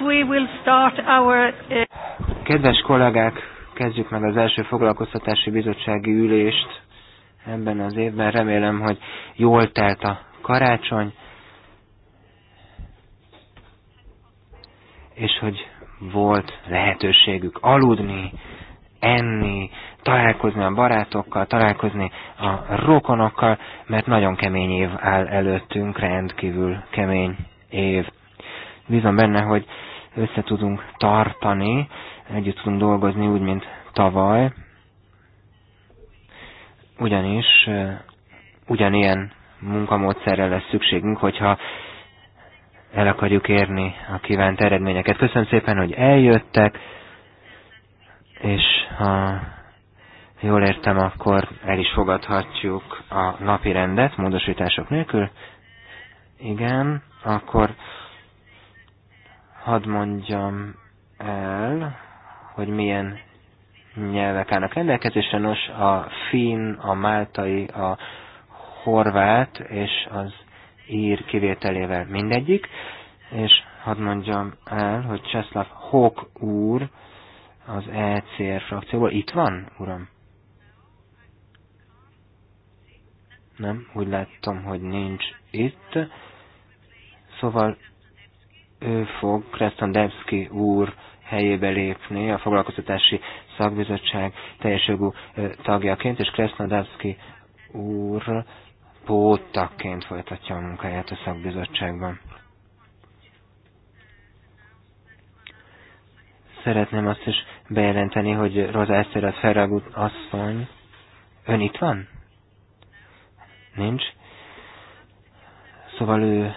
we will start our... Eh, Kedves kollégák, kezdjük meg az első foglalkoztatási bizottsági ülést ebben az évben. Remélem, hogy jól telt a karácsony, és hogy volt lehetőségük aludni, enni, találkozni a barátokkal, találkozni a rokonokkal, mert nagyon kemény év áll előttünk, rendkívül kemény év. Bízom benne, hogy össze tudunk tartani, együtt tudunk dolgozni úgy, mint tavaly, ugyanis ugyanilyen munkamódszerre lesz szükségünk, hogyha el akarjuk érni a kívánt eredményeket. Köszönöm szépen, hogy eljöttek, és ha jól értem, akkor el is fogadhatjuk a napi rendet, módosítások nélkül. Igen, akkor hadd mondjam el, hogy milyen nyelvek állnak rendelkezésre. Nos, a finn, a máltai, a horvát és az ír kivételével mindegyik. És hadd mondjam el, hogy Cseszlav Hók úr az ECR frakcióból itt van, uram? Nem, úgy láttam, hogy nincs itt. Szóval ő fog Debski úr helyébe lépni a foglalkoztatási szakbizottság teljes jogú tagjaként, és Debski úr pótaként folytatja a munkáját a szakbizottságban. Szeretném azt is bejelenteni, hogy Rosa az Ferragut asszony... Ön itt van? Nincs. Szóval ő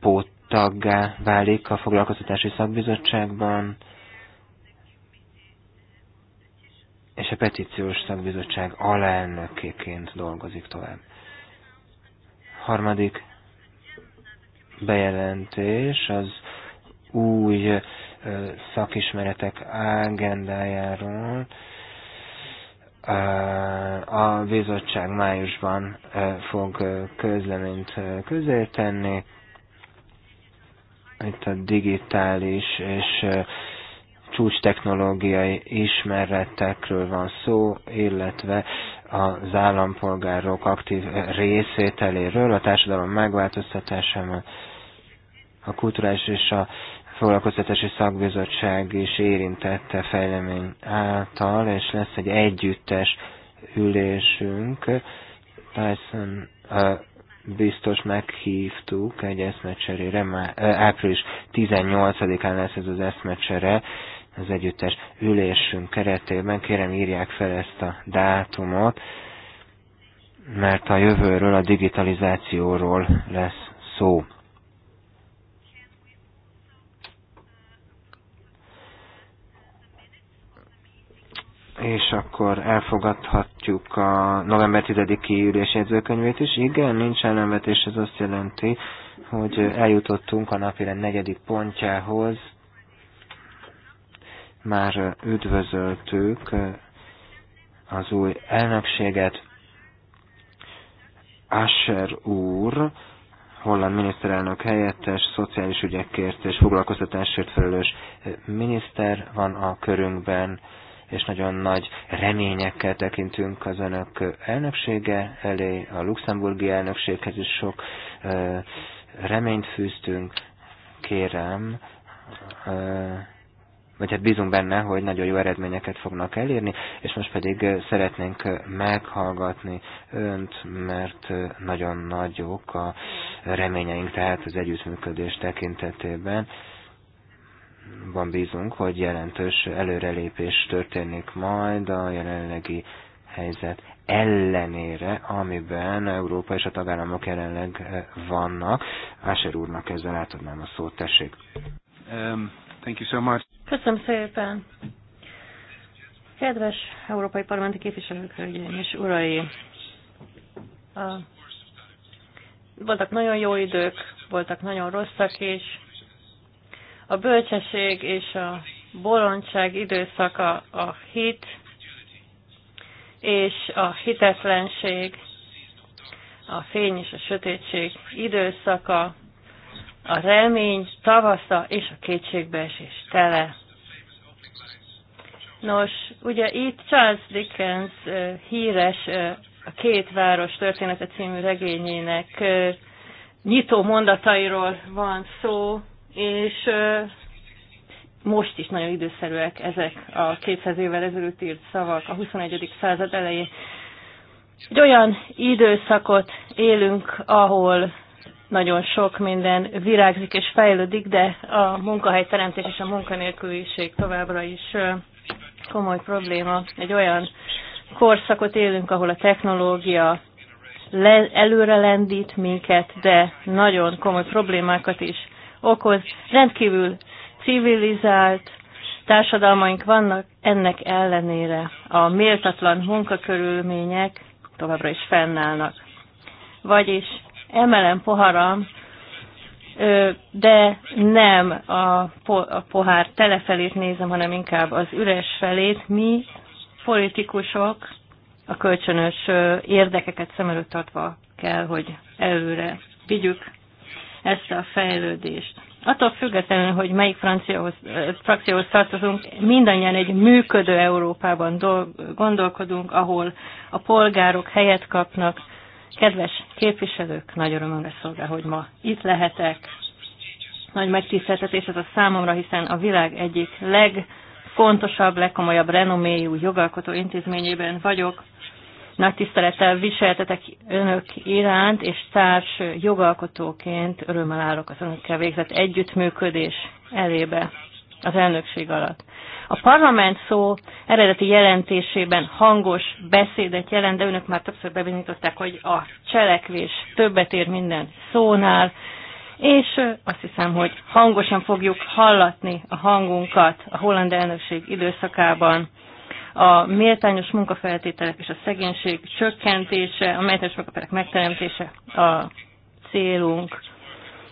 pót taggá válik a foglalkoztatási szakbizottságban, és a petíciós szakbizottság alelnökéként dolgozik tovább. Harmadik bejelentés az új szakismeretek agendájáról. A bizottság májusban fog közleményt tenni itt a digitális és csúcs technológiai ismeretekről van szó, illetve az állampolgárok aktív részvételéről, a társadalom megváltoztatásával, a kulturális és a foglalkoztatási szakbizottság is érintette fejlemény által, és lesz egy együttes ülésünk. Tyson biztos meghívtuk egy eszmecserére, már, április 18-án lesz ez az eszmecsere az együttes ülésünk keretében. Kérem írják fel ezt a dátumot, mert a jövőről, a digitalizációról lesz szó. és akkor elfogadhatjuk a november 10-i ülés jegyzőkönyvét is. Igen, nincs ellenvetés, ez azt jelenti, hogy eljutottunk a napirend negyedik pontjához. Már üdvözöltük az új elnökséget. Asher úr, holland miniszterelnök helyettes, szociális ügyekért és foglalkoztatásért felelős miniszter van a körünkben és nagyon nagy reményekkel tekintünk az önök elnöksége elé, a luxemburgi elnökséghez is sok reményt fűztünk. Kérem, vagy hát bízunk benne, hogy nagyon jó eredményeket fognak elérni, és most pedig szeretnénk meghallgatni önt, mert nagyon nagyok a reményeink, tehát az együttműködés tekintetében abban bízunk, hogy jelentős előrelépés történik majd a jelenlegi helyzet ellenére, amiben Európa és a tagállamok jelenleg eh, vannak. Áser úrnak ezzel átadnám a szót, tessék. Um, thank you so much. Köszönöm szépen. Kedves európai parlamenti képviselők, hölgyeim és urai, voltak nagyon jó idők, voltak nagyon rosszak is, a bölcsesség és a bolondság időszaka a hit és a hitetlenség, a fény és a sötétség időszaka, a remény tavasza és a kétségbeesés tele. Nos, ugye itt Charles Dickens híres a Két város története című regényének nyitó mondatairól van szó, és most is nagyon időszerűek ezek a 200 évvel ezelőtt írt szavak a 21. század elején. Egy olyan időszakot élünk, ahol nagyon sok minden virágzik és fejlődik, de a munkahelyteremtés és a munkanélküliség továbbra is komoly probléma. Egy olyan korszakot élünk, ahol a technológia le, előre lendít minket, de nagyon komoly problémákat is okoz. Rendkívül civilizált társadalmaink vannak, ennek ellenére a méltatlan munkakörülmények továbbra is fennállnak. Vagyis emelem poharam, de nem a pohár telefelét nézem, hanem inkább az üres felét. Mi politikusok a kölcsönös érdekeket szem előtt tartva kell, hogy előre vigyük ezt a fejlődést. Attól függetlenül, hogy melyik franciahoz, frakcióhoz tartozunk, mindannyian egy működő Európában gondolkodunk, ahol a polgárok helyet kapnak. Kedves képviselők, nagy örömömre szolgál, hogy ma itt lehetek. Nagy megtiszteltetés ez a számomra, hiszen a világ egyik legfontosabb, legkomolyabb renoméjú jogalkotó intézményében vagyok, nagy tisztelettel viseltetek önök iránt, és társ jogalkotóként örömmel állok az önökkel végzett együttműködés elébe az elnökség alatt. A parlament szó eredeti jelentésében hangos beszédet jelent, de önök már többször bebizonyították, hogy a cselekvés többet ér minden szónál, és azt hiszem, hogy hangosan fogjuk hallatni a hangunkat a holland elnökség időszakában a méltányos munkafeltételek és a szegénység csökkentése, a méltányos munkafeltételek megteremtése a célunk.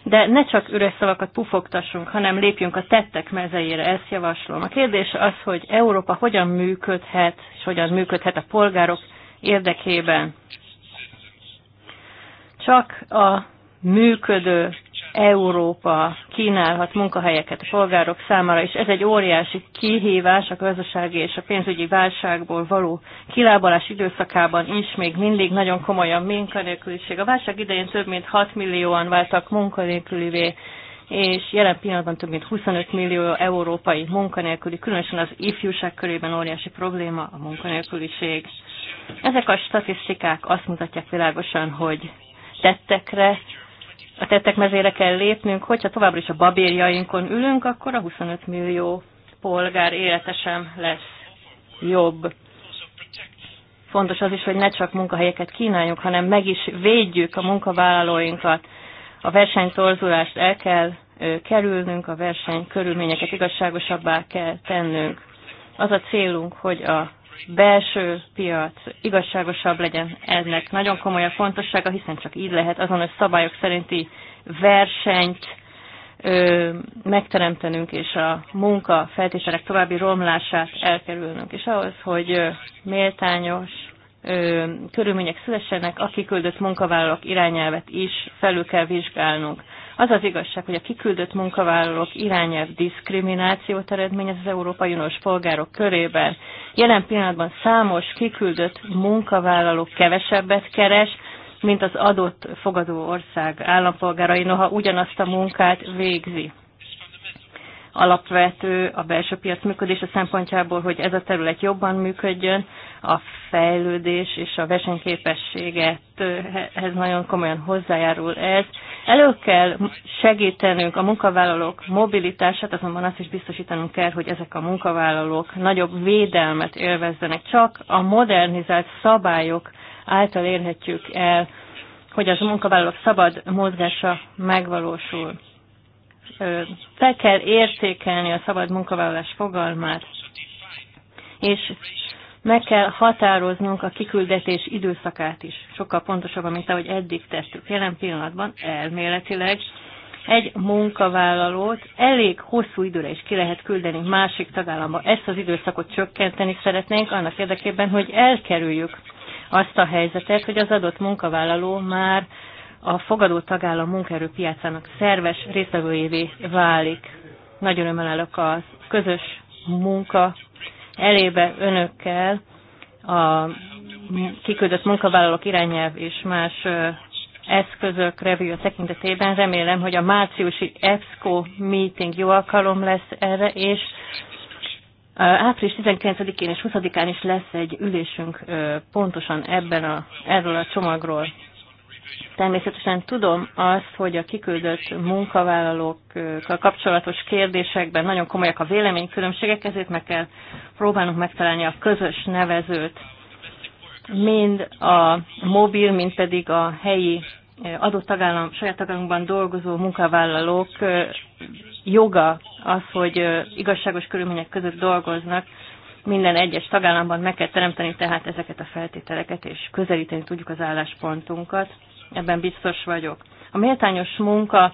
De ne csak üres szavakat pufogtassunk, hanem lépjünk a tettek mezeire, ezt javaslom. A kérdés az, hogy Európa hogyan működhet, és hogyan működhet a polgárok érdekében. Csak a működő Európa kínálhat munkahelyeket a polgárok számára, és ez egy óriási kihívás a gazdasági és a pénzügyi válságból való kilábalás időszakában is még mindig nagyon komolyan munkanélküliség. A válság idején több mint 6 millióan váltak munkanélkülivé, és jelen pillanatban több mint 25 millió európai munkanélküli, különösen az ifjúság körében óriási probléma a munkanélküliség. Ezek a statisztikák azt mutatják világosan, hogy tettekre a tettek mezére kell lépnünk, hogyha továbbra is a babérjainkon ülünk, akkor a 25 millió polgár élete sem lesz jobb. Fontos az is, hogy ne csak munkahelyeket kínáljunk, hanem meg is védjük a munkavállalóinkat. A versenytorzulást el kell kerülnünk, a verseny körülményeket igazságosabbá kell tennünk. Az a célunk, hogy a belső piac igazságosabb legyen. Ennek nagyon komoly a fontossága, hiszen csak így lehet azonos szabályok szerinti versenyt ö, megteremtenünk, és a munka feltételek további romlását elkerülnünk. És ahhoz, hogy ö, méltányos ö, körülmények szülessenek, a kiküldött munkavállalók irányelvet is felül kell vizsgálnunk. Az az igazság, hogy a kiküldött munkavállalók irányelv diszkriminációt eredményez az Európai Uniós polgárok körében. Jelen pillanatban számos kiküldött munkavállaló kevesebbet keres, mint az adott fogadó ország állampolgárai, noha ugyanazt a munkát végzi alapvető a belső piac működése szempontjából, hogy ez a terület jobban működjön, a fejlődés és a versenyképességet, ez nagyon komolyan hozzájárul ez. Elő kell segítenünk a munkavállalók mobilitását, azonban azt is biztosítanunk kell, hogy ezek a munkavállalók nagyobb védelmet élvezzenek. Csak a modernizált szabályok által érhetjük el, hogy az munkavállalók szabad mozgása megvalósul fel kell értékelni a szabad munkavállalás fogalmát, és meg kell határoznunk a kiküldetés időszakát is, sokkal pontosabban, mint ahogy eddig tettük. Jelen pillanatban elméletileg egy munkavállalót elég hosszú időre is ki lehet küldeni másik tagállamba. Ezt az időszakot csökkenteni szeretnénk annak érdekében, hogy elkerüljük azt a helyzetet, hogy az adott munkavállaló már a fogadó tagállam munkaerőpiacának szerves résztvevőjévé válik. Nagy örömmel állok a közös munka elébe önökkel a kiküldött munkavállalók irányelv és más eszközök a tekintetében. Remélem, hogy a márciusi EBSCO meeting jó alkalom lesz erre, és április 19-én és 20-án is lesz egy ülésünk pontosan ebben a, erről a csomagról. Természetesen tudom azt, hogy a kiküldött munkavállalókkal kapcsolatos kérdésekben nagyon komolyak a véleménykülönbségek, ezért meg kell próbálnunk megtalálni a közös nevezőt, mind a mobil, mind pedig a helyi adott tagállam, saját tagállamban dolgozó munkavállalók joga az, hogy igazságos körülmények között dolgoznak, minden egyes tagállamban meg kell teremteni tehát ezeket a feltételeket, és közelíteni tudjuk az álláspontunkat ebben biztos vagyok. A méltányos munka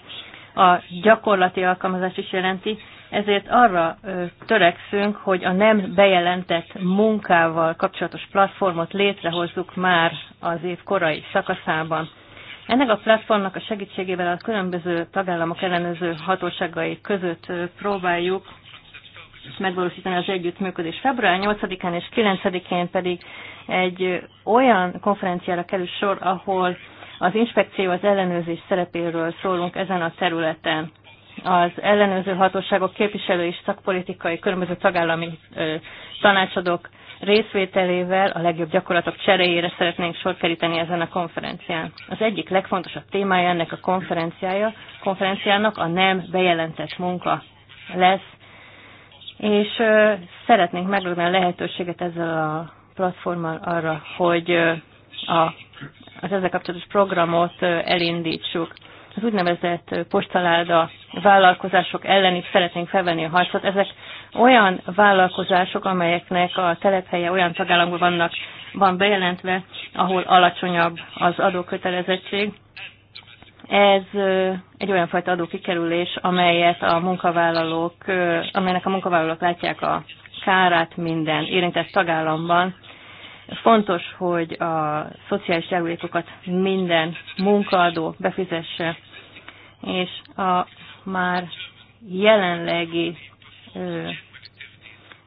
a gyakorlati alkalmazás is jelenti, ezért arra törekszünk, hogy a nem bejelentett munkával kapcsolatos platformot létrehozzuk már az év korai szakaszában. Ennek a platformnak a segítségével a különböző tagállamok ellenőrző hatóságai között próbáljuk megvalósítani az együttműködés. Február 8-án és 9-én pedig egy olyan konferenciára kerül sor, ahol az inspekció az ellenőrzés szerepéről szólunk ezen a területen. Az ellenőrző hatóságok képviselő és szakpolitikai különböző tagállami ö, tanácsadók részvételével a legjobb gyakorlatok cseréjére szeretnénk sor keríteni ezen a konferencián. Az egyik legfontosabb témája ennek a konferenciája, konferenciának a nem bejelentett munka lesz, és ö, szeretnénk megadni a lehetőséget ezzel a platformmal arra, hogy a az ezzel kapcsolatos programot elindítsuk. Az úgynevezett postaláda vállalkozások ellen is szeretnénk felvenni a harcot. Ezek olyan vállalkozások, amelyeknek a telephelye olyan tagállamban vannak, van bejelentve, ahol alacsonyabb az adókötelezettség. Ez egy olyan fajta adókikerülés, amelyet a munkavállalók, amelynek a munkavállalók látják a kárát minden érintett tagállamban, Fontos, hogy a szociális járulékokat minden munkaadó befizesse, és a már jelenlegi ö,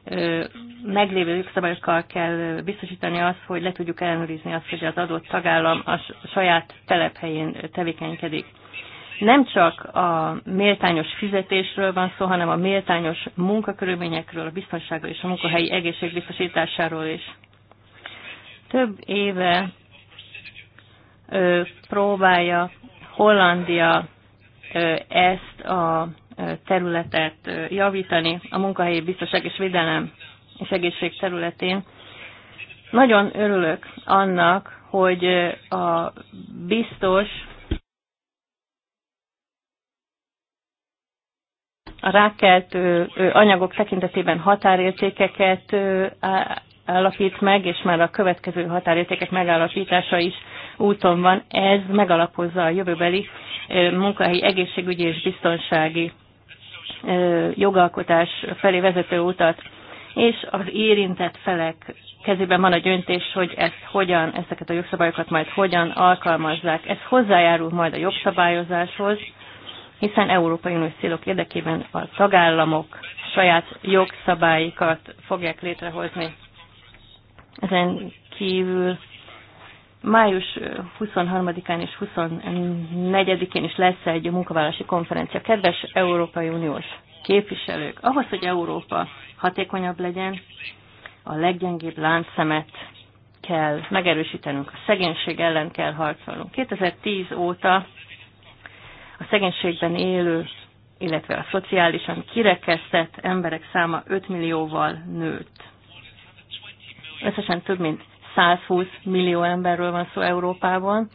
ö, meglévő jogszabályokkal kell biztosítani azt, hogy le tudjuk ellenőrizni azt, hogy az adott tagállam a saját telephelyén tevékenykedik. Nem csak a méltányos fizetésről van szó, hanem a méltányos munkakörülményekről, a biztonságról és a munkahelyi egészség biztosításáról is. Több éve ö, próbálja Hollandia ö, ezt a területet javítani a munkahelyi biztonság és védelem és egészség területén. Nagyon örülök annak, hogy a biztos a rákkeltő anyagok tekintetében határértékeket állapít meg, és már a következő határértékek megállapítása is úton van. Ez megalapozza a jövőbeli munkahelyi egészségügyi és biztonsági jogalkotás felé vezető utat, és az érintett felek kezében van a döntés, hogy ezt hogyan, ezeket a jogszabályokat majd hogyan alkalmazzák. Ez hozzájárul majd a jogszabályozáshoz, hiszen Európai Uniós célok érdekében a tagállamok saját jogszabályikat fogják létrehozni. Ezen kívül május 23-án és 24-én is lesz egy munkavállalási konferencia. Kedves Európai Uniós képviselők, ahhoz, hogy Európa hatékonyabb legyen, a leggyengébb láncszemet kell megerősítenünk, a szegénység ellen kell harcolnunk. 2010 óta a szegénységben élő, illetve a szociálisan kirekesztett emberek száma 5 millióval nőtt. Összesen több mint 120 millió emberről van szó Európában,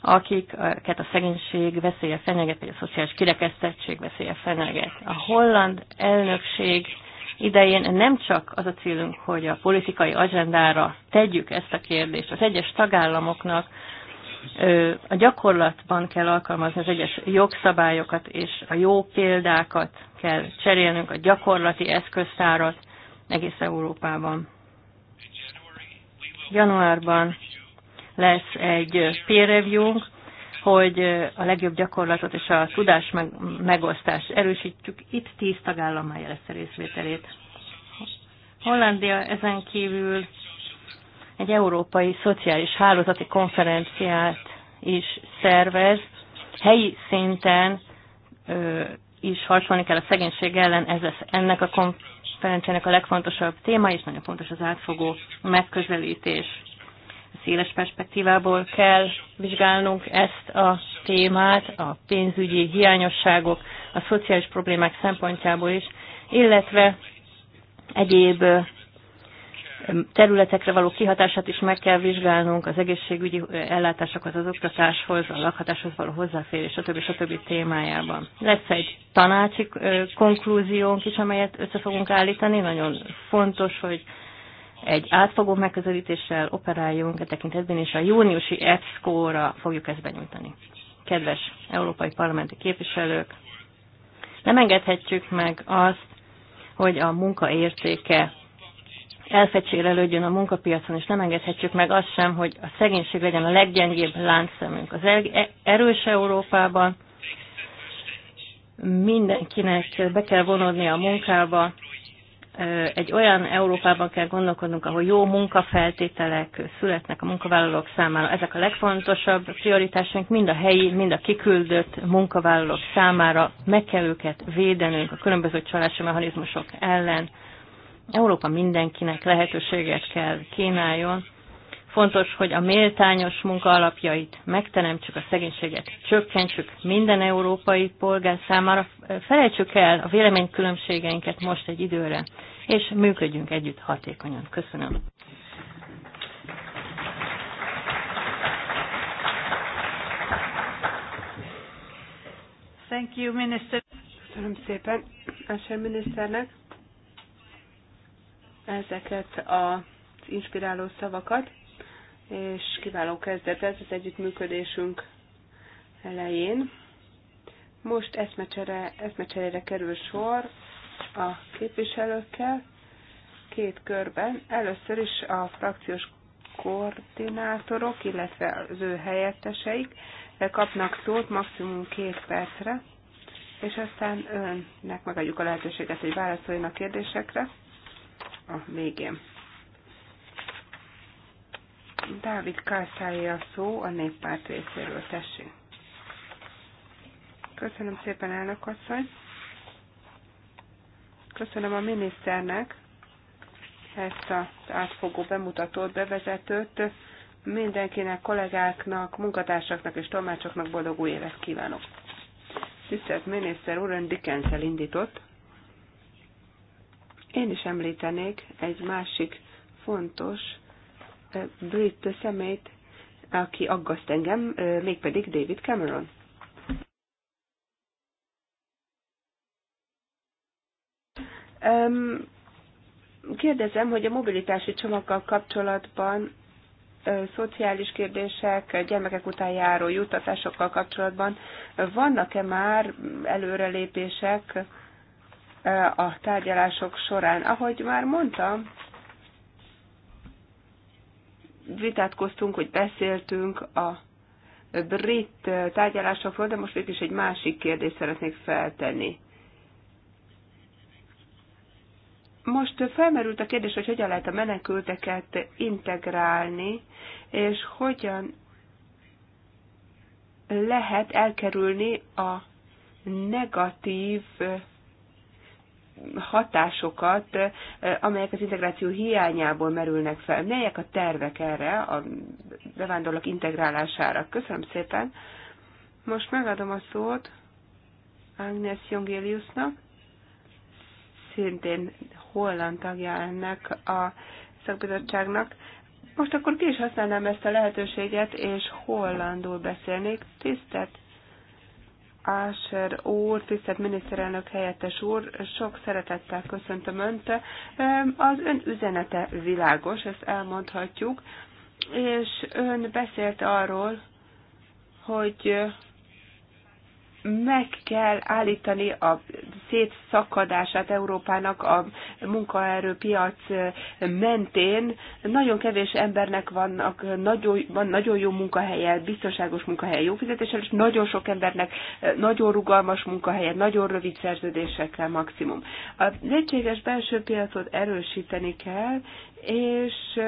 akiket a szegénység veszélye fenyeget, vagy a szociális kirekesztettség veszélye fenyeget. A holland elnökség idején nem csak az a célunk, hogy a politikai agendára tegyük ezt a kérdést, az egyes tagállamoknak a gyakorlatban kell alkalmazni az egyes jogszabályokat, és a jó példákat kell cserélnünk, a gyakorlati eszköztárat egész Európában januárban lesz egy peer review hogy a legjobb gyakorlatot és a tudás meg, megosztást erősítjük. Itt tíz tagállam jelezte részvételét. Hollandia ezen kívül egy európai szociális hálózati konferenciát is szervez. Helyi szinten ö, is harcolni kell a szegénység ellen, ez, ennek a konferenciának a legfontosabb téma, és nagyon fontos az átfogó megközelítés. Széles perspektívából kell vizsgálnunk ezt a témát, a pénzügyi hiányosságok, a szociális problémák szempontjából is, illetve egyéb területekre való kihatását is meg kell vizsgálnunk, az egészségügyi ellátásokhoz, az oktatáshoz, a lakhatáshoz való hozzáférés, stb. stb. témájában. Lesz egy tanácsi konklúziónk is, amelyet össze fogunk állítani. Nagyon fontos, hogy egy átfogó megközelítéssel operáljunk, e tekintetben és a júniusi EFSCO-ra fogjuk ezt benyújtani. Kedves európai parlamenti képviselők, nem engedhetjük meg azt, hogy a munka értéke elfecsérelődjön a munkapiacon, és nem engedhetjük meg azt sem, hogy a szegénység legyen a leggyengébb láncszemünk. Az e- erős Európában mindenkinek be kell vonódni a munkába, egy olyan Európában kell gondolkodnunk, ahol jó munkafeltételek születnek a munkavállalók számára. Ezek a legfontosabb prioritásaink mind a helyi, mind a kiküldött munkavállalók számára. Meg kell őket védenünk a különböző csalási mechanizmusok ellen Európa mindenkinek lehetőséget kell kínáljon. Fontos, hogy a méltányos munka alapjait megteremtsük, a szegénységet csökkentsük minden európai polgár számára. Felejtsük el a véleménykülönbségeinket most egy időre, és működjünk együtt hatékonyan. Köszönöm. Thank you, Minister. Köszönöm szépen Első miniszternek ezeket az inspiráló szavakat, és kiváló kezdet ez az együttműködésünk elején. Most eszmecsere, eszmecserére kerül sor a képviselőkkel két körben. Először is a frakciós koordinátorok, illetve az ő helyetteseik kapnak szót maximum két percre, és aztán önnek megadjuk a lehetőséget, hogy válaszoljon a kérdésekre a végén. Dávid Kászályé a szó a néppárt részéről, tessék. Köszönöm szépen, elnök asszony. Köszönöm a miniszternek ezt az átfogó bemutatót, bevezetőt. Mindenkinek, kollégáknak, munkatársaknak és tolmácsoknak boldog új évet kívánok. Tisztelt miniszter úr, ön Dickensel indított, én is említenék egy másik fontos brit szemét, aki aggaszt engem, mégpedig David Cameron. Kérdezem, hogy a mobilitási csomaggal kapcsolatban szociális kérdések, gyermekek után járó juttatásokkal kapcsolatban vannak-e már előrelépések, a tárgyalások során. Ahogy már mondtam, vitatkoztunk, hogy beszéltünk a brit tárgyalásokról, de most itt is egy másik kérdést szeretnék feltenni. Most felmerült a kérdés, hogy hogyan lehet a menekülteket integrálni, és hogyan lehet elkerülni a negatív hatásokat, amelyek az integráció hiányából merülnek fel. Melyek a tervek erre, a bevándorlók integrálására? Köszönöm szépen. Most megadom a szót Agnes Jongéliusnak, szintén holland tagja ennek a szakbizottságnak. Most akkor ki is használnám ezt a lehetőséget, és hollandul beszélnék. Tisztelt Áser úr, tisztelt miniszterelnök helyettes úr, sok szeretettel köszöntöm Önt. Az Ön üzenete világos, ezt elmondhatjuk, és Ön beszélt arról, hogy meg kell állítani a szétszakadását Európának a munkaerőpiac mentén. Nagyon kevés embernek vannak nagyon, van nagyon jó munkahelye, biztonságos munkahelye, jó fizetéssel, és nagyon sok embernek nagyon rugalmas munkahelye, nagyon rövid szerződésekkel maximum. A egységes belső piacot erősíteni kell, és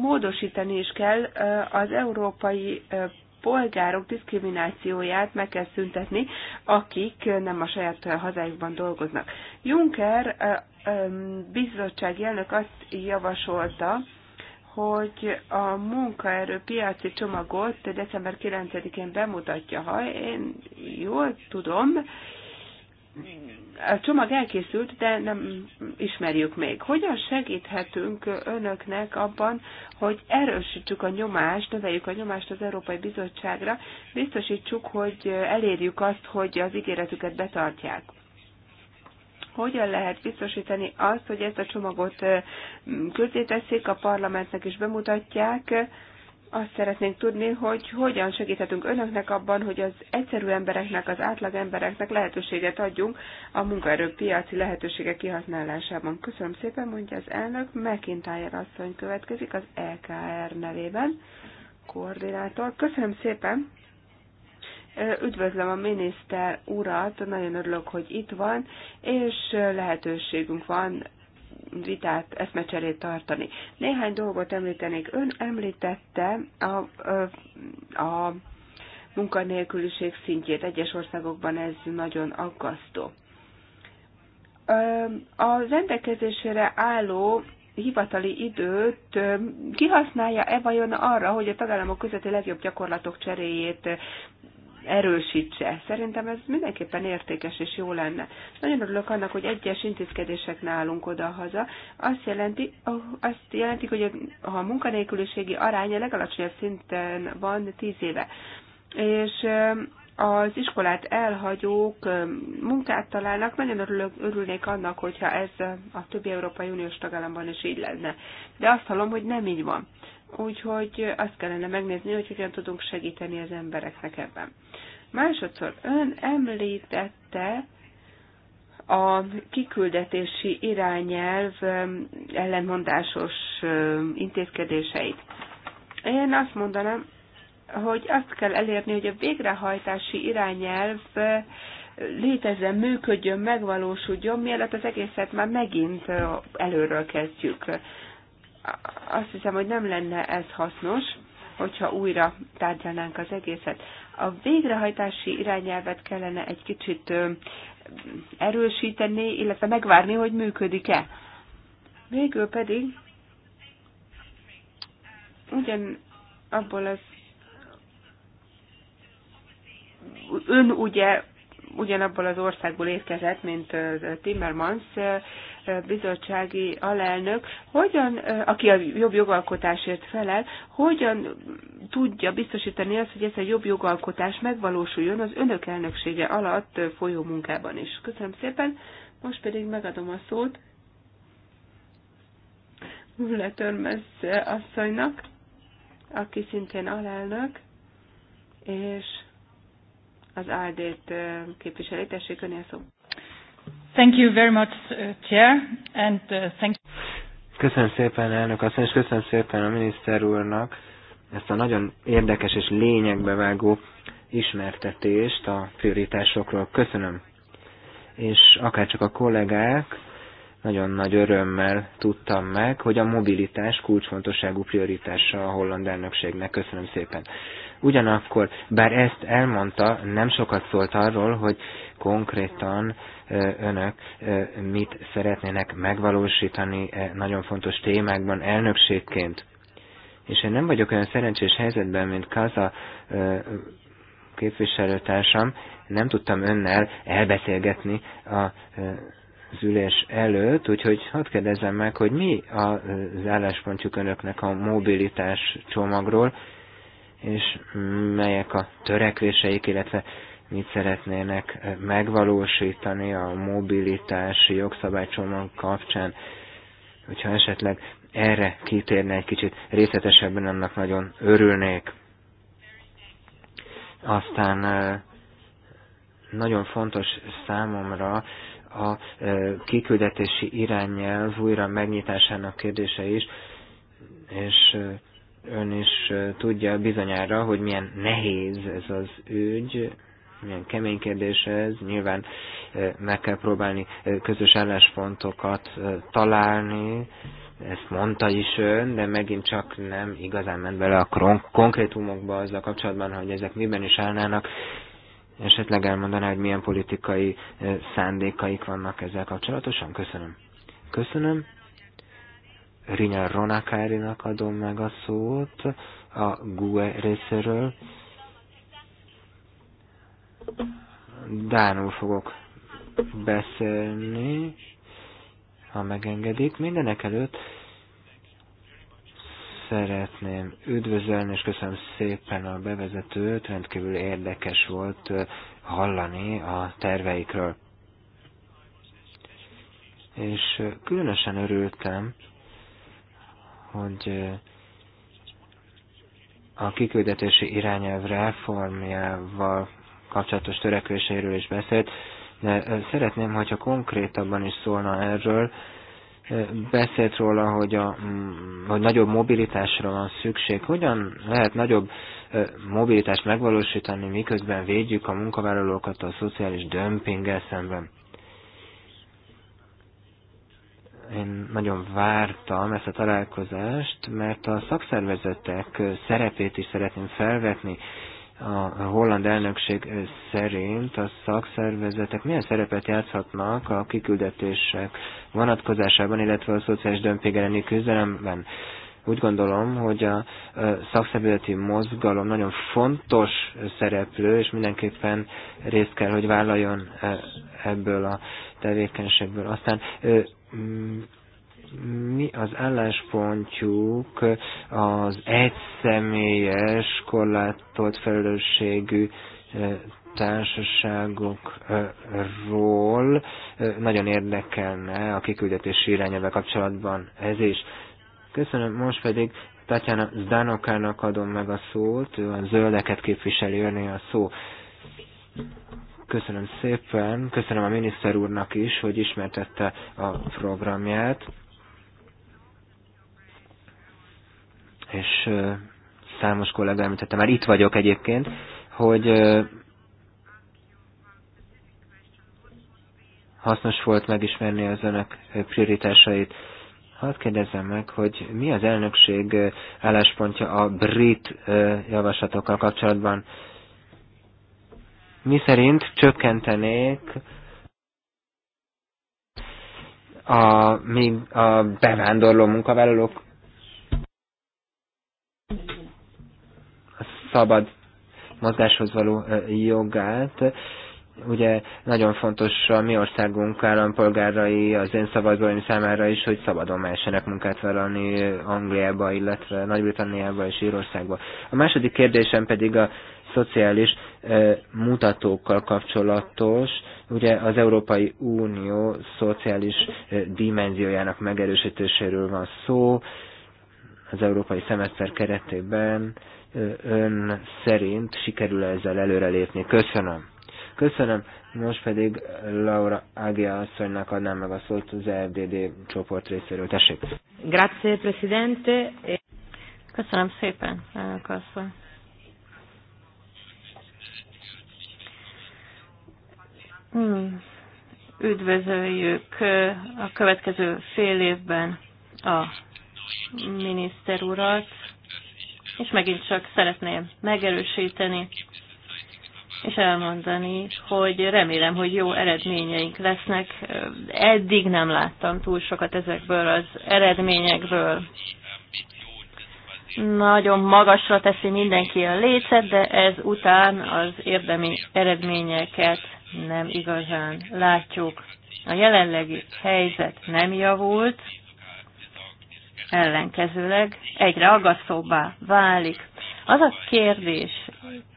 módosítani is kell az európai polgárok diszkriminációját meg kell szüntetni, akik nem a saját hazájukban dolgoznak. Juncker bizottsági elnök azt javasolta, hogy a munkaerőpiaci csomagot december 9-én bemutatja. Ha én jól tudom, a csomag elkészült, de nem ismerjük még. Hogyan segíthetünk önöknek abban, hogy erősítsük a nyomást, növeljük a nyomást az Európai Bizottságra, biztosítsuk, hogy elérjük azt, hogy az ígéretüket betartják? Hogyan lehet biztosítani azt, hogy ezt a csomagot közzéteszik, a parlamentnek is bemutatják, azt szeretnénk tudni, hogy hogyan segíthetünk önöknek abban, hogy az egyszerű embereknek, az átlag embereknek lehetőséget adjunk a munkaerőpiaci lehetőségek kihasználásában. Köszönöm szépen, mondja az elnök. McIntyre asszony következik az EKR nevében, koordinátor. Köszönöm szépen. Üdvözlöm a miniszter urat, nagyon örülök, hogy itt van, és lehetőségünk van vitát, eszmecserét tartani. Néhány dolgot említenék. Ön említette a, a, a munkanélküliség szintjét. Egyes országokban ez nagyon aggasztó. A rendelkezésére álló hivatali időt kihasználja-e vajon arra, hogy a tagállamok közötti legjobb gyakorlatok cseréjét erősítse. Szerintem ez mindenképpen értékes és jó lenne. Nagyon örülök annak, hogy egyes intézkedések nálunk oda-haza. Azt jelenti, azt jelenti, hogy a, a munkanélküliségi aránya legalacsonyabb szinten van tíz éve. És um, az iskolát elhagyók um, munkát találnak, nagyon örülök, örülnék annak, hogyha ez a többi Európai Uniós tagállamban is így lenne. De azt hallom, hogy nem így van. Úgyhogy azt kellene megnézni, hogy hogyan tudunk segíteni az embereknek ebben. Másodszor ön említette a kiküldetési irányelv um, ellenmondásos um, intézkedéseit. Én azt mondanám, hogy azt kell elérni, hogy a végrehajtási irányelv uh, létezzen, működjön, megvalósuljon, mielőtt az egészet már megint uh, előről kezdjük azt hiszem, hogy nem lenne ez hasznos, hogyha újra tárgyalnánk az egészet. A végrehajtási irányelvet kellene egy kicsit erősíteni, illetve megvárni, hogy működik-e. Végül pedig ugyan abból az ön ugye ugyanabból az országból érkezett, mint Timmermans bizottsági alelnök, hogyan, aki a jobb jogalkotásért felel, hogyan tudja biztosítani azt, hogy ez a jobb jogalkotás megvalósuljon az önök elnöksége alatt folyó munkában is. Köszönöm szépen, most pedig megadom a szót Letörmez asszonynak, aki szintén alelnök, és az ALDE-t képviseli. Tessék, önél szó. Thank you very much, uh, Chair, and uh, thank Köszönöm szépen, elnök asszony, és köszönöm szépen a miniszter úrnak ezt a nagyon érdekes és lényegbe vágó ismertetést a prioritásokról. Köszönöm. És akárcsak a kollégák, nagyon nagy örömmel tudtam meg, hogy a mobilitás kulcsfontosságú prioritása a holland elnökségnek. Köszönöm szépen. Ugyanakkor, bár ezt elmondta, nem sokat szólt arról, hogy konkrétan önök mit szeretnének megvalósítani e, nagyon fontos témákban elnökségként. És én nem vagyok olyan szerencsés helyzetben, mint Kaza képviselőtársam, nem tudtam önnel elbeszélgetni a az ülés előtt, úgyhogy hadd kérdezzem meg, hogy mi az álláspontjuk önöknek a mobilitás csomagról, és melyek a törekvéseik, illetve mit szeretnének megvalósítani a mobilitási jogszabálycsomag kapcsán. Hogyha esetleg erre kitérne egy kicsit részletesebben, annak nagyon örülnék. Aztán nagyon fontos számomra a kiküldetési irányelv újra megnyitásának kérdése is, és Ön is tudja bizonyára, hogy milyen nehéz ez az ügy, milyen kemény kérdés ez. Nyilván meg kell próbálni közös álláspontokat találni, ezt mondta is ön, de megint csak nem igazán ment bele a konkrétumokba azzal kapcsolatban, hogy ezek miben is állnának. Esetleg elmondaná, hogy milyen politikai szándékaik vannak ezzel kapcsolatosan? Köszönöm. Köszönöm. Rinya Ronakárinak adom meg a szót a GUE részéről. Dánul fogok beszélni, ha megengedik. Mindenek előtt szeretném üdvözölni, és köszönöm szépen a bevezetőt, rendkívül érdekes volt hallani a terveikről. És különösen örültem, hogy a kiküldetési irányelv reformjával kapcsolatos törekvéseiről is beszélt, de szeretném, hogyha konkrétabban is szólna erről, beszélt róla, hogy, a, hogy nagyobb mobilitásra van szükség. Hogyan lehet nagyobb mobilitást megvalósítani, miközben védjük a munkavállalókat a szociális dömpinggel szemben? én nagyon vártam ezt a találkozást, mert a szakszervezetek szerepét is szeretném felvetni. A holland elnökség szerint a szakszervezetek milyen szerepet játszhatnak a kiküldetések vonatkozásában, illetve a szociális dömpég elleni küzdelemben. Úgy gondolom, hogy a szakszervezeti mozgalom nagyon fontos szereplő, és mindenképpen részt kell, hogy vállaljon ebből a tevékenységből. Aztán Mm, mi az álláspontjuk az egyszemélyes korlátolt felelősségű eh, társaságokról eh, nagyon érdekelne a kiküldetési irányelve kapcsolatban ez is. Köszönöm, most pedig Tatjana Zdánokának adom meg a szót, ő a zöldeket képviseli, öné a szó. Köszönöm szépen, köszönöm a miniszter úrnak is, hogy ismertette a programját. És számos kollega említette, már itt vagyok egyébként, hogy hasznos volt megismerni az önök prioritásait. Hát kérdezzem meg, hogy mi az elnökség álláspontja a brit javaslatokkal kapcsolatban? mi szerint csökkentenék a, mi, a bevándorló munkavállalók a szabad mozgáshoz való jogát. Ugye nagyon fontos a mi országunk állampolgárai, az én szabadalmi számára is, hogy szabadon mehessenek munkát vállalni Angliába, illetve Nagy-Britanniába és Írországba. A második kérdésem pedig a szociális mutatókkal kapcsolatos. Ugye az Európai Unió szociális dimenziójának megerősítéséről van szó, az európai szemeszter keretében ön szerint sikerül ezzel előrelépni. Köszönöm. Köszönöm. Most pedig Laura Ágia asszonynak adnám meg a szót az EFDD csoport részéről. Tessék. Grazie, Presidente. Köszönöm szépen, elnök asszony. Hmm. Üdvözöljük a következő fél évben a miniszter urat, és megint csak szeretném megerősíteni és elmondani, hogy remélem, hogy jó eredményeink lesznek. Eddig nem láttam túl sokat ezekből az eredményekből. Nagyon magasra teszi mindenki a lécet, de ez után az érdemi eredményeket nem igazán látjuk. A jelenlegi helyzet nem javult, ellenkezőleg egyre aggasztóbbá válik. Az a kérdés,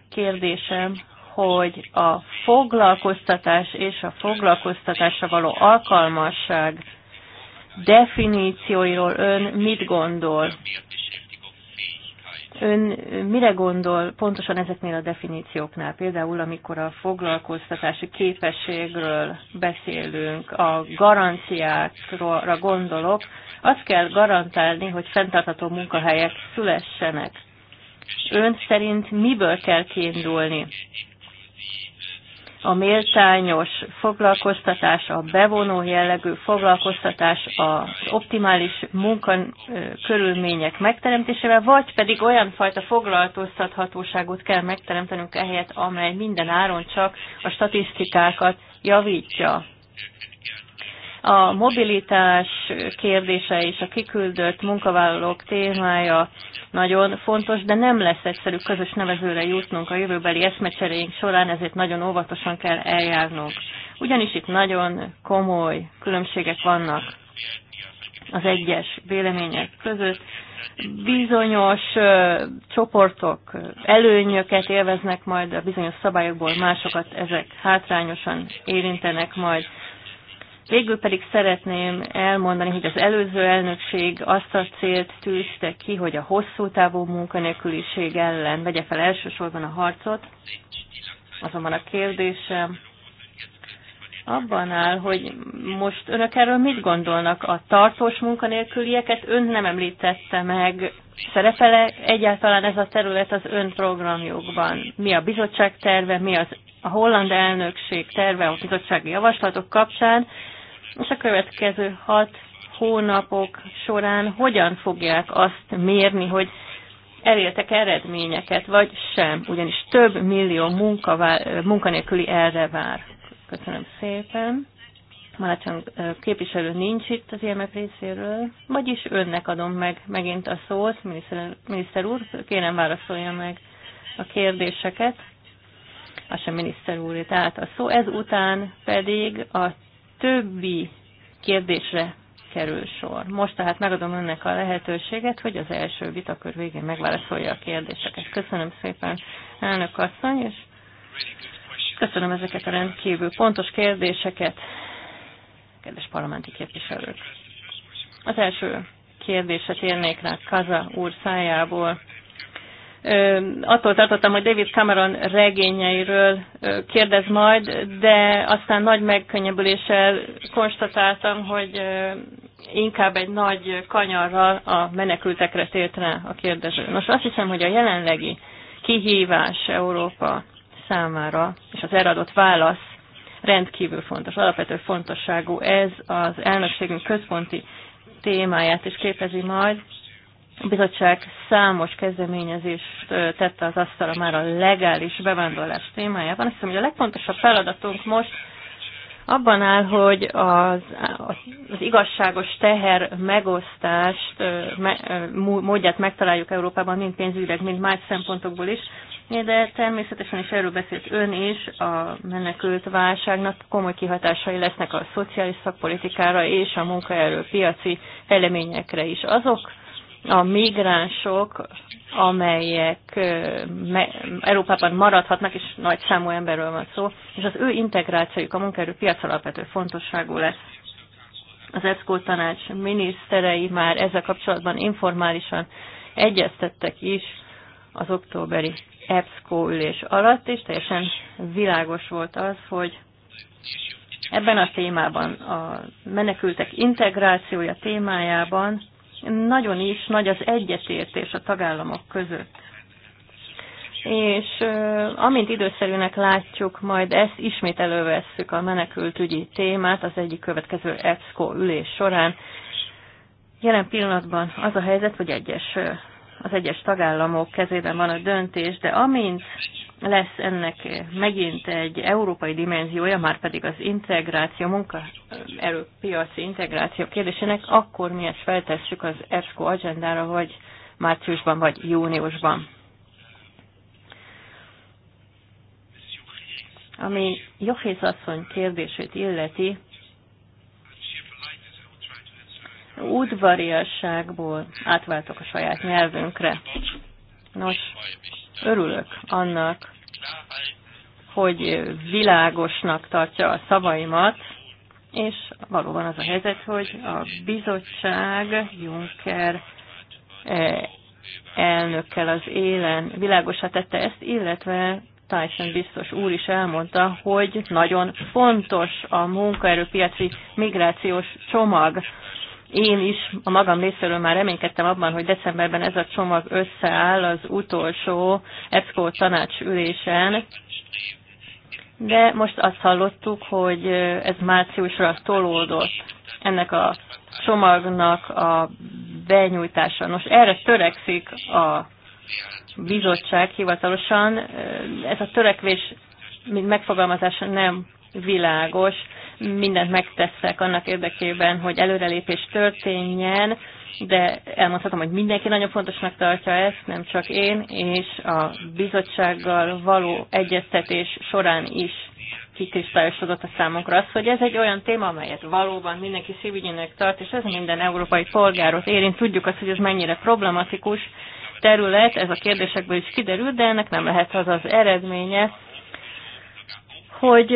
kérdésem, hogy a foglalkoztatás és a foglalkoztatásra való alkalmasság definícióiról ön mit gondol? Ön mire gondol pontosan ezeknél a definícióknál? Például, amikor a foglalkoztatási képességről beszélünk, a garanciákra gondolok, azt kell garantálni, hogy fenntartható munkahelyek szülessenek. Ön szerint miből kell kiindulni? a méltányos foglalkoztatás, a bevonó jellegű foglalkoztatás az optimális munkakörülmények megteremtésével, vagy pedig olyan fajta foglalkoztathatóságot kell megteremtenünk ehelyett, amely minden áron csak a statisztikákat javítja. A mobilitás kérdése és a kiküldött munkavállalók témája nagyon fontos, de nem lesz egyszerű közös nevezőre jutnunk a jövőbeli eszmecseréink során, ezért nagyon óvatosan kell eljárnunk. Ugyanis itt nagyon komoly különbségek vannak az egyes vélemények között. Bizonyos ö, csoportok előnyöket élveznek majd, a bizonyos szabályokból másokat ezek hátrányosan érintenek majd. Végül pedig szeretném elmondani, hogy az előző elnökség azt a célt tűzte ki, hogy a hosszú távú munkanélküliség ellen vegye fel elsősorban a harcot. Azonban a kérdésem abban áll, hogy most önök erről mit gondolnak? A tartós munkanélkülieket ön nem említette meg. Szerepele egyáltalán ez a terület az ön programjukban? Mi a bizottság terve, mi az a holland elnökség terve a bizottsági javaslatok kapcsán, és a következő hat hónapok során hogyan fogják azt mérni, hogy elértek eredményeket, vagy sem, ugyanis több millió munkavá- munkanélküli erre vár. Köszönöm szépen. Malácsán képviselő nincs itt az IMF részéről, vagyis önnek adom meg megint a szót, miniszter, miniszter úr, kérem válaszolja meg a kérdéseket. A sem miniszter úr, tehát a szó. Ezután pedig a többi kérdésre kerül sor. Most tehát megadom önnek a lehetőséget, hogy az első vitakör végén megválaszolja a kérdéseket. Köszönöm szépen, elnök asszony, és köszönöm ezeket a rendkívül pontos kérdéseket, kedves parlamenti képviselők. Az első kérdéset érnék rá Kaza úr szájából attól tartottam, hogy David Cameron regényeiről kérdez majd, de aztán nagy megkönnyebbüléssel konstatáltam, hogy inkább egy nagy kanyarral a menekültekre tért rá a kérdező. Nos, azt hiszem, hogy a jelenlegi kihívás Európa számára, és az erre válasz rendkívül fontos, alapvető fontosságú. Ez az elnökségünk központi témáját is képezi majd, a bizottság számos kezdeményezést tette az asztalra már a legális bevándorlás témájában. Azt hiszem, hogy a legfontosabb feladatunk most abban áll, hogy az, az igazságos teher megosztást, módját megtaláljuk Európában, mind pénzügyek, mind más szempontokból is, de természetesen is erről beszélt ön is, a menekült válságnak komoly kihatásai lesznek a szociális szakpolitikára és a munkaerőpiaci eleményekre is. Azok a migránsok, amelyek Európában maradhatnak, és nagy számú emberről van szó, és az ő integrációjuk a munkaerőpiac alapvető fontosságú lesz. Az EBSZKÓ tanács miniszterei már ezzel kapcsolatban informálisan egyeztettek is az októberi EBSZKÓ ülés alatt, és teljesen világos volt az, hogy ebben a témában, a menekültek integrációja témájában nagyon is nagy az egyetértés a tagállamok között. És amint időszerűnek látjuk, majd ezt ismét elővesszük a menekültügyi témát az egyik következő EBSCO ülés során. Jelen pillanatban az a helyzet, hogy egyes az egyes tagállamok kezében van a döntés, de amint lesz ennek megint egy európai dimenziója, már pedig az integráció, munka, piaci integráció kérdésének, akkor mi ezt feltesszük az EFSCO agendára, vagy márciusban, vagy júniusban. Ami Jofész asszony kérdését illeti, udvariasságból átváltok a saját nyelvünkre. Nos, örülök annak, hogy világosnak tartja a szavaimat, és valóban az a helyzet, hogy a bizottság Juncker eh, elnökkel az élen világosra tette ezt, illetve Tyson biztos úr is elmondta, hogy nagyon fontos a munkaerőpiaci migrációs csomag. Én is a magam részéről már reménykedtem abban, hogy decemberben ez a csomag összeáll az utolsó EBSCO tanácsülésen, de most azt hallottuk, hogy ez márciusra tolódott ennek a csomagnak a benyújtása. Nos, erre törekszik a bizottság hivatalosan. Ez a törekvés, mint megfogalmazás nem világos, mindent megteszek annak érdekében, hogy előrelépés történjen, de elmondhatom, hogy mindenki nagyon fontosnak tartja ezt, nem csak én, és a bizottsággal való egyeztetés során is kikristályosodott a számunkra az, hogy ez egy olyan téma, amelyet valóban mindenki szívügyének tart, és ez minden európai polgárot érint. Tudjuk azt, hogy ez mennyire problematikus terület, ez a kérdésekből is kiderül, de ennek nem lehet az az eredménye, hogy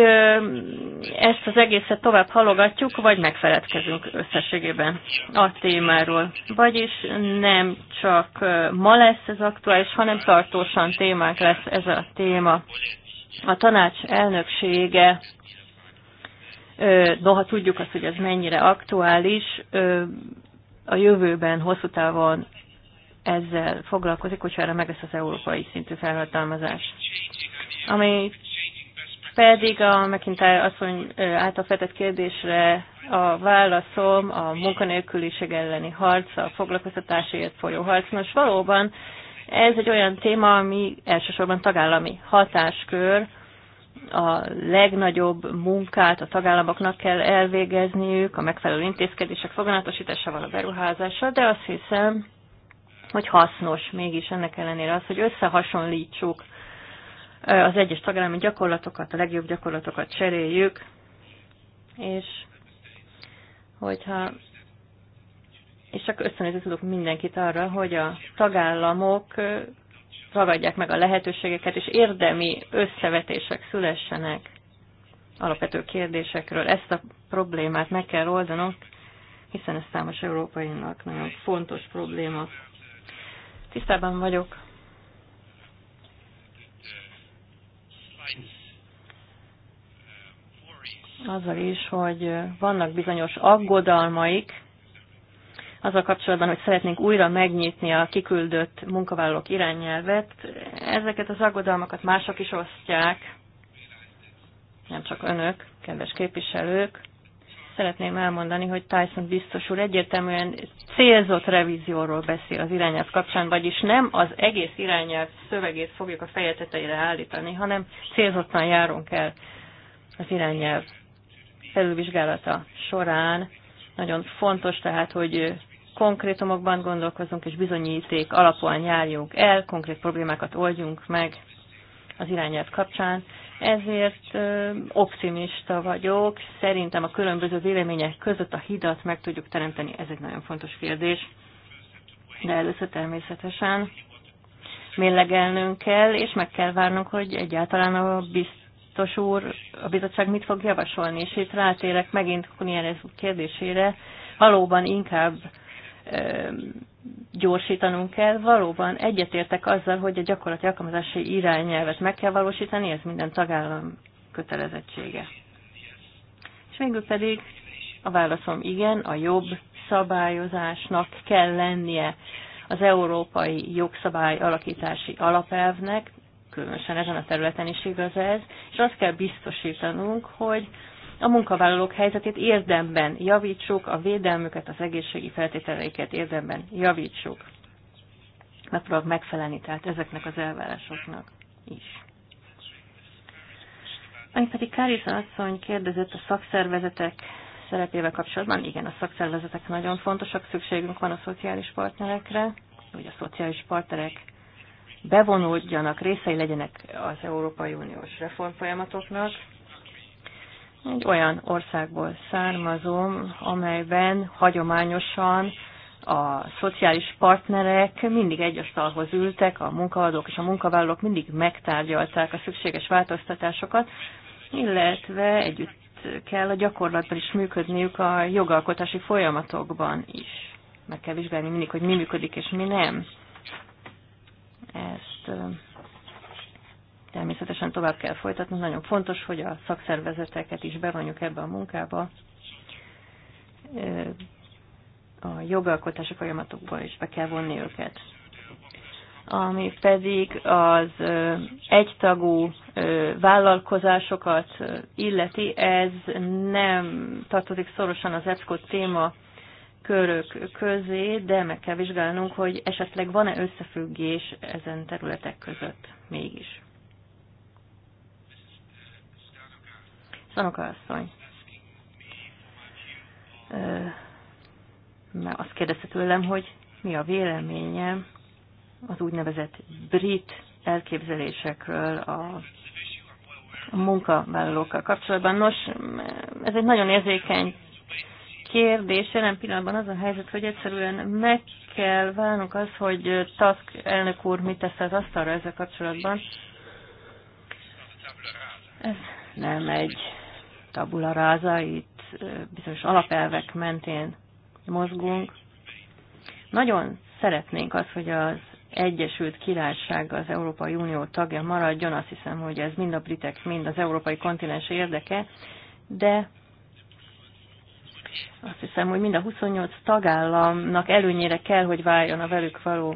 ezt az egészet tovább halogatjuk, vagy megfeledkezünk összességében a témáról. Vagyis nem csak ma lesz ez aktuális, hanem tartósan témák lesz ez a téma. A tanács elnöksége, noha tudjuk azt, hogy ez mennyire aktuális, a jövőben hosszú távon ezzel foglalkozik, hogyha erre lesz az európai szintű felhatalmazás. Ami pedig a McIntyre asszony által feltett kérdésre a válaszom a munkanélküliség elleni harc, a foglalkoztatásért folyó harc. Most valóban ez egy olyan téma, ami elsősorban tagállami hatáskör, a legnagyobb munkát a tagállamoknak kell elvégezniük, a megfelelő intézkedések foganatosításával, a beruházással, de azt hiszem, hogy hasznos mégis ennek ellenére az, hogy összehasonlítsuk az egyes tagállami gyakorlatokat, a legjobb gyakorlatokat cseréljük, és hogyha és csak ösztönözni tudok mindenkit arra, hogy a tagállamok ragadják meg a lehetőségeket, és érdemi összevetések szülessenek alapvető kérdésekről. Ezt a problémát meg kell oldanunk, hiszen ez számos európainak nagyon fontos probléma. Tisztában vagyok azzal is, hogy vannak bizonyos aggodalmaik a kapcsolatban, hogy szeretnénk újra megnyitni a kiküldött munkavállalók irányelvet. Ezeket az aggodalmakat mások is osztják, nem csak önök, kedves képviselők szeretném elmondani, hogy Tyson biztos úr egyértelműen célzott revízióról beszél az irányelv kapcsán, vagyis nem az egész irányelv szövegét fogjuk a feje tetejére állítani, hanem célzottan járunk el az irányelv felülvizsgálata során. Nagyon fontos tehát, hogy konkrétumokban gondolkozunk és bizonyíték alapúan járjunk el, konkrét problémákat oldjunk meg az irányelv kapcsán, ezért optimista vagyok. Szerintem a különböző vélemények között a hidat meg tudjuk teremteni, ez egy nagyon fontos kérdés. De először természetesen mérlegelnünk kell, és meg kell várnunk, hogy egyáltalán a biztos úr, a bizottság mit fog javasolni. És itt rátérek megint Kunierez kérdésére, valóban inkább gyorsítanunk kell. Valóban egyetértek azzal, hogy a gyakorlati alkalmazási irányelvet meg kell valósítani, ez minden tagállam kötelezettsége. És végül pedig a válaszom igen, a jobb szabályozásnak kell lennie az európai jogszabály alakítási alapelvnek, különösen ezen a területen is igaz ez, és azt kell biztosítanunk, hogy a munkavállalók helyzetét érdemben javítsuk, a védelmüket, az egészségi feltételeiket érdemben javítsuk. Megpróbálok megfelelni tehát ezeknek az elvárásoknak is. Ami pedig Kárisa asszony kérdezett a szakszervezetek szerepével kapcsolatban, igen, a szakszervezetek nagyon fontosak, szükségünk van a szociális partnerekre, hogy a szociális partnerek bevonódjanak, részei legyenek az Európai Uniós reformfolyamatoknak, egy olyan országból származom, amelyben hagyományosan a szociális partnerek mindig egy asztalhoz ültek, a munkaadók és a munkavállalók mindig megtárgyalták a szükséges változtatásokat, illetve együtt kell a gyakorlatban is működniük a jogalkotási folyamatokban is. Meg kell vizsgálni mindig, hogy mi működik és mi nem. Ezt természetesen tovább kell folytatni. Nagyon fontos, hogy a szakszervezeteket is bevonjuk ebbe a munkába. A jogalkotási folyamatokból is be kell vonni őket ami pedig az egytagú vállalkozásokat illeti, ez nem tartozik szorosan az EPSCO téma körök közé, de meg kell vizsgálnunk, hogy esetleg van-e összefüggés ezen területek között mégis. Szanoka asszony. Mert azt kérdezte tőlem, hogy mi a véleményem az úgynevezett brit elképzelésekről a munkavállalókkal kapcsolatban. Nos, ez egy nagyon érzékeny kérdés. Jelen pillanatban az a helyzet, hogy egyszerűen meg kell válnunk az, hogy Tusk elnök úr mit tesz az asztalra ezzel kapcsolatban. Ez nem egy tabula rasa, itt bizonyos alapelvek mentén mozgunk. Nagyon szeretnénk azt, hogy az Egyesült Királyság az Európai Unió tagja maradjon, azt hiszem, hogy ez mind a britek, mind az európai kontinens érdeke, de azt hiszem, hogy mind a 28 tagállamnak előnyére kell, hogy váljon a velük való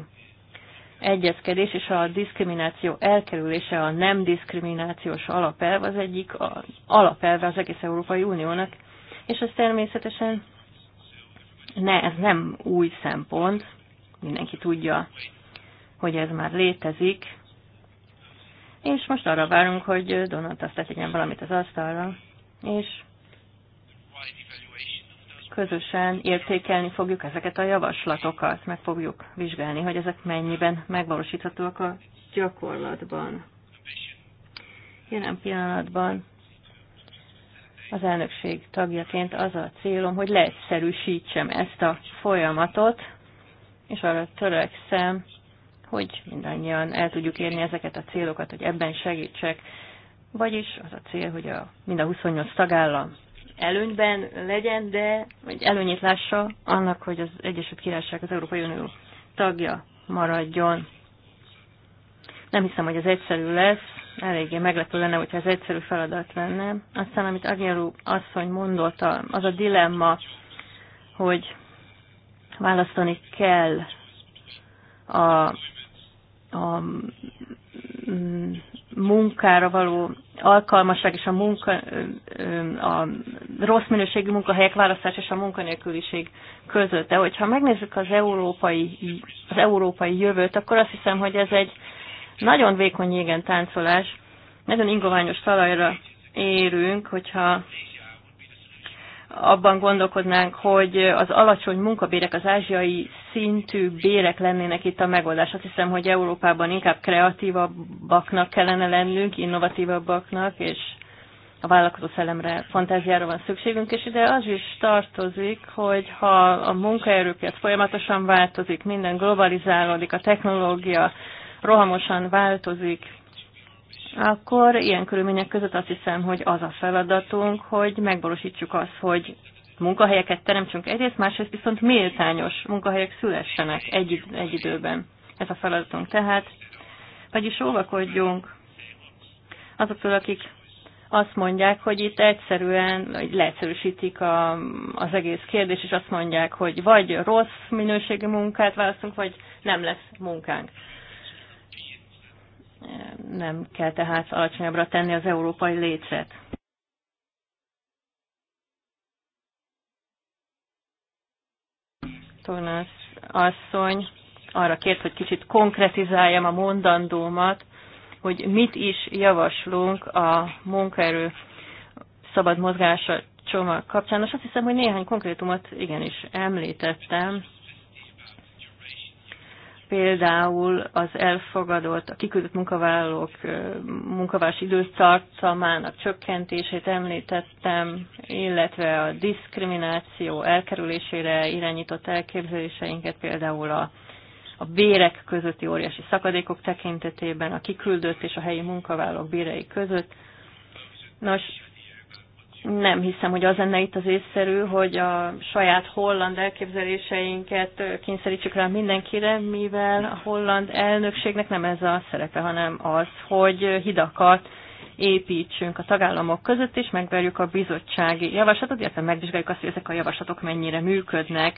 egyezkedés és a diszkrimináció elkerülése, a nem diszkriminációs alapelv az egyik alapelve az egész Európai Uniónak, és ez természetesen ne, ez nem új szempont, mindenki tudja, hogy ez már létezik, és most arra várunk, hogy Donald azt tegyen valamit az asztalra, és közösen értékelni fogjuk ezeket a javaslatokat, meg fogjuk vizsgálni, hogy ezek mennyiben megvalósíthatóak a gyakorlatban. Jelen pillanatban az elnökség tagjaként az a célom, hogy leegyszerűsítsem ezt a folyamatot, és arra törekszem, hogy mindannyian el tudjuk érni ezeket a célokat, hogy ebben segítsek. Vagyis az a cél, hogy a, mind a 28 tagállam előnyben legyen, de hogy előnyét lássa annak, hogy az Egyesült Királyság az Európai Unió tagja maradjon. Nem hiszem, hogy ez egyszerű lesz, eléggé meglepő lenne, hogyha ez egyszerű feladat lenne. Aztán, amit Agnyarú asszony mondotta, az a dilemma, hogy választani kell a, a munkára való alkalmasság és a, munka, a rossz minőségű munkahelyek választás és a munkanélküliség között. De hogyha megnézzük az európai, az európai jövőt, akkor azt hiszem, hogy ez egy nagyon vékony égen táncolás, nagyon ingoványos talajra érünk, hogyha abban gondolkodnánk, hogy az alacsony munkabérek, az ázsiai szintű bérek lennének itt a megoldás. Azt hiszem, hogy Európában inkább kreatívabbaknak kellene lennünk, innovatívabbaknak, és a vállalkozó szellemre, fantáziára van szükségünk, és ide az is tartozik, hogy ha a munkaerőpiac folyamatosan változik, minden globalizálódik, a technológia rohamosan változik, akkor ilyen körülmények között azt hiszem, hogy az a feladatunk, hogy megvalósítsuk azt, hogy munkahelyeket teremtsünk egyrészt, másrészt viszont méltányos munkahelyek szülessenek egy, egy időben. Ez a feladatunk tehát. Vagyis óvakodjunk azoktól, akik azt mondják, hogy itt egyszerűen hogy leegyszerűsítik a, az egész kérdés, és azt mondják, hogy vagy rossz minőségi munkát választunk, vagy nem lesz munkánk nem kell tehát alacsonyabbra tenni az európai létszet. Tornász asszony arra kért, hogy kicsit konkretizáljam a mondandómat, hogy mit is javaslunk a munkaerő szabad mozgása csomag kapcsán. Most azt hiszem, hogy néhány konkrétumot igenis említettem például az elfogadott, a kiküldött munkavállalók munkavás időtartamának csökkentését említettem, illetve a diszkrimináció elkerülésére irányított elképzeléseinket, például a, a bérek közötti óriási szakadékok tekintetében, a kiküldött és a helyi munkavállalók bérei között. Nos, nem hiszem, hogy az lenne itt az észszerű, hogy a saját holland elképzeléseinket kényszerítsük rá mindenkire, mivel a holland elnökségnek nem ez a szerepe, hanem az, hogy hidakat építsünk a tagállamok között, és megverjük a bizottsági javaslatot, illetve megvizsgáljuk azt, hogy ezek a javaslatok mennyire működnek,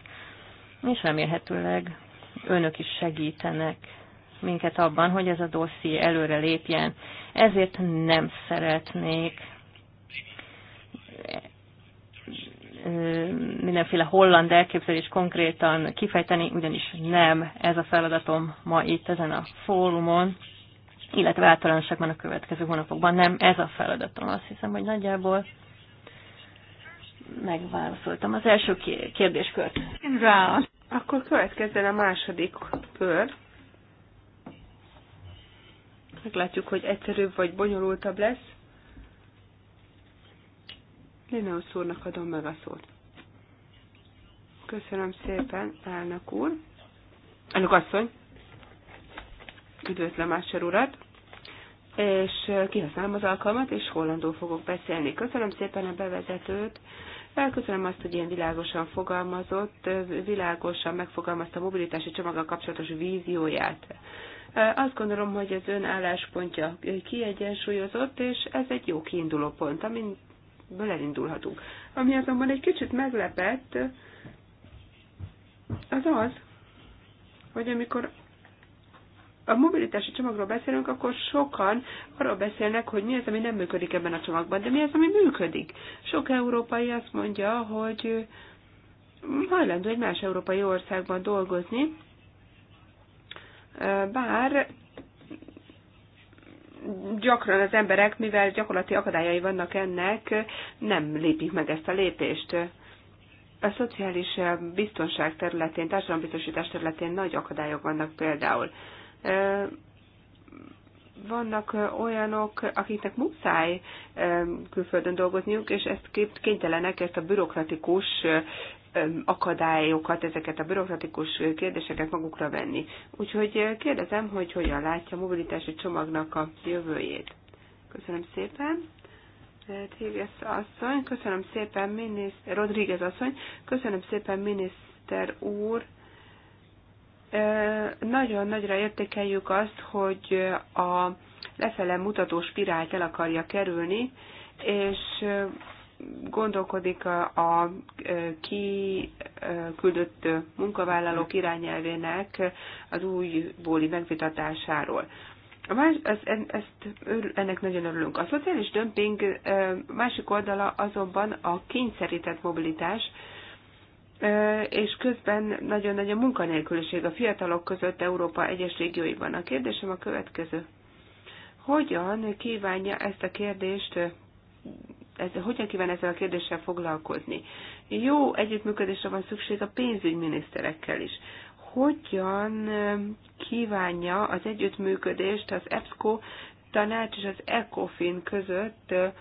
és remélhetőleg önök is segítenek minket abban, hogy ez a dosszié előre lépjen. Ezért nem szeretnék mindenféle holland elképzelés konkrétan kifejteni, ugyanis nem ez a feladatom ma itt ezen a fórumon, illetve általánosságban a következő hónapokban nem ez a feladatom. Azt hiszem, hogy nagyjából megválaszoltam az első kérdéskört. Rá. Akkor következzen a második kör. Meglátjuk, hogy egyszerűbb vagy bonyolultabb lesz. Linnaus úrnak adom meg a szót. Köszönöm szépen, elnök úr. Elnök asszony, üdvözlöm Mássor urat, és kihasználom az alkalmat, és hollandul fogok beszélni. Köszönöm szépen a bevezetőt, Elköszönöm azt, hogy ilyen világosan fogalmazott, világosan megfogalmazta a mobilitási csomaggal kapcsolatos vízióját. Azt gondolom, hogy az ön álláspontja kiegyensúlyozott, és ez egy jó kiinduló pont, amint ebből elindulhatunk. Ami azonban egy kicsit meglepett, az az, hogy amikor a mobilitási csomagról beszélünk, akkor sokan arról beszélnek, hogy mi az, ami nem működik ebben a csomagban, de mi az, ami működik. Sok európai azt mondja, hogy hajlandó egy más európai országban dolgozni, bár gyakran az emberek, mivel gyakorlati akadályai vannak ennek, nem lépik meg ezt a lépést. A szociális biztonság területén, társadalombiztosítás területén nagy akadályok vannak például. Vannak olyanok, akiknek muszáj külföldön dolgozniuk, és ezt kénytelenek ezt a bürokratikus akadályokat, ezeket a bürokratikus kérdéseket magukra venni. Úgyhogy kérdezem, hogy hogyan látja a mobilitási csomagnak a jövőjét. Köszönöm szépen. Rodríguez asszony, köszönöm szépen, miniszter, Rodríguez asszony, köszönöm szépen, miniszter úr. Nagyon nagyra értékeljük azt, hogy a lefele mutató spirált el akarja kerülni, és gondolkodik a ki küldött munkavállalók irányelvének az újbóli megvitatásáról. A más, ez, ezt, ennek nagyon örülünk. A szociális dömping másik oldala azonban a kényszerített mobilitás, és közben nagyon nagy a munkanélküliség a fiatalok között Európa egyes régióiban. A kérdésem a következő. Hogyan kívánja ezt a kérdést ez, hogyan kíván ezzel a kérdéssel foglalkozni. Jó együttműködésre van szükség a pénzügyminiszterekkel is. Hogyan eh, kívánja az együttműködést az EBSCO tanács és az ECOFIN között eh,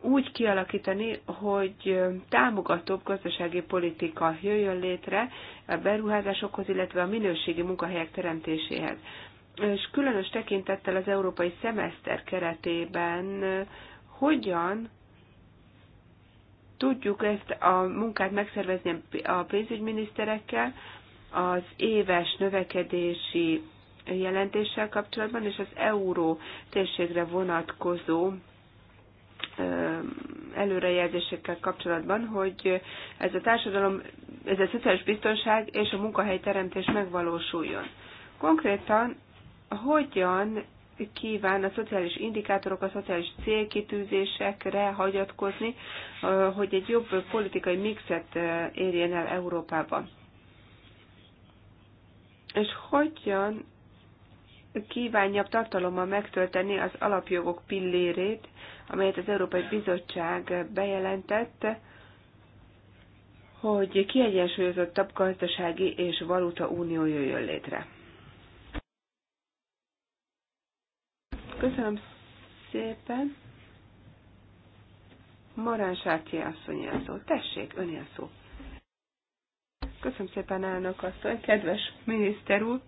úgy kialakítani, hogy eh, támogatóbb gazdasági politika jöjjön létre a beruházásokhoz, illetve a minőségi munkahelyek teremtéséhez. És különös tekintettel az európai szemeszter keretében hogyan tudjuk ezt a munkát megszervezni a pénzügyminiszterekkel, az éves növekedési jelentéssel kapcsolatban, és az euró térségre vonatkozó előrejelzésekkel kapcsolatban, hogy ez a társadalom, ez a szociális biztonság és a munkahelyteremtés megvalósuljon. Konkrétan hogyan kíván a szociális indikátorok, a szociális célkitűzésekre hagyatkozni, hogy egy jobb politikai mixet érjen el Európában. És hogyan kívánja tartalommal megtölteni az alapjogok pillérét, amelyet az Európai Bizottság bejelentett, hogy kiegyensúlyozottabb gazdasági és valuta unió jöjjön létre. Köszönöm szépen. Marán Sártyé asszony a szó. Tessék, ön szó. Köszönöm szépen, elnök asszony. Kedves miniszter úr,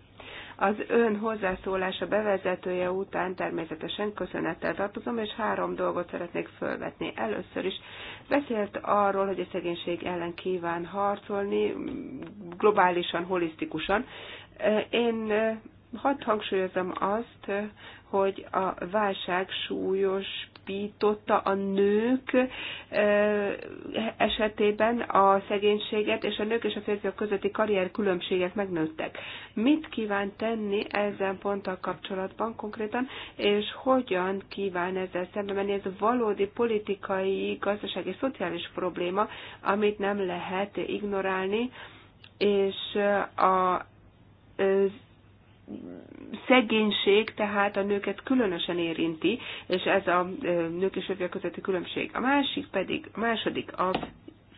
az ön hozzászólása bevezetője után természetesen köszönettel tartozom, és három dolgot szeretnék fölvetni. Először is beszélt arról, hogy a szegénység ellen kíván harcolni, globálisan, holisztikusan. Én eh, hadd hangsúlyozom azt, hogy a válság súlyosbította a nők esetében a szegénységet, és a nők és a férfiak közötti karrier különbségek megnőttek. Mit kíván tenni ezen ponttal kapcsolatban konkrétan, és hogyan kíván ezzel szembe menni? Ez valódi politikai, gazdasági és szociális probléma, amit nem lehet ignorálni, és a az szegénység tehát a nőket különösen érinti, és ez a nők és férfiak közötti különbség. A másik pedig, a második, a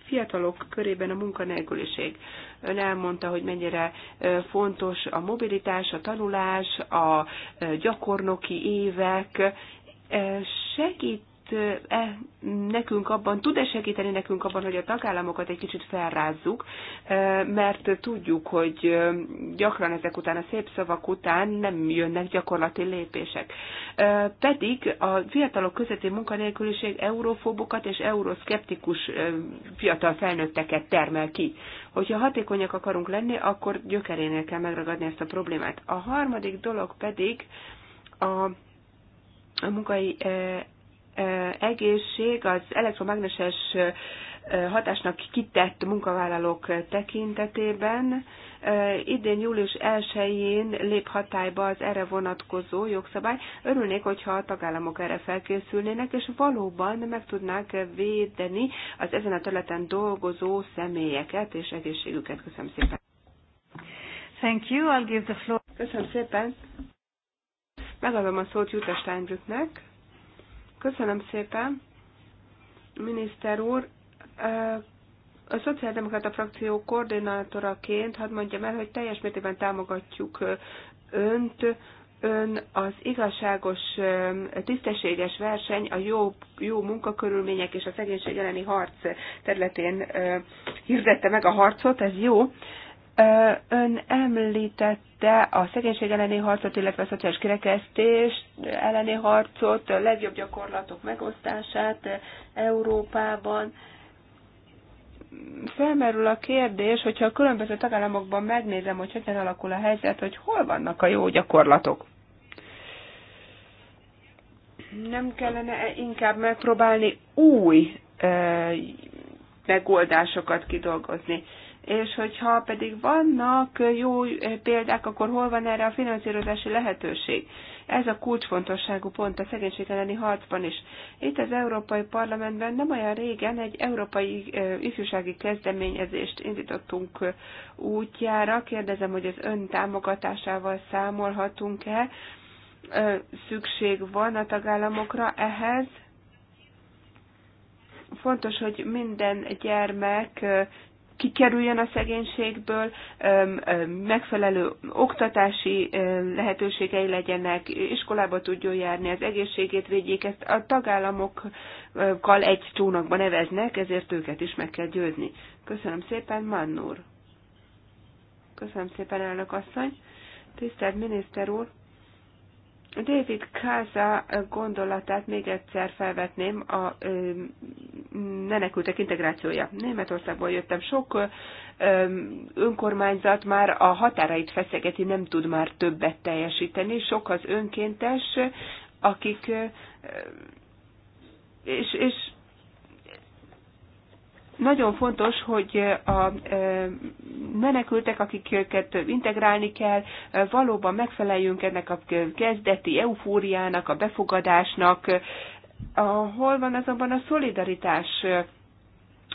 fiatalok körében a munkanélküliség. Ön elmondta, hogy mennyire fontos a mobilitás, a tanulás, a gyakornoki évek. Segít -e nekünk abban, tud-e segíteni nekünk abban, hogy a tagállamokat egy kicsit felrázzuk, mert tudjuk, hogy gyakran ezek után, a szép szavak után nem jönnek gyakorlati lépések. Pedig a fiatalok közötti munkanélküliség eurofóbokat és euroszkeptikus fiatal felnőtteket termel ki. Hogyha hatékonyak akarunk lenni, akkor gyökerénél kell megragadni ezt a problémát. A harmadik dolog pedig a a munkai egészség az elektromágneses hatásnak kitett munkavállalók tekintetében. Idén július 1-én lép hatályba az erre vonatkozó jogszabály. Örülnék, hogyha a tagállamok erre felkészülnének, és valóban meg tudnák védeni az ezen a területen dolgozó személyeket és egészségüket. Köszönöm szépen. Thank you. I'll give the floor. Köszönöm szépen. Megadom a szót Jutta Steinbrücknek. Köszönöm szépen, miniszter úr. A Szociáldemokrata frakció koordinátoraként hadd mondjam el, hogy teljes mértékben támogatjuk önt, ön az igazságos, tisztességes verseny, a jó, jó munkakörülmények és a szegénység elleni harc területén hirdette meg a harcot, ez jó, Ön említette a szegénység elleni harcot, illetve a szociális kirekesztés elleni harcot, a legjobb gyakorlatok megosztását Európában. Felmerül a kérdés, hogyha a különböző tagállamokban megnézem, hogy hogyan alakul a helyzet, hogy hol vannak a jó gyakorlatok. Nem kellene -e inkább megpróbálni új megoldásokat kidolgozni és hogyha pedig vannak jó példák, akkor hol van erre a finanszírozási lehetőség? Ez a kulcsfontosságú pont a szegénység elleni harcban is. Itt az Európai Parlamentben nem olyan régen egy európai ifjúsági kezdeményezést indítottunk útjára. Kérdezem, hogy az ön támogatásával számolhatunk-e? Szükség van a tagállamokra ehhez? Fontos, hogy minden gyermek kikerüljön a szegénységből, megfelelő oktatási lehetőségei legyenek, iskolába tudjon járni, az egészségét védjék, ezt a tagállamokkal egy csónakba neveznek, ezért őket is meg kell győzni. Köszönöm szépen, Mannur. Köszönöm szépen, elnök asszony. Tisztelt miniszter úr, David Kaza gondolatát még egyszer felvetném a menekültek integrációja. Németországból jöttem, sok önkormányzat már a határait feszegeti, nem tud már többet teljesíteni, sok az önkéntes, akik és, és nagyon fontos, hogy a menekültek, akiket integrálni kell, valóban megfeleljünk ennek a kezdeti eufóriának, a befogadásnak. Hol van azonban a szolidaritás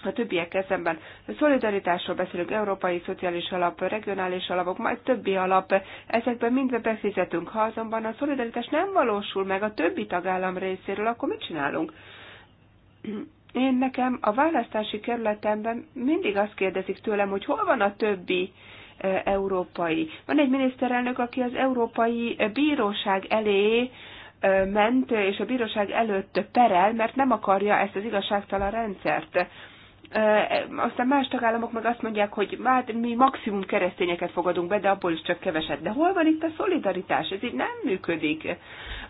a többiek kezemben? A szolidaritásról beszélünk, európai szociális alap, regionális alapok, majd többi alap, ezekben mindbe befizetünk. Ha azonban a szolidaritás nem valósul meg a többi tagállam részéről, akkor mit csinálunk? Én nekem a választási kerületemben mindig azt kérdezik tőlem, hogy hol van a többi e, európai. Van egy miniszterelnök, aki az Európai Bíróság elé e, ment, és a bíróság előtt perel, mert nem akarja ezt az igazságtalan rendszert aztán más tagállamok meg azt mondják, hogy hát mi maximum keresztényeket fogadunk be, de abból is csak keveset. De hol van itt a szolidaritás? Ez így nem működik.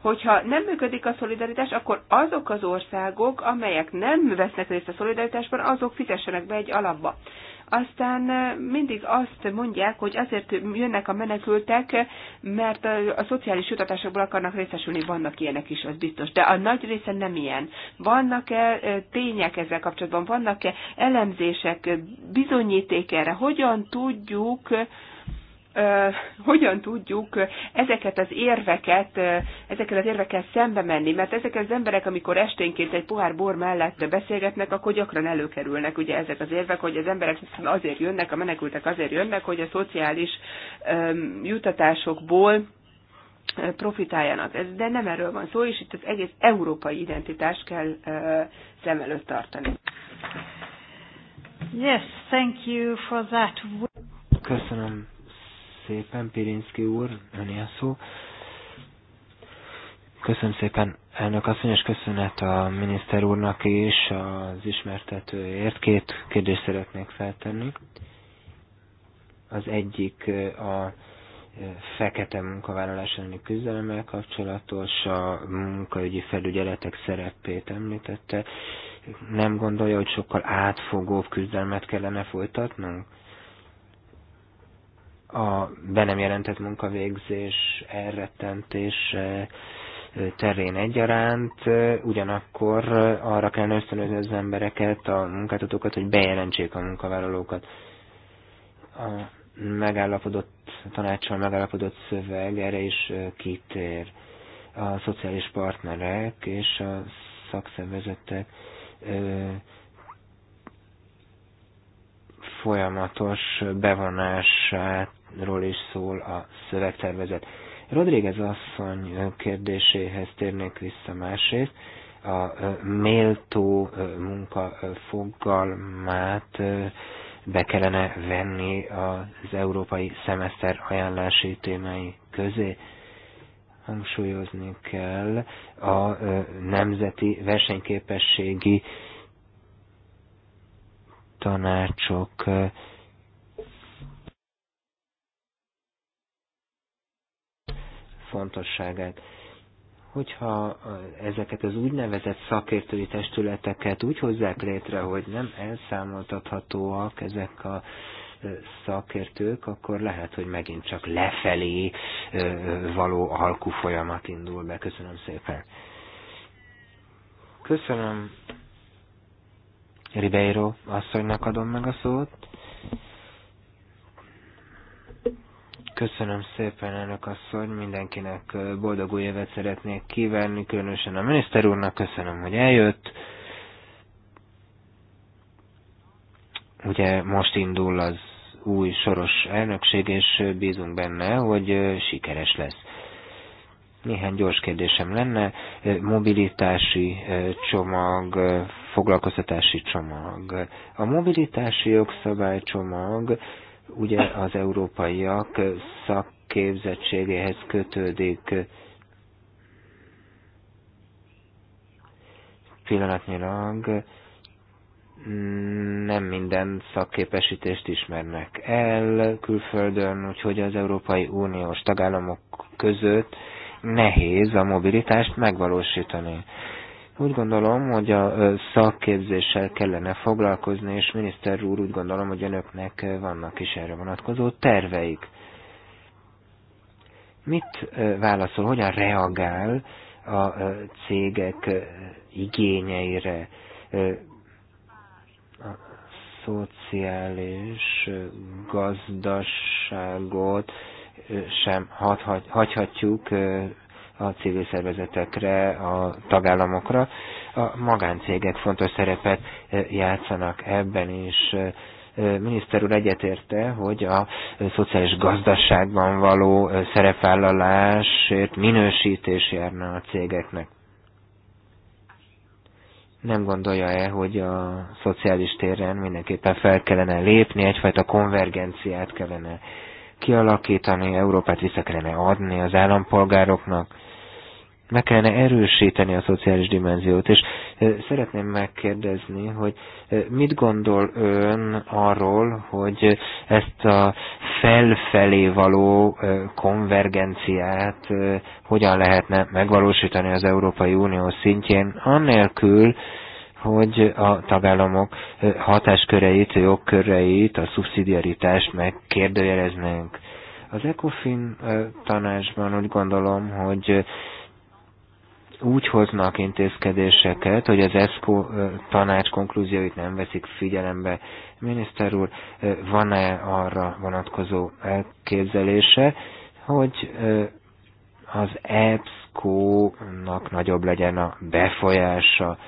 Hogyha nem működik a szolidaritás, akkor azok az országok, amelyek nem vesznek részt a szolidaritásban, azok fizessenek be egy alapba aztán mindig azt mondják, hogy azért jönnek a menekültek, mert a szociális jutatásokból akarnak részesülni, vannak ilyenek is, az biztos, de a nagy része nem ilyen. Vannak-e tények ezzel kapcsolatban, vannak-e elemzések, bizonyíték erre, hogyan tudjuk hogyan tudjuk ezeket az érveket, ezekkel az érvekkel szembe menni, mert ezek az emberek, amikor esténként egy pohár bor mellett beszélgetnek, akkor gyakran előkerülnek ugye ezek az érvek, hogy az emberek azért jönnek, a menekültek azért jönnek, hogy a szociális jutatásokból profitáljanak. Ez, de nem erről van szó, és itt az egész európai identitást kell szem előtt tartani. Yes, thank you for that. Köszönöm szépen, Pirinszki úr, öné a szó. Köszönöm szépen, elnök asszony, és köszönet a miniszter úrnak is az ismertetőért. Két kérdést szeretnék feltenni. Az egyik a e, fekete munkavállalás elleni küzdelemmel kapcsolatos, a munkaügyi felügyeletek szerepét említette. Nem gondolja, hogy sokkal átfogóbb küzdelmet kellene folytatnunk? a be nem jelentett munkavégzés elrettentése terén egyaránt, ugyanakkor arra kell ösztönözni az embereket, a munkáltatókat, hogy bejelentsék a munkavállalókat. A megállapodott tanácsal megállapodott szöveg erre is kitér. A szociális partnerek és a szakszervezetek folyamatos bevonását ról is szól a szövegtervezet. Rodríguez asszony kérdéséhez térnék vissza másrészt. A méltó munka fogalmát be kellene venni az európai szemeszter ajánlási témái közé. Hangsúlyozni kell a nemzeti versenyképességi tanácsok fontosságát. Hogyha ezeket az úgynevezett szakértői testületeket úgy hozzák létre, hogy nem elszámoltathatóak ezek a szakértők, akkor lehet, hogy megint csak lefelé való alkú folyamat indul be. Köszönöm szépen. Köszönöm. Ribeiro asszonynak adom meg a szót. Köszönöm szépen, elnök asszony, mindenkinek boldog új évet szeretnék kívánni, különösen a miniszter úrnak köszönöm, hogy eljött. Ugye most indul az új soros elnökség, és bízunk benne, hogy sikeres lesz. Néhány gyors kérdésem lenne. Mobilitási csomag, foglalkoztatási csomag. A mobilitási jogszabálycsomag Ugye az európaiak szakképzettségéhez kötődik pillanatnyilag nem minden szakképesítést ismernek el külföldön, úgyhogy az Európai Uniós tagállamok között nehéz a mobilitást megvalósítani. Úgy gondolom, hogy a szakképzéssel kellene foglalkozni, és miniszter úr úgy gondolom, hogy önöknek vannak is erre vonatkozó terveik. Mit válaszol, hogyan reagál a cégek igényeire? A szociális gazdaságot sem hagyhatjuk a civil szervezetekre, a tagállamokra. A magáncégek fontos szerepet e, játszanak ebben is. E, e, miniszter úr egyetérte, hogy a szociális gazdaságban való szerepvállalásért minősítés járna a cégeknek nem gondolja-e, hogy a szociális téren mindenképpen fel kellene lépni, egyfajta konvergenciát kellene kialakítani, Európát vissza kellene adni az állampolgároknak, meg kellene erősíteni a szociális dimenziót, és szeretném megkérdezni, hogy mit gondol ön arról, hogy ezt a felfelé való konvergenciát hogyan lehetne megvalósítani az Európai Unió szintjén, annélkül, hogy a tagállamok hatásköreit, jogköreit, a szubszidiaritást megkérdőjeleznénk. Az ECOFIN tanácsban úgy gondolom, hogy úgy hoznak intézkedéseket, hogy az ESCO tanács konklúzióit nem veszik figyelembe. Miniszter úr, van-e arra vonatkozó elképzelése, hogy az EBSCO-nak nagyobb legyen a befolyása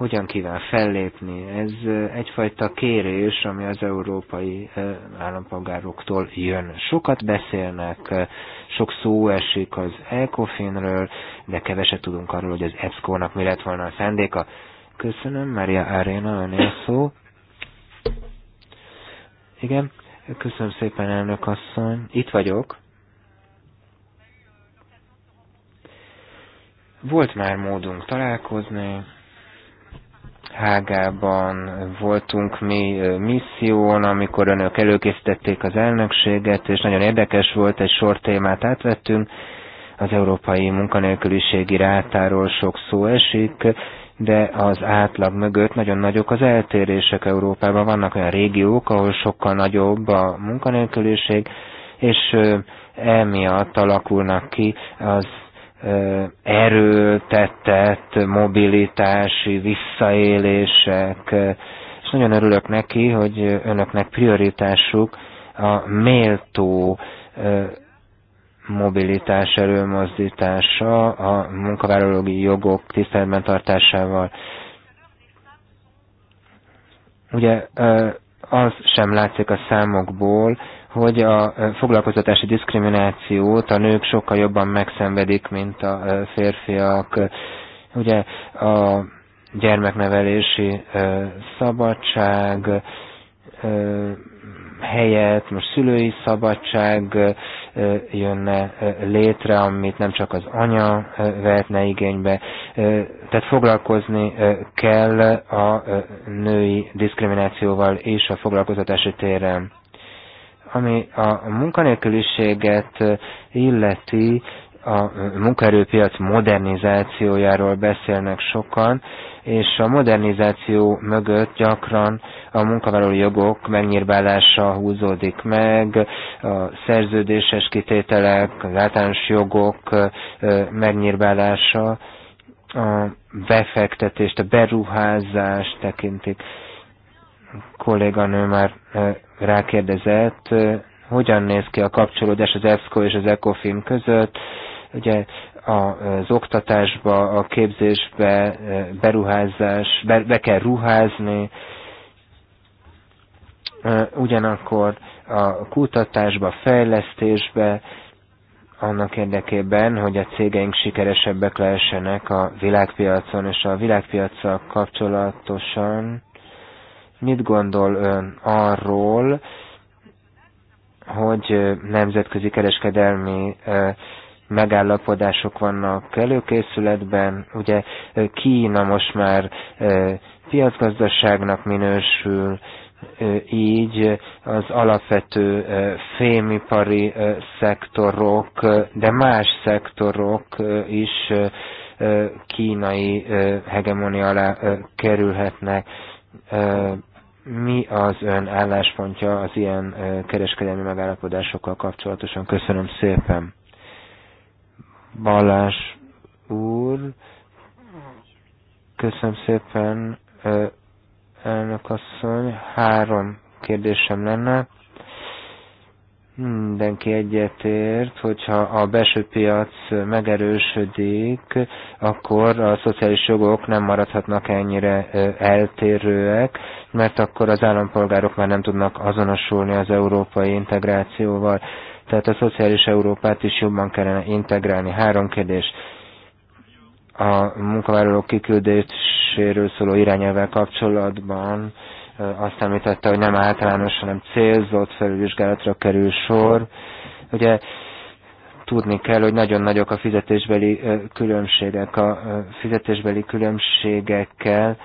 hogyan kíván fellépni. Ez egyfajta kérés, ami az európai állampolgároktól jön. Sokat beszélnek, sok szó esik az ECOFIN-ről, de keveset tudunk arról, hogy az EBSCO-nak mi lett volna a szándéka. Köszönöm, Maria Arena, ön a szó. Igen, köszönöm szépen, elnök asszony. Itt vagyok. Volt már módunk találkozni, Hágában voltunk mi misszión, amikor önök előkészítették az elnökséget, és nagyon érdekes volt, egy sor témát átvettünk. Az európai munkanélküliségi rátáról sok szó esik, de az átlag mögött nagyon nagyok az eltérések Európában. Vannak olyan régiók, ahol sokkal nagyobb a munkanélküliség, és emiatt alakulnak ki az erőltetett mobilitási visszaélések, és nagyon örülök neki, hogy önöknek prioritásuk a méltó mobilitás erőmozdítása a munkavállalói jogok tiszteletben tartásával. Ugye az sem látszik a számokból, hogy a foglalkoztatási diszkriminációt a nők sokkal jobban megszenvedik, mint a férfiak. Ugye a gyermeknevelési szabadság helyett most szülői szabadság jönne létre, amit nem csak az anya vehetne igénybe. Tehát foglalkozni kell a női diszkriminációval és a foglalkoztatási téren. Ami a munkanélküliséget illeti, a munkaerőpiac modernizációjáról beszélnek sokan, és a modernizáció mögött gyakran a munkavállalói jogok megnyírbálása húzódik meg, a szerződéses kitételek, az általános jogok megnyírbálása, a befektetést, a beruházást tekintik kolléganő már rákérdezett, hogyan néz ki a kapcsolódás az EFSCO és az ECOFIM között. Ugye az oktatásba, a képzésbe beruházás, be, be kell ruházni, ugyanakkor a kutatásba, fejlesztésbe, annak érdekében, hogy a cégeink sikeresebbek lehessenek a világpiacon, és a világpiacsal kapcsolatosan Mit gondol ön arról, hogy nemzetközi kereskedelmi megállapodások vannak előkészületben. Ugye Kína most már piacgazdaságnak minősül, így az alapvető fémipari szektorok, de más szektorok is kínai hegemónia alá kerülhetnek mi az ön álláspontja az ilyen kereskedelmi megállapodásokkal kapcsolatosan? Köszönöm szépen. Balás úr, köszönöm szépen, elnök asszony. Három kérdésem lenne. Mindenki egyetért, hogyha a belső piac megerősödik, akkor a szociális jogok nem maradhatnak ennyire eltérőek, mert akkor az állampolgárok már nem tudnak azonosulni az európai integrációval. Tehát a szociális Európát is jobban kellene integrálni. Három kérdés. A munkavállalók kiküldéséről szóló irányelvvel kapcsolatban azt említette, hogy nem általános, hanem célzott felülvizsgálatra kerül sor. Ugye tudni kell, hogy nagyon nagyok a fizetésbeli különbségek. A fizetésbeli különbségekkel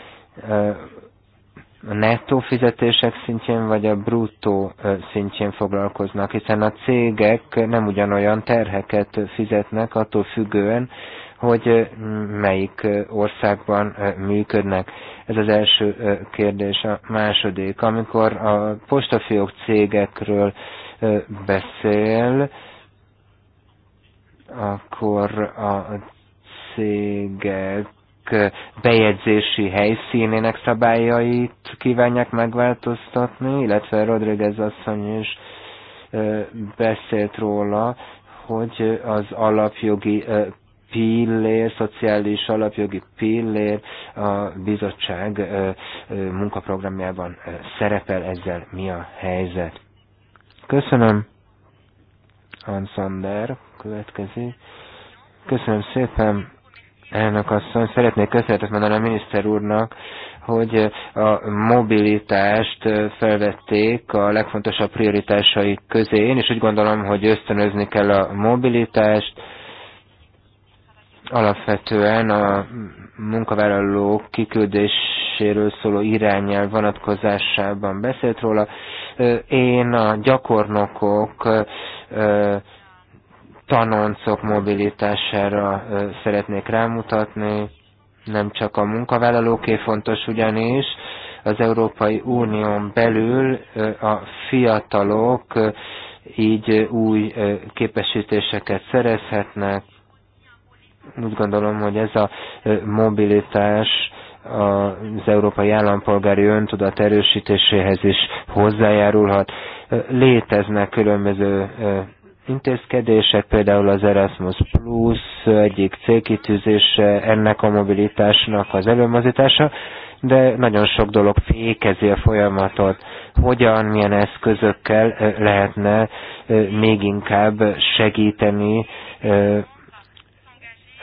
a nettó fizetések szintjén vagy a bruttó szintjén foglalkoznak, hiszen a cégek nem ugyanolyan terheket fizetnek attól függően, hogy melyik országban működnek. Ez az első kérdés. A második, amikor a postafiók cégekről beszél, akkor a cégek bejegyzési helyszínének szabályait kívánják megváltoztatni, illetve Rodriguez asszony is beszélt róla, hogy az alapjogi pillér, szociális alapjogi pillér a bizottság munkaprogramjában szerepel, ezzel mi a helyzet. Köszönöm. Ansander következő. Köszönöm szépen. Elnök asszony, szeretnék köszönetet mondani a miniszter úrnak, hogy a mobilitást felvették a legfontosabb prioritásai közé. Én is úgy gondolom, hogy ösztönözni kell a mobilitást, Alapvetően a munkavállalók kiküldéséről szóló irányel vonatkozásában beszélt róla. Én a gyakornokok tanoncok mobilitására szeretnék rámutatni, nem csak a munkavállalóké fontos ugyanis, az Európai Unión belül a fiatalok így új képesítéseket szerezhetnek, úgy gondolom, hogy ez a mobilitás az európai állampolgári öntudat erősítéséhez is hozzájárulhat. Léteznek különböző intézkedések, például az Erasmus Plus egyik célkitűzése ennek a mobilitásnak az előmozítása, de nagyon sok dolog fékezi a folyamatot. Hogyan, milyen eszközökkel lehetne még inkább segíteni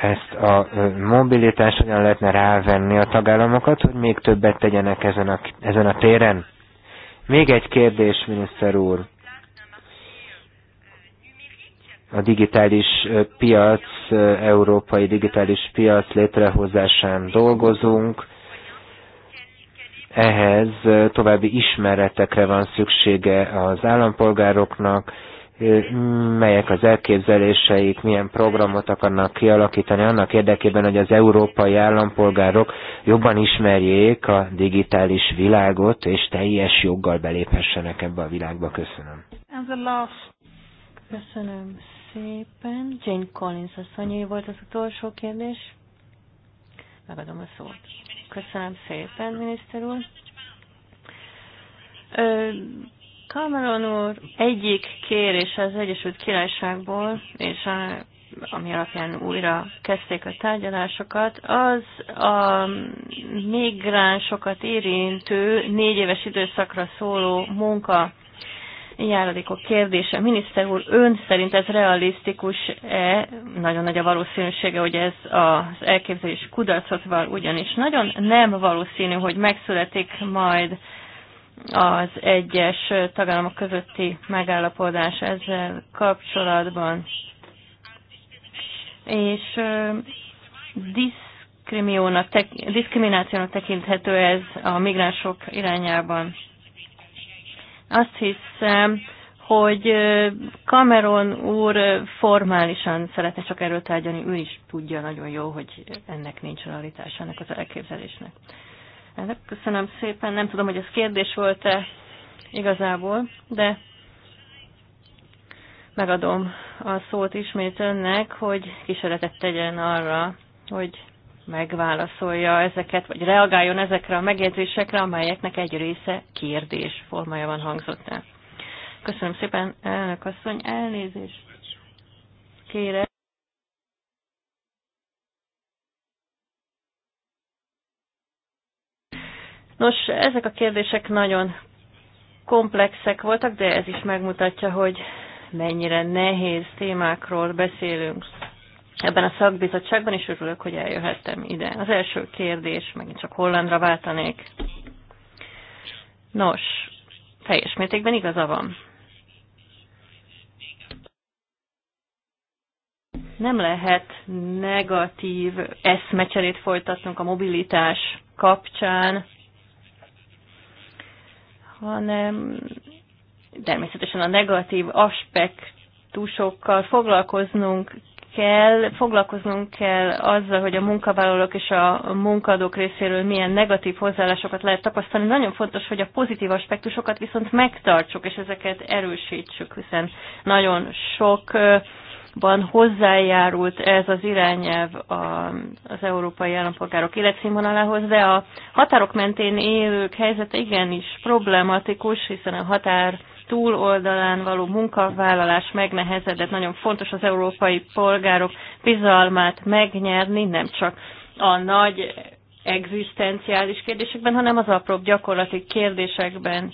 ezt a mobilitást hogyan lehetne rávenni a tagállamokat, hogy még többet tegyenek ezen a, ezen a téren. Még egy kérdés, miniszter úr. A digitális piac, európai digitális piac létrehozásán dolgozunk. Ehhez további ismeretekre van szüksége az állampolgároknak, melyek az elképzeléseik, milyen programot akarnak kialakítani annak érdekében, hogy az európai állampolgárok jobban ismerjék a digitális világot, és teljes joggal beléphessenek ebbe a világba. Köszönöm. Köszönöm szépen. Jane Collins asszonyé volt az utolsó kérdés. Megadom a szót. Köszönöm szépen, miniszter úr Cameron úr egyik kérése az Egyesült Királyságból, és a, ami alapján újra kezdték a tárgyalásokat, az a migránsokat érintő négy éves időszakra szóló munka járadékok kérdése. Miniszter úr, ön szerint ez realisztikus-e? Nagyon nagy a valószínűsége, hogy ez az elképzelés kudarcot val, ugyanis nagyon nem valószínű, hogy megszületik majd az egyes tagállamok közötti megállapodás ezzel kapcsolatban. És uh, diszkriminációnak tekinthető ez a migránsok irányában. Azt hiszem, hogy Cameron úr formálisan szeretne csak erről tárgyalni, ő is tudja nagyon jó, hogy ennek nincs realitása, ennek az elképzelésnek. Köszönöm szépen, nem tudom, hogy ez kérdés volt-e igazából, de megadom a szót ismét önnek, hogy kísérletet tegyen arra, hogy megválaszolja ezeket, vagy reagáljon ezekre a megjegyzésekre, amelyeknek egy része kérdés formájában hangzott el. Köszönöm szépen, elnök asszony, elnézést kérek. Nos, ezek a kérdések nagyon komplexek voltak, de ez is megmutatja, hogy mennyire nehéz témákról beszélünk ebben a szakbizottságban, és örülök, hogy eljöhettem ide. Az első kérdés, megint csak hollandra váltanék. Nos, teljes mértékben igaza van. Nem lehet negatív eszmecserét folytatnunk a mobilitás kapcsán, hanem természetesen a negatív aspektusokkal foglalkoznunk kell, foglalkoznunk kell azzal, hogy a munkavállalók és a munkadók részéről milyen negatív hozzáállásokat lehet tapasztalni. Nagyon fontos, hogy a pozitív aspektusokat viszont megtartsuk, és ezeket erősítsük, hiszen nagyon sok ban hozzájárult ez az irányelv az európai állampolgárok életszínvonalához, de a határok mentén élők helyzete igenis problematikus, hiszen a határ túloldalán való munkavállalás megnehezedett. Nagyon fontos az európai polgárok bizalmát megnyerni, nem csak a nagy egzisztenciális kérdésekben, hanem az apróbb gyakorlati kérdésekben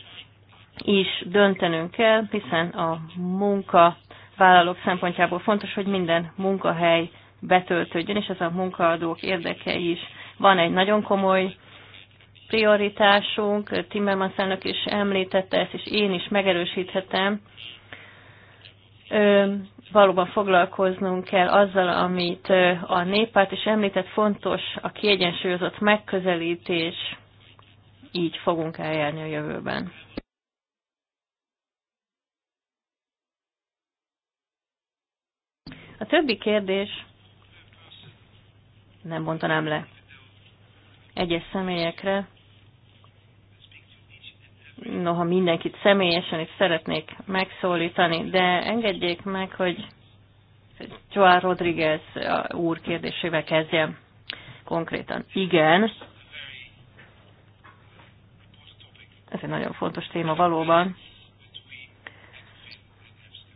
is döntenünk kell, hiszen a munka vállalók szempontjából fontos, hogy minden munkahely betöltődjön, és ez a munkaadók érdeke is. Van egy nagyon komoly prioritásunk, Timmermans elnök is említette ezt, és én is megerősíthetem, ö, valóban foglalkoznunk kell azzal, amit a néppárt is említett, fontos a kiegyensúlyozott megközelítés, így fogunk eljárni a jövőben. A többi kérdés nem mondanám le egyes személyekre. Noha mindenkit személyesen is szeretnék megszólítani, de engedjék meg, hogy Joao Rodriguez úr kérdésével kezdjem konkrétan. Igen, ez egy nagyon fontos téma valóban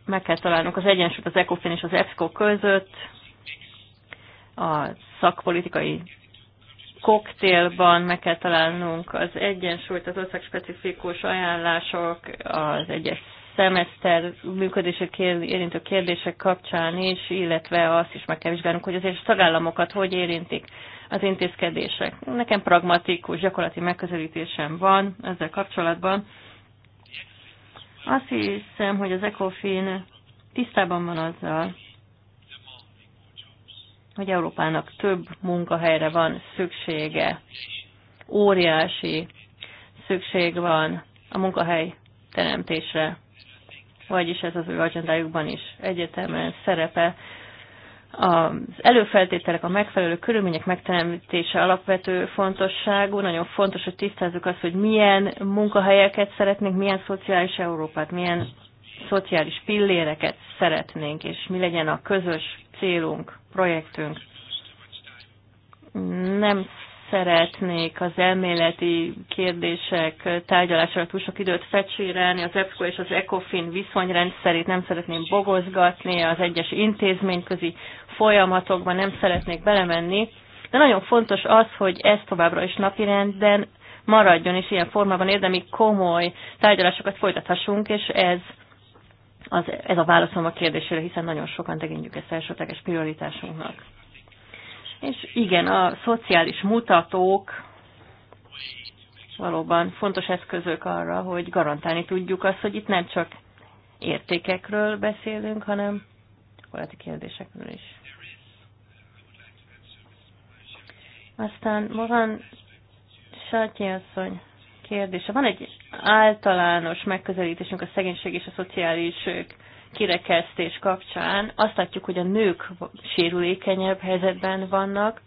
meg kell találnunk az egyensúlyt az ECOFIN és az EFSCO között, a szakpolitikai koktélban meg kell találnunk az egyensúlyt, az országspecifikus ajánlások, az egyes szemeszter működését érintő kérdések kapcsán is, illetve azt is meg kell vizsgálnunk, hogy azért tagállamokat hogy érintik az intézkedések. Nekem pragmatikus, gyakorlati megközelítésem van ezzel kapcsolatban. Azt hiszem, hogy az ECOFIN tisztában van azzal, hogy Európának több munkahelyre van szüksége. Óriási szükség van a munkahely teremtésre, vagyis ez az ő agendájukban is egyetemen szerepe, az előfeltételek, a megfelelő körülmények megteremtése alapvető fontosságú. Nagyon fontos, hogy tisztázzuk azt, hogy milyen munkahelyeket szeretnénk, milyen szociális Európát, milyen szociális pilléreket szeretnénk, és mi legyen a közös célunk, projektünk. Nem szeretnék az elméleti kérdések tárgyalására túl sok időt fecsérelni. Az EPSCO és az ECOFIN viszonyrendszerét nem szeretném bogozgatni, az egyes intézményközi folyamatokban nem szeretnék belemenni. De nagyon fontos az, hogy ez továbbra is napirenden maradjon, és ilyen formában érdemi komoly tárgyalásokat folytathassunk, és ez, az, ez a válaszom a kérdésére, hiszen nagyon sokan tekintjük ezt elsődleges prioritásunknak. És igen, a szociális mutatók valóban fontos eszközök arra, hogy garantálni tudjuk azt, hogy itt nem csak értékekről beszélünk, hanem gyakorlati kérdésekről is. Aztán van Sátyi asszony kérdése. Van egy általános megközelítésünk a szegénység és a szociális kirekesztés kapcsán azt látjuk, hogy a nők sérülékenyebb helyzetben vannak,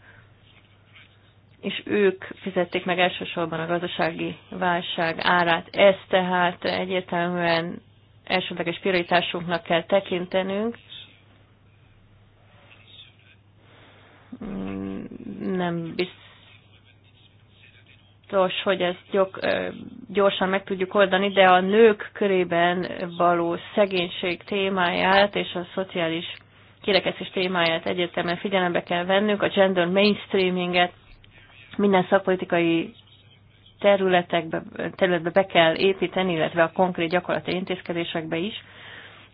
és ők fizették meg elsősorban a gazdasági válság árát. Ez tehát egyértelműen elsődleges prioritásunknak kell tekintenünk. Nem biztos fontos, hogy ezt gyok, gyorsan meg tudjuk oldani, de a nők körében való szegénység témáját és a szociális kirekesztés témáját egyértelműen figyelembe kell vennünk, a gender mainstreaminget minden szakpolitikai területekbe, területbe be kell építeni, illetve a konkrét gyakorlati intézkedésekbe is,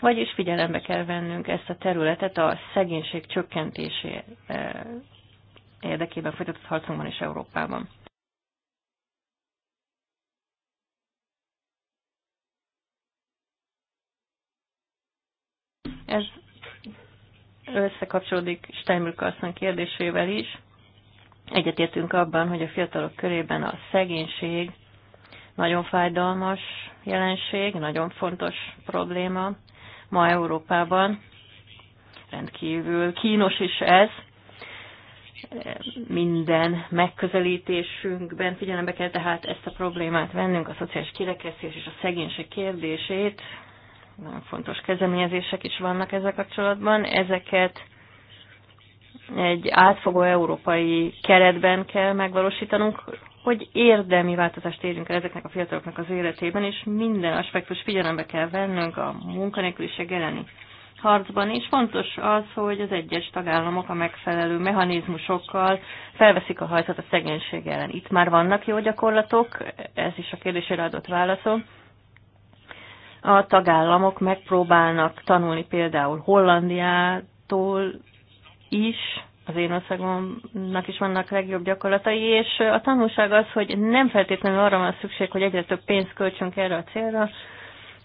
vagyis figyelembe kell vennünk ezt a területet a szegénység csökkentésé érdekében folytatott harcunkban is Európában. Ez összekapcsolódik Steinbrück asszony kérdésével is. Egyetértünk abban, hogy a fiatalok körében a szegénység nagyon fájdalmas jelenség, nagyon fontos probléma ma Európában. Rendkívül kínos is ez. Minden megközelítésünkben figyelembe kell tehát ezt a problémát vennünk, a szociális kirekesztés és a szegénység kérdését, nagyon fontos kezdeményezések is vannak ezzel kapcsolatban. Ezeket egy átfogó európai keretben kell megvalósítanunk, hogy érdemi változást érjünk el ezeknek a fiataloknak az életében, és minden aspektus figyelembe kell vennünk a munkanélküliség elleni harcban, és fontos az, hogy az egyes tagállamok a megfelelő mechanizmusokkal felveszik a hajtat a szegénység ellen. Itt már vannak jó gyakorlatok, ez is a kérdésére adott válaszom, a tagállamok megpróbálnak tanulni például Hollandiától is, az én országomnak is vannak legjobb gyakorlatai, és a tanulság az, hogy nem feltétlenül arra van szükség, hogy egyre több pénzt költsünk erre a célra,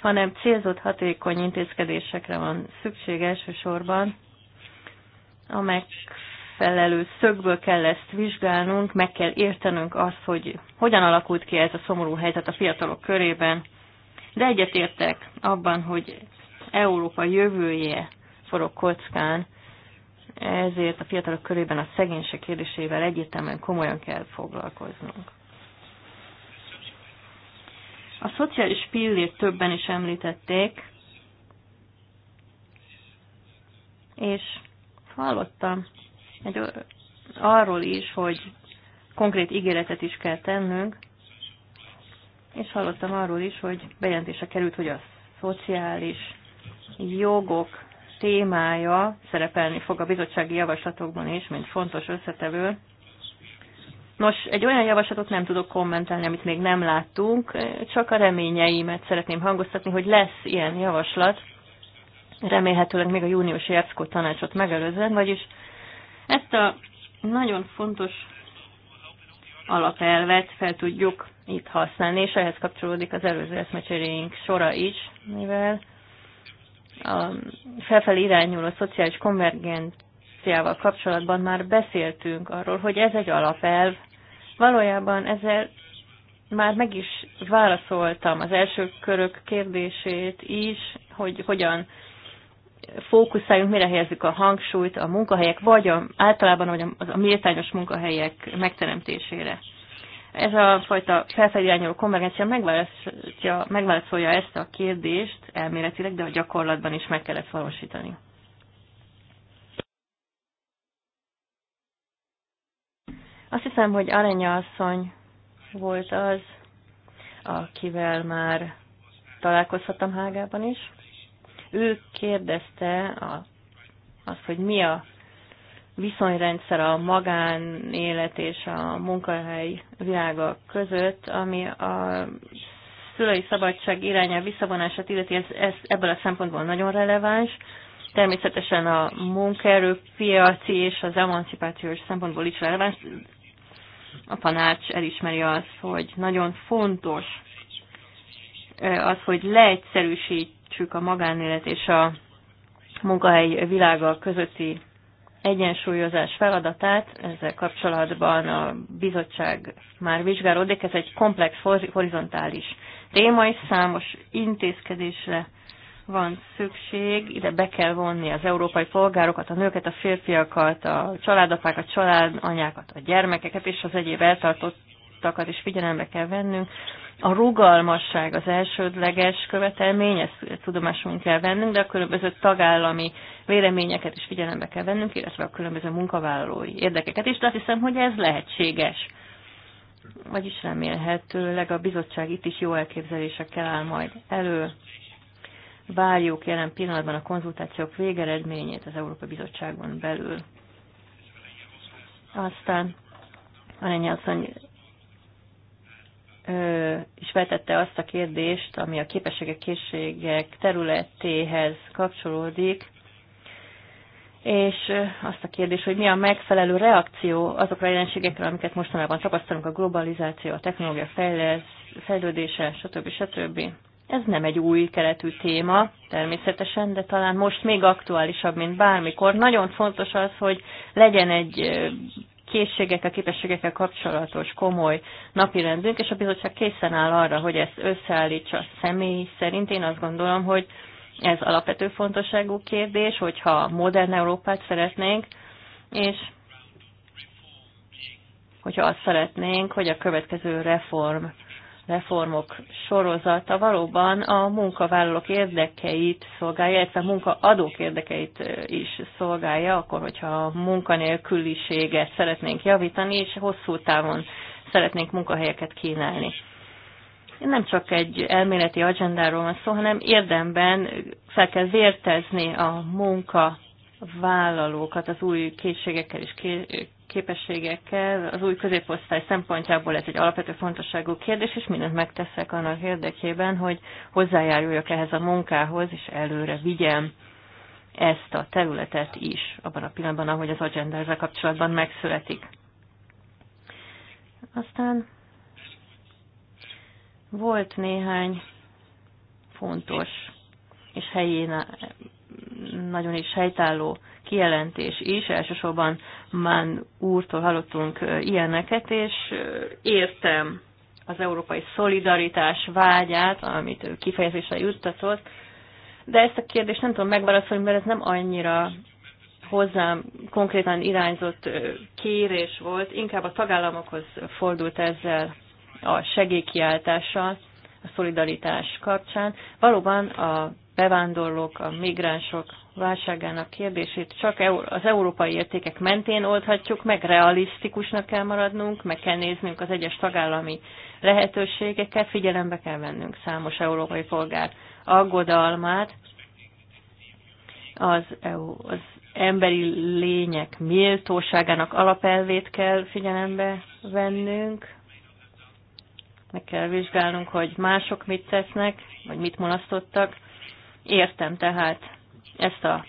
hanem célzott hatékony intézkedésekre van szükség elsősorban, a megfelelő szögből kell ezt vizsgálnunk, meg kell értenünk azt, hogy hogyan alakult ki ez a szomorú helyzet a fiatalok körében, de egyetértek abban, hogy Európa jövője forog kockán, ezért a fiatalok körében a szegénység kérdésével egyértelműen komolyan kell foglalkoznunk. A szociális pillért többen is említették, és hallottam egy, arról is, hogy konkrét ígéretet is kell tennünk, és hallottam arról is, hogy bejelentése került, hogy a szociális jogok témája szerepelni fog a bizottsági javaslatokban is, mint fontos összetevő. Nos, egy olyan javaslatot nem tudok kommentálni, amit még nem láttunk, csak a reményeimet szeretném hangoztatni, hogy lesz ilyen javaslat, remélhetőleg még a júniusi ERCKO tanácsot megelőzően, vagyis ezt a nagyon fontos alapelvet fel tudjuk itt használni, és ehhez kapcsolódik az előző eszmecseréink sora is, mivel a felfelé irányuló szociális konvergenciával kapcsolatban már beszéltünk arról, hogy ez egy alapelv. Valójában ezzel már meg is válaszoltam az első körök kérdését is, hogy hogyan fókuszáljunk, mire helyezzük a hangsúlyt a munkahelyek, vagy a, általában vagy a, a méltányos munkahelyek megteremtésére. Ez a fajta felfelirányuló konvergencia megválaszolja, megválaszolja ezt a kérdést elméletileg, de a gyakorlatban is meg kellett valósítani. Azt hiszem, hogy Arenya asszony volt az, akivel már találkozhattam Hágában is ő kérdezte a, azt, hogy mi a viszonyrendszer a magánélet és a munkahely világa között, ami a szülői szabadság irányá visszavonását illeti, ez, ez ebből a szempontból nagyon releváns. Természetesen a munkaerőpiaci és az emancipációs szempontból is releváns. A tanács elismeri azt, hogy nagyon fontos az, hogy leegyszerűsít megteremtsük a magánélet és a munkahely világa közötti egyensúlyozás feladatát, ezzel kapcsolatban a bizottság már vizsgálódik, ez egy komplex, horizontális téma, és számos intézkedésre van szükség, ide be kell vonni az európai polgárokat, a nőket, a férfiakat, a családapákat, a családanyákat, a gyermekeket és az egyéb eltartott elhangzottakat is figyelembe kell vennünk. A rugalmasság az elsődleges követelmény, ezt tudomásunk kell vennünk, de a különböző tagállami véleményeket is figyelembe kell vennünk, illetve a különböző munkavállalói érdekeket is, de azt hiszem, hogy ez lehetséges. Vagyis remélhetőleg a bizottság itt is jó elképzelésekkel áll majd elő. Várjuk jelen pillanatban a konzultációk végeredményét az Európai Bizottságon belül. Aztán a asszony is vetette azt a kérdést, ami a képességek, készségek területéhez kapcsolódik, és azt a kérdés, hogy mi a megfelelő reakció azokra a jelenségekre, amiket mostanában tapasztalunk, a globalizáció, a technológia fejlődése, stb. stb. Ez nem egy új keletű téma, természetesen, de talán most még aktuálisabb, mint bármikor. Nagyon fontos az, hogy legyen egy készségekkel, képességekkel kapcsolatos komoly napirendünk, és a bizottság készen áll arra, hogy ezt összeállítsa személy szerint. Én azt gondolom, hogy ez alapvető fontosságú kérdés, hogyha modern Európát szeretnénk, és hogyha azt szeretnénk, hogy a következő reform reformok sorozata valóban a munkavállalók érdekeit szolgálja, illetve a munkaadók érdekeit is szolgálja, akkor, hogyha a munkanélküliséget szeretnénk javítani, és hosszú távon szeretnénk munkahelyeket kínálni. Nem csak egy elméleti agendáról van szó, hanem érdemben fel kell vértezni a munka vállalókat az új készségekkel és képességekkel az új középosztály szempontjából ez egy alapvető fontosságú kérdés, és mindent megteszek annak érdekében, hogy hozzájáruljak ehhez a munkához, és előre vigyem ezt a területet is, abban a pillanatban, ahogy az agenda ezzel kapcsolatban megszületik. Aztán volt néhány fontos és helyén nagyon is helytálló kijelentés is. Elsősorban Mán úrtól hallottunk ilyeneket, és értem az európai szolidaritás vágyát, amit ő kifejezésre juttatott, de ezt a kérdést nem tudom megválaszolni, mert ez nem annyira hozzám konkrétan irányzott kérés volt, inkább a tagállamokhoz fordult ezzel a segélykiáltással, a szolidaritás kapcsán. Valóban a bevándorlók, a migránsok válságának kérdését csak az európai értékek mentén oldhatjuk meg, realisztikusnak kell maradnunk, meg kell néznünk az egyes tagállami lehetőségeket, figyelembe kell vennünk számos európai polgár aggodalmát, az, az emberi lények méltóságának alapelvét kell figyelembe vennünk, meg kell vizsgálnunk, hogy mások mit tesznek, vagy mit mulasztottak, Értem tehát ezt a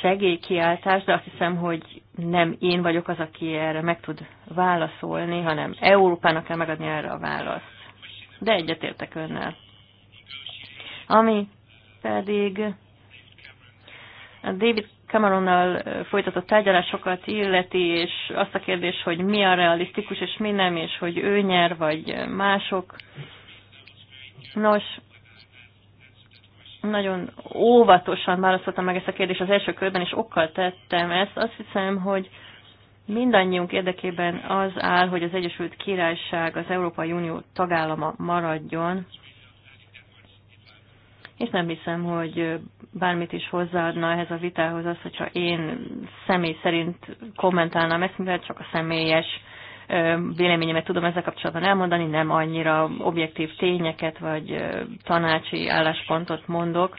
segélykiáltást, de azt hiszem, hogy nem én vagyok az, aki erre meg tud válaszolni, hanem Európának kell megadni erre a választ. De egyetértek önnel. Ami pedig a David Cameronnal folytatott tárgyalásokat illeti, és azt a kérdés, hogy mi a realisztikus és mi nem, és hogy ő nyer, vagy mások. Nos, nagyon óvatosan válaszoltam meg ezt a kérdést az első körben, és okkal tettem ezt. Azt hiszem, hogy mindannyiunk érdekében az áll, hogy az Egyesült Királyság az Európai Unió tagállama maradjon, és nem hiszem, hogy bármit is hozzáadna ehhez a vitához az, hogyha én személy szerint kommentálnám ezt, mivel csak a személyes véleményemet tudom ezzel kapcsolatban elmondani, nem annyira objektív tényeket vagy tanácsi álláspontot mondok.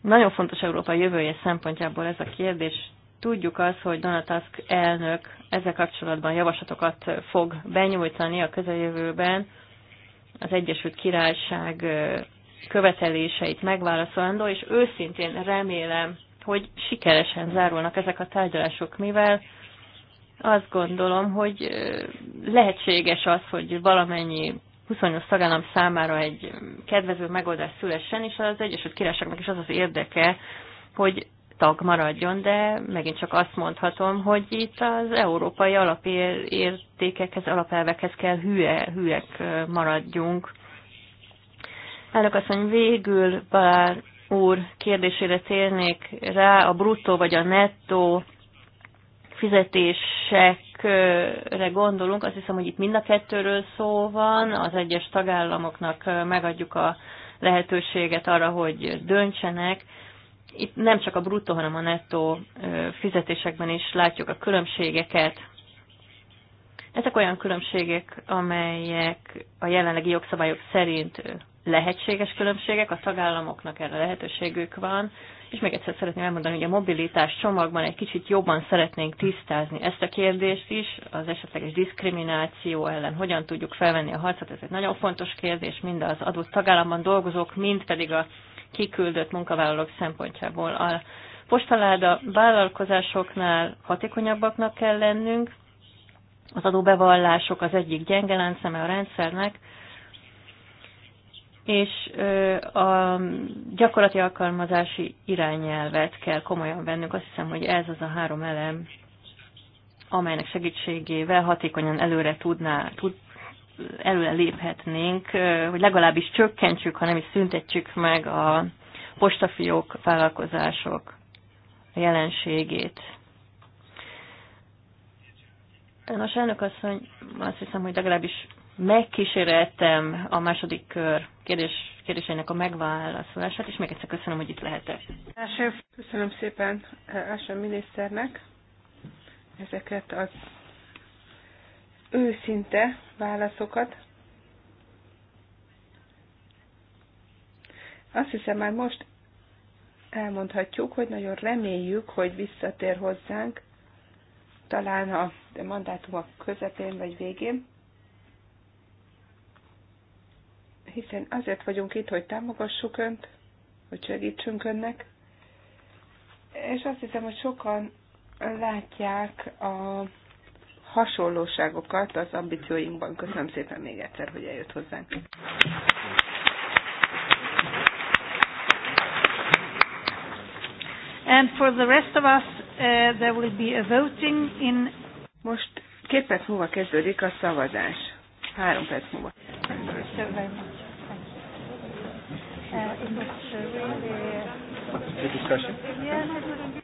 Nagyon fontos Európa jövője szempontjából ez a kérdés. Tudjuk azt, hogy Donald Tusk elnök ezzel kapcsolatban javaslatokat fog benyújtani a közeljövőben az Egyesült Királyság követeléseit megválaszolandó, és őszintén remélem, hogy sikeresen zárulnak ezek a tárgyalások, mivel azt gondolom, hogy lehetséges az, hogy valamennyi 28 tagállam számára egy kedvező megoldás szülessen, és az Egyesült Királyságnak is az az érdeke, hogy tag maradjon, de megint csak azt mondhatom, hogy itt az európai alapértékekhez, alapelvekhez kell hülye, hülyek maradjunk. Elnök mondja, végül Balár úr kérdésére térnék rá, a bruttó vagy a nettó fizetésekre gondolunk, azt hiszem, hogy itt mind a kettőről szó van, az egyes tagállamoknak megadjuk a lehetőséget arra, hogy döntsenek. Itt nem csak a bruttó, hanem a nettó fizetésekben is látjuk a különbségeket. Ezek olyan különbségek, amelyek a jelenlegi jogszabályok szerint lehetséges különbségek, a tagállamoknak erre lehetőségük van, és még egyszer szeretném elmondani, hogy a mobilitás csomagban egy kicsit jobban szeretnénk tisztázni ezt a kérdést is, az esetleges diszkrimináció ellen hogyan tudjuk felvenni a harcot, ez egy nagyon fontos kérdés, mind az adott tagállamban dolgozók, mind pedig a kiküldött munkavállalók szempontjából. A postaláda vállalkozásoknál hatékonyabbaknak kell lennünk, az adóbevallások az egyik gyenge láncszeme a rendszernek, és a gyakorlati alkalmazási irányelvet kell komolyan vennünk. Azt hiszem, hogy ez az a három elem, amelynek segítségével hatékonyan előre tudná, tud, előre léphetnénk, hogy legalábbis csökkentsük, ha nem is szüntetjük meg a postafiók, vállalkozások jelenségét. Nos, elnök asszony, azt hiszem, hogy legalábbis megkísérettem a második kör kérdés, kérdéseinek a megválaszolását, és még egyszer köszönöm, hogy itt lehetek. Köszönöm szépen első miniszternek ezeket az őszinte válaszokat. Azt hiszem már most elmondhatjuk, hogy nagyon reméljük, hogy visszatér hozzánk, talán a mandátumok közepén vagy végén hiszen azért vagyunk itt, hogy támogassuk Önt, hogy segítsünk Önnek, és azt hiszem, hogy sokan látják a hasonlóságokat az ambícióinkban. Köszönöm szépen még egyszer, hogy eljött hozzánk. And for the rest of us, uh, there will be a voting in... Most két perc múlva kezdődik a szavazás. Három perc múlva. Köszönöm. Uh, in the, the, the discussion? Yeah,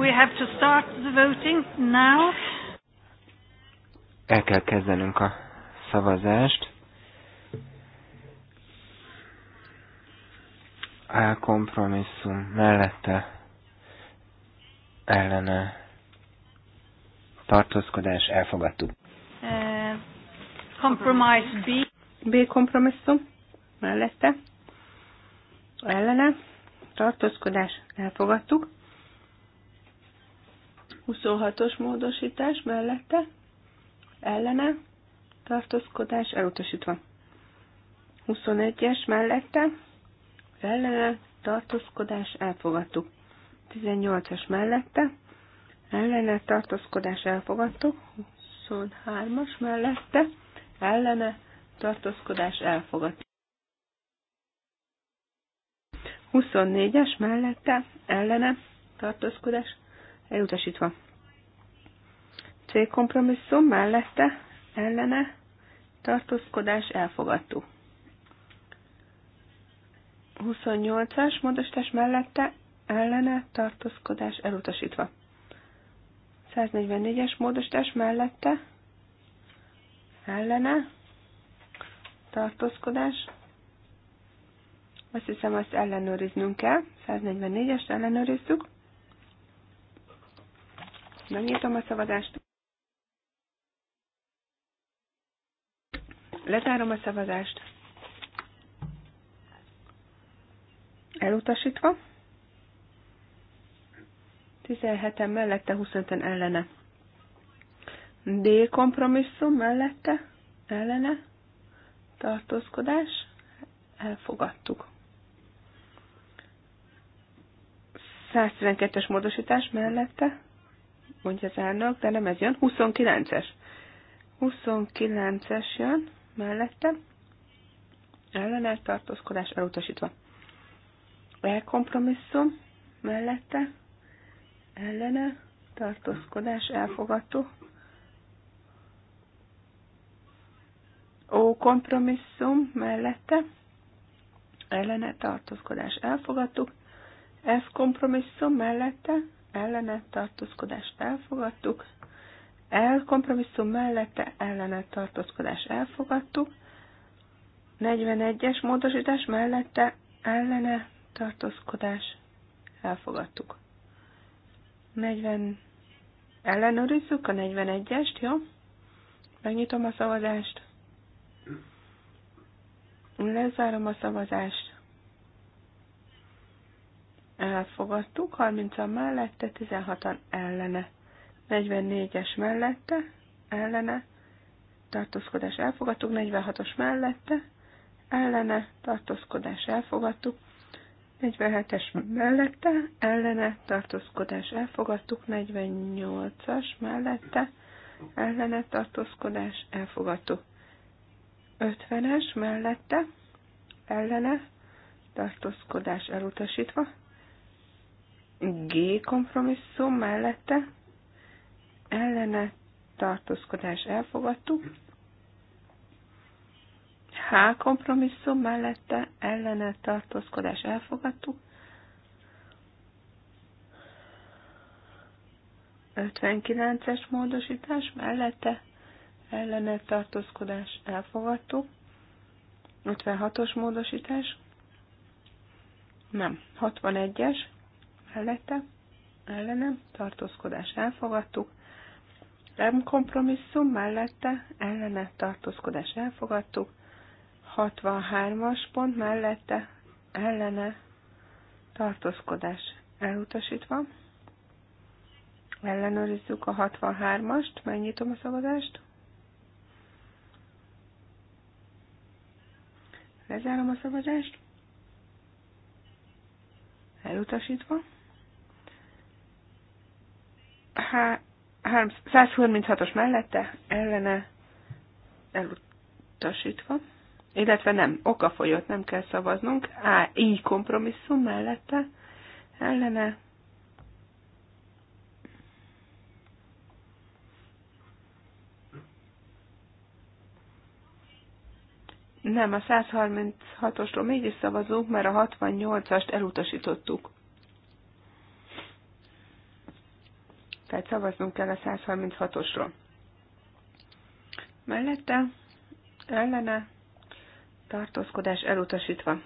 We have to start the voting now. El kell kezdenünk a szavazást. A kompromisszum mellette ellene tartózkodás elfogadtuk. Uh, compromise B. B kompromisszum mellette ellene tartózkodás elfogadtuk. 26-os módosítás mellette, ellene, tartózkodás elutasítva. 21-es mellette, ellene, tartózkodás elfogadtuk. 18-as mellette, ellene, tartózkodás elfogadtuk. 23-as mellette, ellene, tartózkodás elfogadtuk. 24-es mellette, ellene, tartózkodás elfogadtuk elutasítva. Cégkompromisszum kompromisszum mellette, ellene, tartózkodás elfogadtuk. 28-as módosítás mellette, ellene, tartózkodás elutasítva. 144-es módosítás mellette, ellene, tartózkodás. Azt hiszem, azt ellenőriznünk kell. 144-est ellenőrizzük. Megnyitom a szavazást. Lezárom a szavazást. Elutasítva. 17-en mellette, 25-en ellene. D kompromisszum mellette, ellene, tartózkodás, elfogadtuk. 112-es módosítás mellette, mondja az elnök, de nem ez jön. 29-es. 29-es jön mellette. ellenállt tartózkodás elutasítva. Elkompromisszum mellette. Ellene tartózkodás elfogadó. Ó kompromisszum mellette. Ellene tartózkodás elfogadtuk. Ez kompromisszum mellette ellene tartózkodást elfogadtuk, el kompromisszum mellette ellene tartózkodást elfogadtuk, 41-es módosítás mellette ellene tartózkodás elfogadtuk. 40 ellenőrizzük a 41-est, jó? Megnyitom a szavazást. Lezárom a szavazást elfogadtuk, 30-an mellette, 16-an ellene, 44-es mellette, ellene, tartózkodás elfogadtuk, 46-os mellette, ellene, tartózkodás elfogadtuk, 47-es mellette, ellene, tartózkodás elfogadtuk, 48-as mellette, ellene, tartózkodás elfogadtuk, 50-es mellette, ellene, tartózkodás elutasítva, G kompromisszum mellette ellene tartózkodás elfogadtuk. H kompromisszum mellette ellene tartózkodás elfogadtuk. 59-es módosítás mellette ellene tartózkodás elfogadtuk. 56-os módosítás. Nem, 61-es mellette, ellenem tartózkodás elfogadtuk. Nem kompromisszum mellette, ellene, tartózkodás elfogadtuk. 63-as pont mellette, ellene, tartózkodás elutasítva. Ellenőrizzük a 63-ast, megnyitom a szavazást. Lezárom a szavazást. Elutasítva. 136-os mellette ellene elutasítva, illetve nem, okafolyott, nem kell szavaznunk, á, így kompromisszum mellette ellene Nem, a 136-osról mégis szavazunk, mert a 68-ast elutasítottuk. Tehát szavaznunk kell a 136-osról. Mellette, ellene, tartózkodás elutasítva.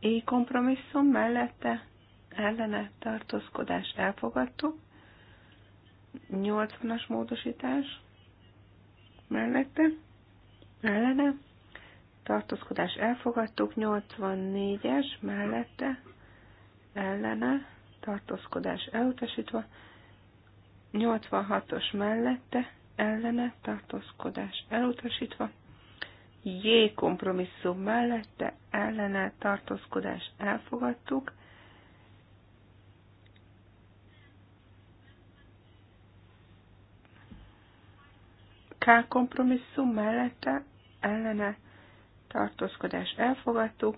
Éj kompromisszum mellette, ellene, tartózkodás elfogadtuk. 80-as módosítás mellette, ellene, tartózkodás elfogadtuk, 84-es mellette, ellene, tartózkodás elutasítva, 86-os mellette ellene tartózkodás elutasítva, J kompromisszum mellette ellene tartózkodás elfogadtuk, K kompromisszum mellette ellene tartózkodás elfogadtuk,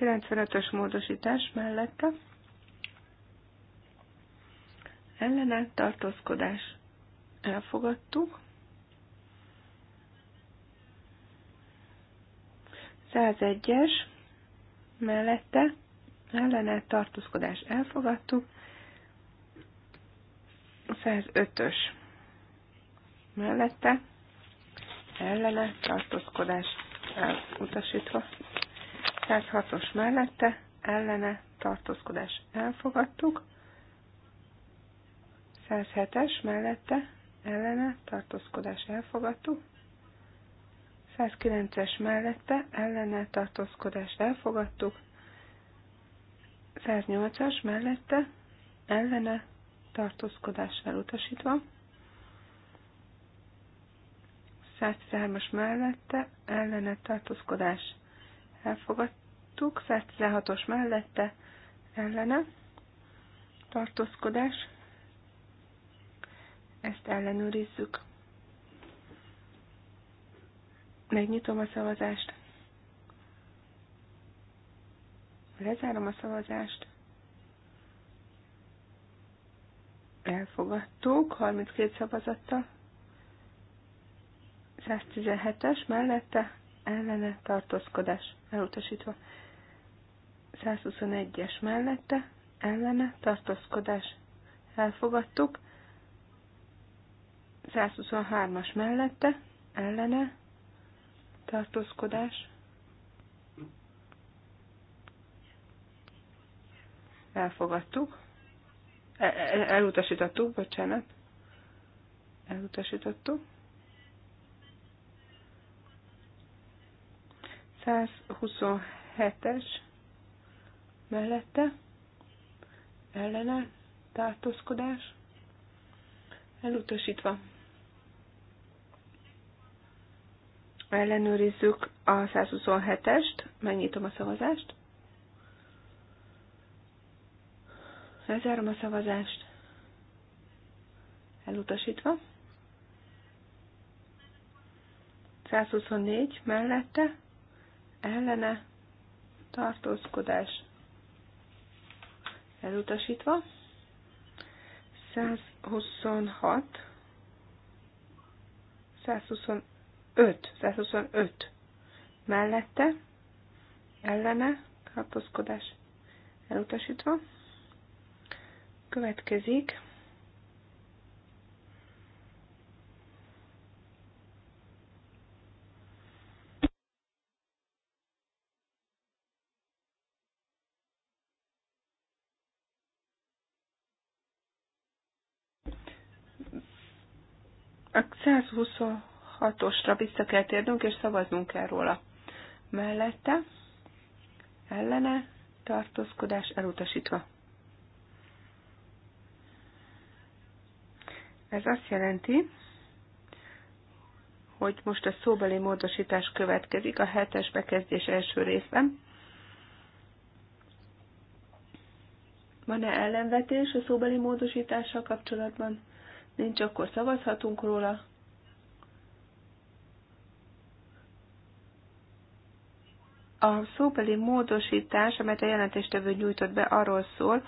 95-ös módosítás mellette ellene tartózkodás elfogadtuk. 101-es mellette ellene tartózkodás elfogadtuk. 105-ös mellette ellene tartózkodás elutasítva. 106-os mellette ellene tartózkodás elfogadtuk. 107-es mellette ellene tartózkodás elfogadtuk. 109-es mellette ellene tartózkodás elfogadtuk. 108-as mellette ellene tartózkodás elutasítva. 103-as mellette ellene tartózkodás elfogadtuk elfogadtuk, 116-os mellette ellene tartózkodás. Ezt ellenőrizzük. Megnyitom a szavazást. Lezárom a szavazást. Elfogadtuk 32 szavazattal. 117-es mellette ellene tartózkodás elutasítva. 121-es mellette, ellene, tartózkodás, elfogadtuk. 123-as mellette, ellene, tartózkodás, elfogadtuk, el, el, elutasítottuk, bocsánat, elutasítottuk. 127-es mellette, ellene, tartózkodás, elutasítva. Ellenőrizzük a 127-est, megnyitom a szavazást. Lezárom a szavazást. Elutasítva. 124 mellette, ellene, tartózkodás, elutasítva. 126, 125, 125 mellette, ellene, tartózkodás elutasítva. Következik 126-osra vissza kell térnünk, és szavaznunk kell róla. Mellette, ellene, tartózkodás elutasítva. Ez azt jelenti, hogy most a szóbeli módosítás következik a hetes bekezdés első részben. Van-e ellenvetés a szóbeli módosítással kapcsolatban? Nincs, akkor szavazhatunk róla. A szóbeli módosítás, amelyet a jelentéstevő nyújtott be, arról szól,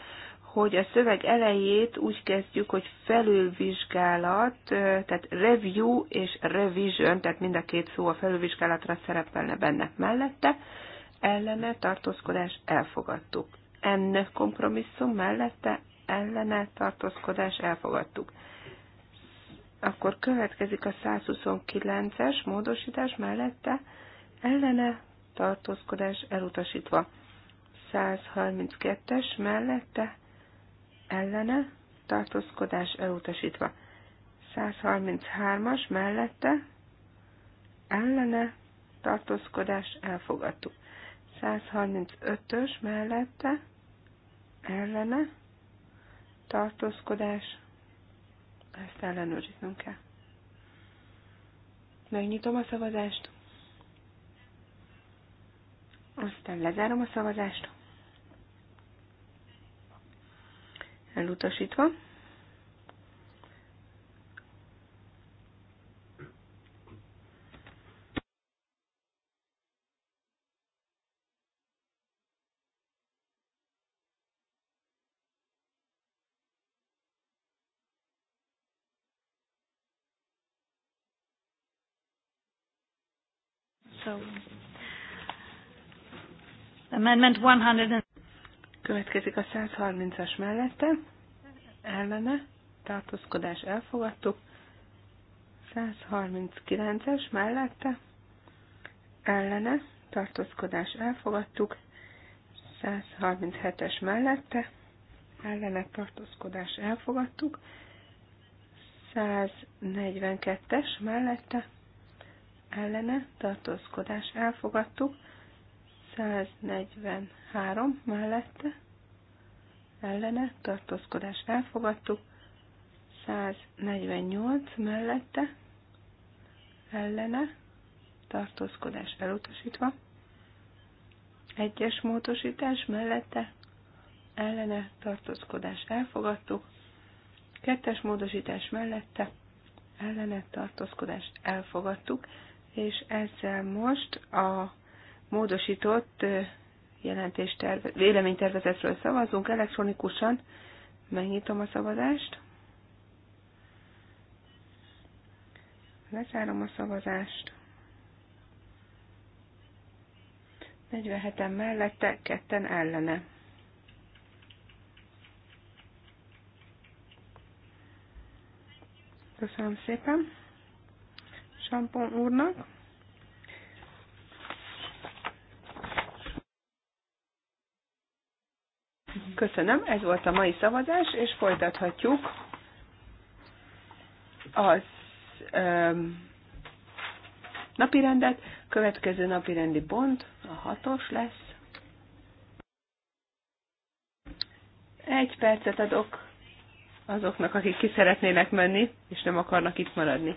hogy a szöveg elejét úgy kezdjük, hogy felülvizsgálat, tehát review és revision, tehát mind a két szó a felülvizsgálatra szerepelne benne mellette, ellene tartózkodás elfogadtuk. Enne kompromisszum mellette ellene tartózkodás elfogadtuk. Akkor következik a 129-es módosítás mellette ellene tartózkodás elutasítva. 132-es mellette ellene tartózkodás elutasítva. 133-as mellette ellene tartózkodás elfogadtuk. 135-ös mellette ellene tartózkodás ezt ellenőriznünk kell. Megnyitom a szavazást. Aztán lezárom a szavazást. Elutasítva. So Amendment 100. Következik a 130-as mellette. Ellene. Tartózkodás elfogadtuk. 139-es mellette. Ellene. Tartózkodás elfogadtuk. 137-es mellette. Ellene tartózkodás elfogadtuk. 142-es mellette. Ellene tartózkodás elfogadtuk. 143 mellette ellene tartózkodás elfogadtuk, 148 mellette ellene tartózkodás elutasítva, egyes módosítás mellette ellene tartózkodás elfogadtuk, kettes módosítás mellette ellene tartózkodás elfogadtuk, és ezzel most a módosított jelentésterve, véleménytervezetről szavazunk elektronikusan. Megnyitom a szavazást. Lezárom a szavazást. 47-en mellette, ketten ellene. Köszönöm szépen Sampon úrnak. Köszönöm, ez volt a mai szavazás, és folytathatjuk az um, napirendet. Következő napirendi pont a hatos lesz. Egy percet adok azoknak, akik ki szeretnének menni, és nem akarnak itt maradni.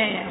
yeah, yeah.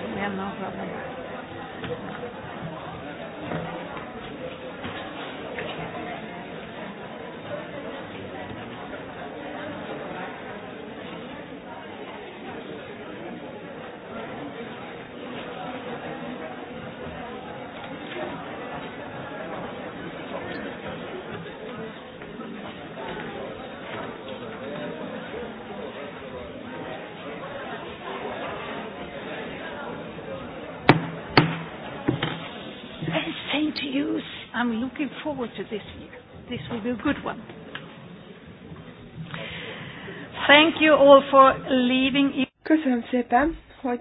forward to this year. This will be a good one. Thank you all for leaving. Köszönöm szépen, hogy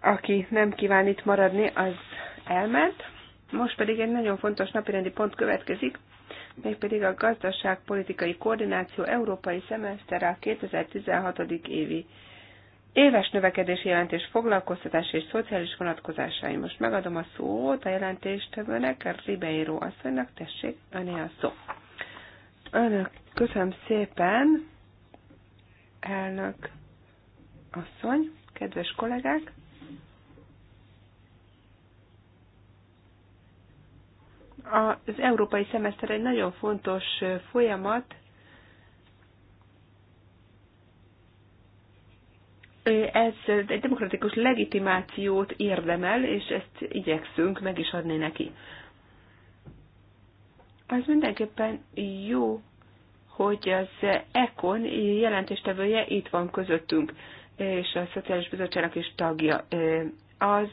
aki nem kíván itt maradni, az elment. Most pedig egy nagyon fontos napirendi pont következik, mégpedig a gazdaságpolitikai koordináció európai szemeszter a 2016. évi éves növekedési jelentés foglalkoztatás és szociális vonatkozásai. Most megadom a szót a a Ribeiro asszonynak, tessék, öné a szó. Önök, köszönöm szépen, elnök asszony, kedves kollégák. Az európai szemeszter egy nagyon fontos folyamat, ez egy demokratikus legitimációt érdemel, és ezt igyekszünk meg is adni neki. Az mindenképpen jó, hogy az ECON jelentéstevője itt van közöttünk, és a Szociális Bizottságnak is tagja. Az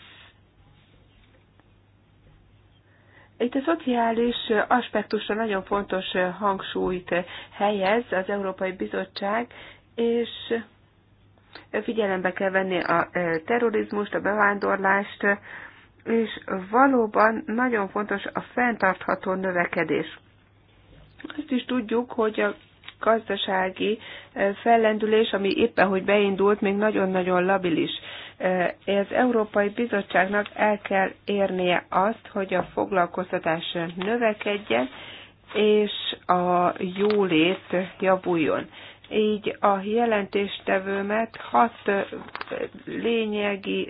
Itt a szociális aspektusra nagyon fontos hangsúlyt helyez az Európai Bizottság, és figyelembe kell venni a e, terrorizmust, a bevándorlást, és valóban nagyon fontos a fenntartható növekedés. Azt is tudjuk, hogy a gazdasági e, fellendülés, ami éppen, hogy beindult, még nagyon-nagyon labilis. E, az Európai Bizottságnak el kell érnie azt, hogy a foglalkoztatás növekedjen, és a jólét javuljon így a jelentéstevőmet hat lényegi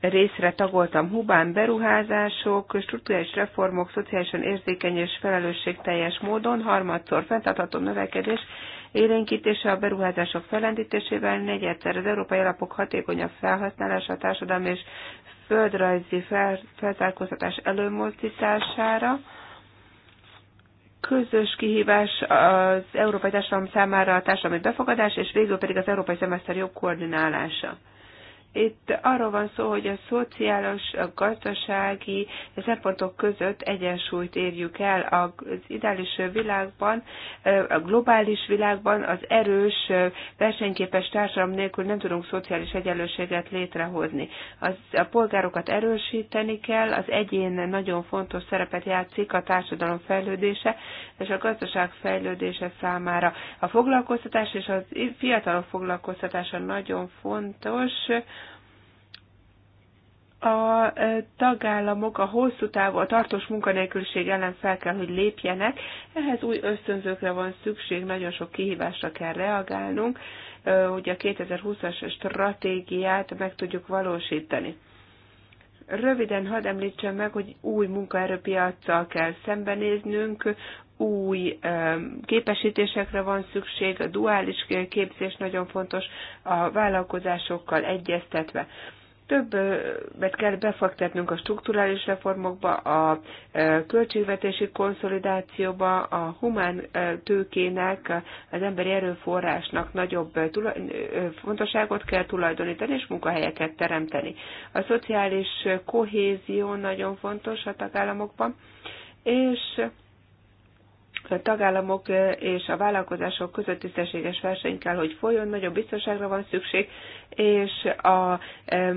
részre tagoltam Hubán beruházások, struktúrális reformok, szociálisan érzékeny és felelősségteljes módon, harmadszor fenntartható növekedés, élénkítése a beruházások felendítésével, negyedszer az európai alapok hatékonyabb felhasználása a társadalmi és földrajzi fel, feltárkóztatás előmozdítására, közös kihívás az európai társadalom számára a társadalmi befogadás, és végül pedig az európai szemeszter jobb koordinálása. Itt arról van szó, hogy a szociális, a gazdasági szempontok között egyensúlyt érjük el az ideális világban, a globális világban az erős, versenyképes társadalom nélkül nem tudunk szociális egyenlőséget létrehozni. Az, a polgárokat erősíteni kell, az egyén nagyon fontos szerepet játszik a társadalom fejlődése és a gazdaság fejlődése számára. A foglalkoztatás és a fiatalok foglalkoztatása nagyon fontos, a e, tagállamok a hosszú távú, a tartós munkanélküliség ellen fel kell, hogy lépjenek. Ehhez új ösztönzőkre van szükség, nagyon sok kihívásra kell reagálnunk, e, hogy a 2020-as stratégiát meg tudjuk valósítani. Röviden hadd említsem meg, hogy új munkaerőpiacsal kell szembenéznünk, új e, képesítésekre van szükség, a duális képzés nagyon fontos, a vállalkozásokkal egyeztetve. Többet kell befektetnünk a strukturális reformokba, a e, költségvetési konszolidációba, a humán e, tőkének, az emberi erőforrásnak nagyobb e, fontosságot kell tulajdonítani, és munkahelyeket teremteni. A szociális kohézió nagyon fontos a tagállamokban, és a tagállamok és a vállalkozások között tisztességes verseny kell, hogy folyjon, nagyobb biztonságra van szükség, és a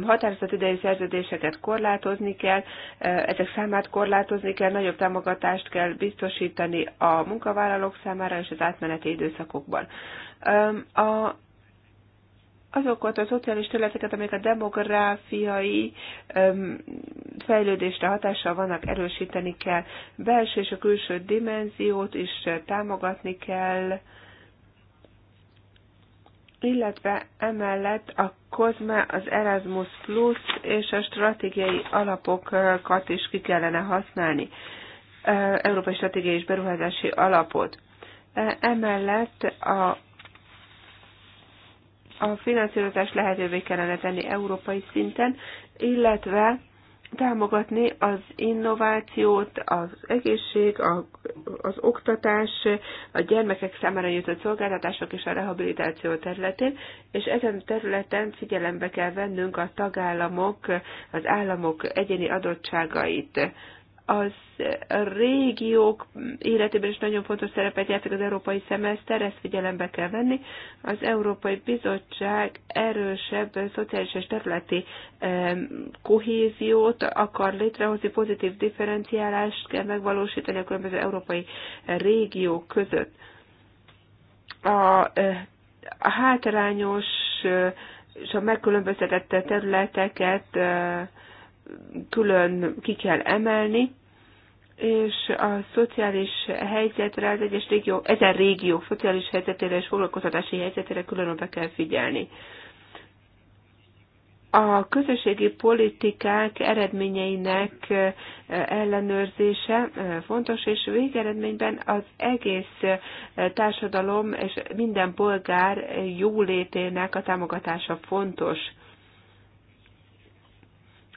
határozat idei szerződéseket korlátozni kell, ezek számát korlátozni kell, nagyobb támogatást kell biztosítani a munkavállalók számára és az átmeneti időszakokban. A azokat a szociális területeket, amelyek a demográfiai öm, fejlődésre hatással vannak, erősíteni kell. Belső és a külső dimenziót is támogatni kell, illetve emellett a COSME, az Erasmus Plus és a stratégiai alapokat is ki kellene használni. Európai Stratégiai és Beruházási Alapot. Emellett a a finanszírozás lehetővé kellene tenni európai szinten, illetve támogatni az innovációt, az egészség, a, az oktatás, a gyermekek számára nyújtott szolgáltatások és a rehabilitáció területén, és ezen területen figyelembe kell vennünk a tagállamok, az államok egyéni adottságait az régiók életében is nagyon fontos szerepet játszik az európai szemeszter, ezt figyelembe kell venni. Az Európai Bizottság erősebb szociális és területi kohéziót akar létrehozni, pozitív differenciálást kell megvalósítani a különböző európai régiók között. A, eh, a hátrányos eh, és a megkülönböztetett területeket eh, külön ki kell emelni, és a szociális helyzetre, az egyes régió, ezen régió szociális helyzetére és foglalkoztatási helyzetére külön oda kell figyelni. A közösségi politikák eredményeinek eh, ellenőrzése eh, fontos, és végeredményben az egész eh, társadalom és minden polgár jólétének a támogatása fontos.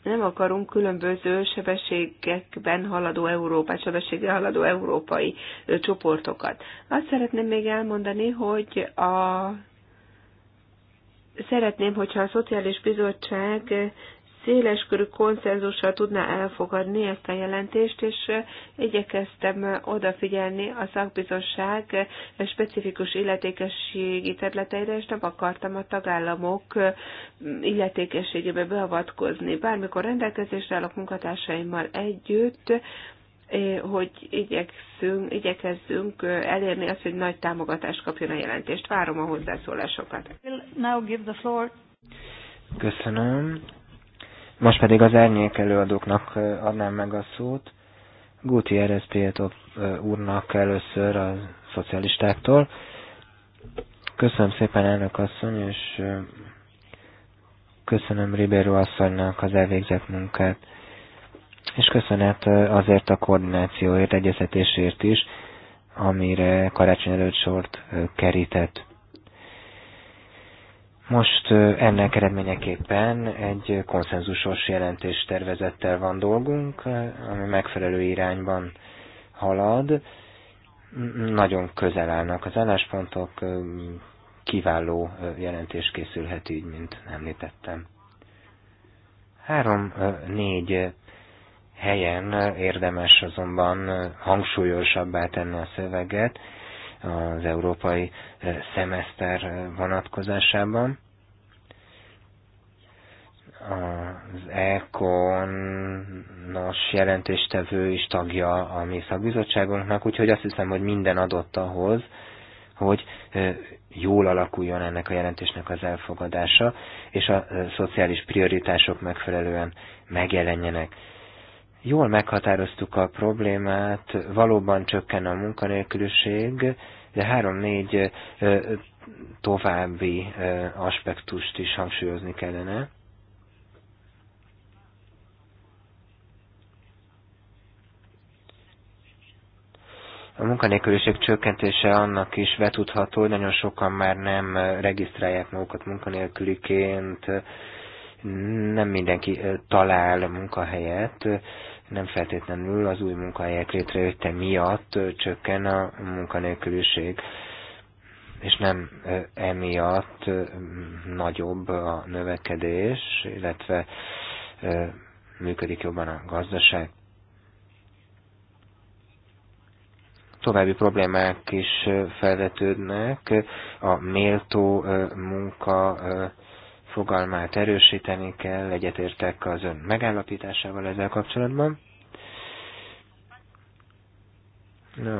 Nem akarunk különböző sebességekben haladó Európát, sebességgel haladó európai csoportokat. Azt szeretném még elmondani, hogy a Szeretném, hogyha a Szociális Bizottság körű konszenzussal tudná elfogadni ezt a jelentést, és igyekeztem odafigyelni a szakbizottság specifikus illetékességi területeire, és nem akartam a tagállamok illetékességébe beavatkozni. Bármikor rendelkezésre állok munkatársaimmal együtt, hogy igyekszünk, igyekezzünk elérni azt, hogy nagy támogatást kapjon a jelentést. Várom a hozzászólásokat. Köszönöm. Most pedig az árnyék előadóknak adnám meg a szót. Gutierrez Prieto úrnak először a szocialistáktól. Köszönöm szépen elnök asszony, és köszönöm Ribeiro asszonynak az elvégzett munkát. És köszönet azért a koordinációért, egyezetésért is, amire karácsony előtt sort kerített. Most ennek eredményeképpen egy konszenzusos jelentéstervezettel van dolgunk, ami megfelelő irányban halad. Nagyon közel állnak az álláspontok, kiváló jelentés készülhet így, mint említettem. Három-négy helyen érdemes azonban hangsúlyosabbá tenni a szöveget, az európai szemeszter vonatkozásában. Az ECON-os jelentéstevő is tagja a mi szakbizottságunknak, úgyhogy azt hiszem, hogy minden adott ahhoz, hogy jól alakuljon ennek a jelentésnek az elfogadása, és a szociális prioritások megfelelően megjelenjenek. Jól meghatároztuk a problémát, valóban csökken a munkanélküliség, de három-négy további aspektust is hangsúlyozni kellene. A munkanélküliség csökkentése annak is vetudható, hogy nagyon sokan már nem regisztrálják magukat munkanélküliként, nem mindenki talál munkahelyet, nem feltétlenül az új munkahelyek létrejötte miatt csökken a munkanélküliség, és nem emiatt nagyobb a növekedés, illetve működik jobban a gazdaság. további problémák is felvetődnek, a méltó munka fogalmát erősíteni kell, egyetértek az ön megállapításával ezzel kapcsolatban.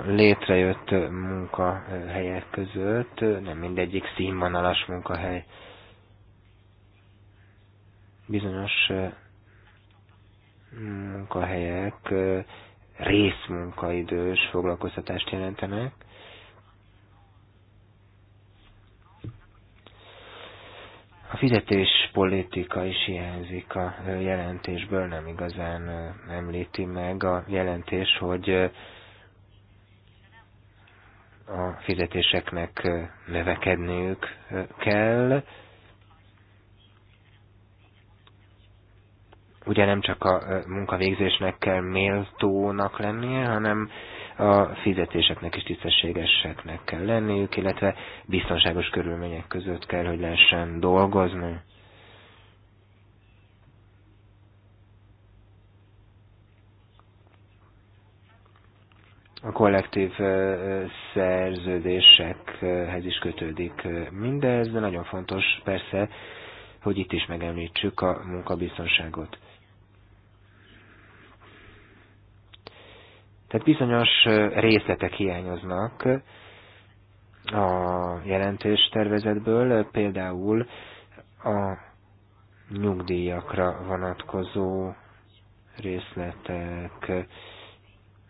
Létrejött munkahelyek között nem mindegyik színvonalas munkahely. Bizonyos munkahelyek részmunkaidős foglalkoztatást jelentenek, A politika is hiányzik a jelentésből, nem igazán említi meg a jelentés, hogy a fizetéseknek növekedniük kell. Ugye nem csak a munkavégzésnek kell méltónak lennie, hanem a fizetéseknek is tisztességeseknek kell lenniük, illetve biztonságos körülmények között kell, hogy lehessen dolgozni. a kollektív szerződésekhez is kötődik mindez, de nagyon fontos persze, hogy itt is megemlítsük a munkabiztonságot. Tehát bizonyos részletek hiányoznak a jelentés tervezetből, például a nyugdíjakra vonatkozó részletek.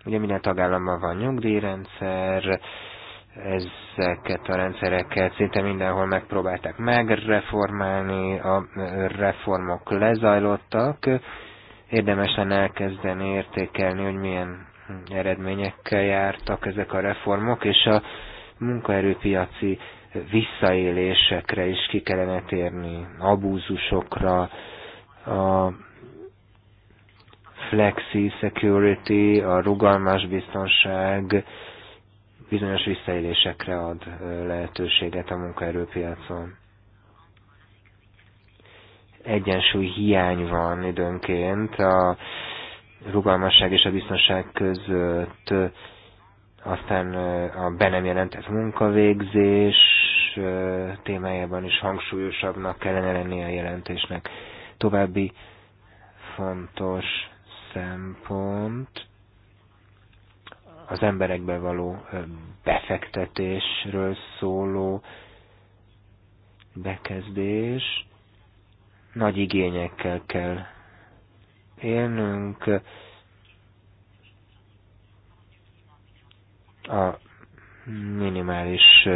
Ugye minden tagállamban van nyugdíjrendszer, ezeket a rendszereket szinte mindenhol megpróbálták megreformálni, a reformok lezajlottak, érdemes lenne elkezdeni értékelni, hogy milyen eredményekkel jártak ezek a reformok, és a munkaerőpiaci visszaélésekre is ki kellene térni, abúzusokra, a flexi security, a rugalmas biztonság bizonyos visszaélésekre ad lehetőséget a munkaerőpiacon. Egyensúly hiány van időnként a rugalmasság és a biztonság között, aztán a be nem jelentett munkavégzés témájában is hangsúlyosabbnak kellene lennie a jelentésnek. További fontos szempont az emberekbe való befektetésről szóló bekezdés nagy igényekkel kell élnünk. A minimális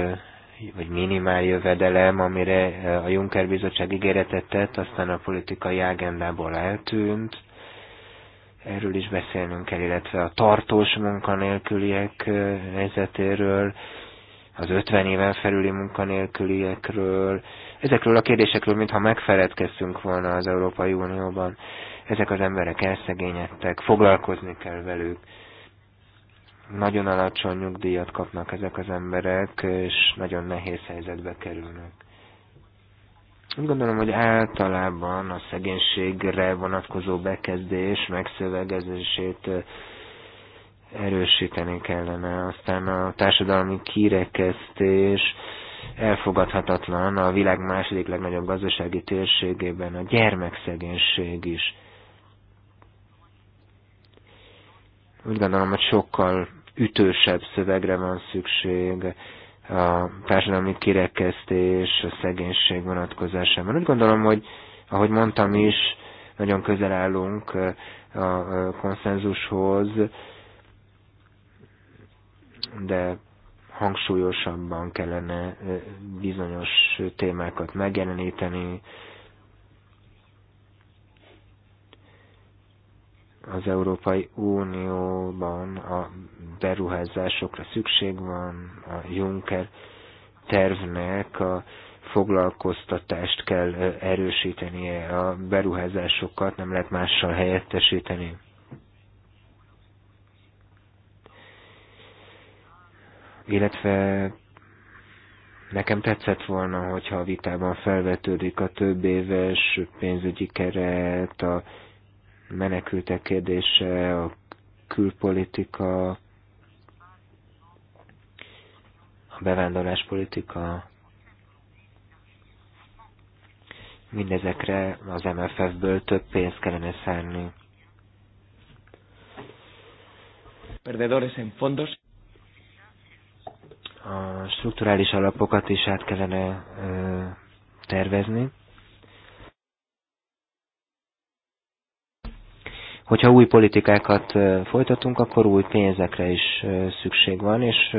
vagy minimál jövedelem, amire a Juncker bizottság ígéretet tett, aztán a politikai agendából eltűnt. Erről is beszélnünk kell, illetve a tartós munkanélküliek eh, helyzetéről, az 50 éven felüli munkanélküliekről. Ezekről a kérdésekről, mintha megfeledkeztünk volna az Európai Unióban. Ezek az emberek elszegényedtek, foglalkozni kell velük. Nagyon alacsony nyugdíjat kapnak ezek az emberek, és nagyon nehéz helyzetbe kerülnek. Úgy gondolom, hogy általában a szegénységre vonatkozó bekezdés megszövegezését erősíteni kellene. Aztán a társadalmi kirekesztés elfogadhatatlan a világ második legnagyobb gazdasági térségében, a gyermekszegénység is. Úgy gondolom, hogy sokkal ütősebb szövegre van szükség a társadalmi kirekesztés, a szegénység vonatkozásában. Úgy gondolom, hogy ahogy mondtam is, nagyon közel állunk a konszenzushoz, de hangsúlyosabban kellene bizonyos témákat megjeleníteni, az Európai Unióban a beruházásokra szükség van, a Juncker tervnek a foglalkoztatást kell erősítenie, a beruházásokat nem lehet mással helyettesíteni. illetve nekem tetszett volna, hogyha a vitában felvetődik a több éves pénzügyi keret, a menekültek kérdése, a külpolitika, a bevándorláspolitika, mindezekre az MFF-ből több pénzt kellene szánni. Perdedores en fondos a strukturális alapokat is át kellene tervezni. hogyha új politikákat folytatunk, akkor új pénzekre is szükség van, és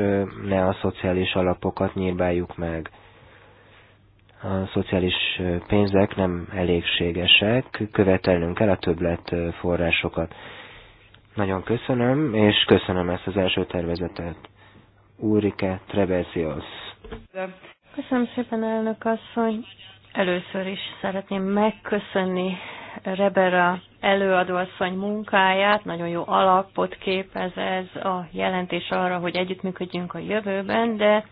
ne a szociális alapokat nyírbáljuk meg. A szociális pénzek nem elégségesek, követelnünk kell a többlet forrásokat. Nagyon köszönöm, és köszönöm ezt az első tervezetet. Úrike Trebesios. Köszönöm szépen, elnök asszony. Először is szeretném megköszönni Rebera előadóasszony munkáját, nagyon jó alapot képez ez a jelentés arra, hogy együttműködjünk a jövőben, de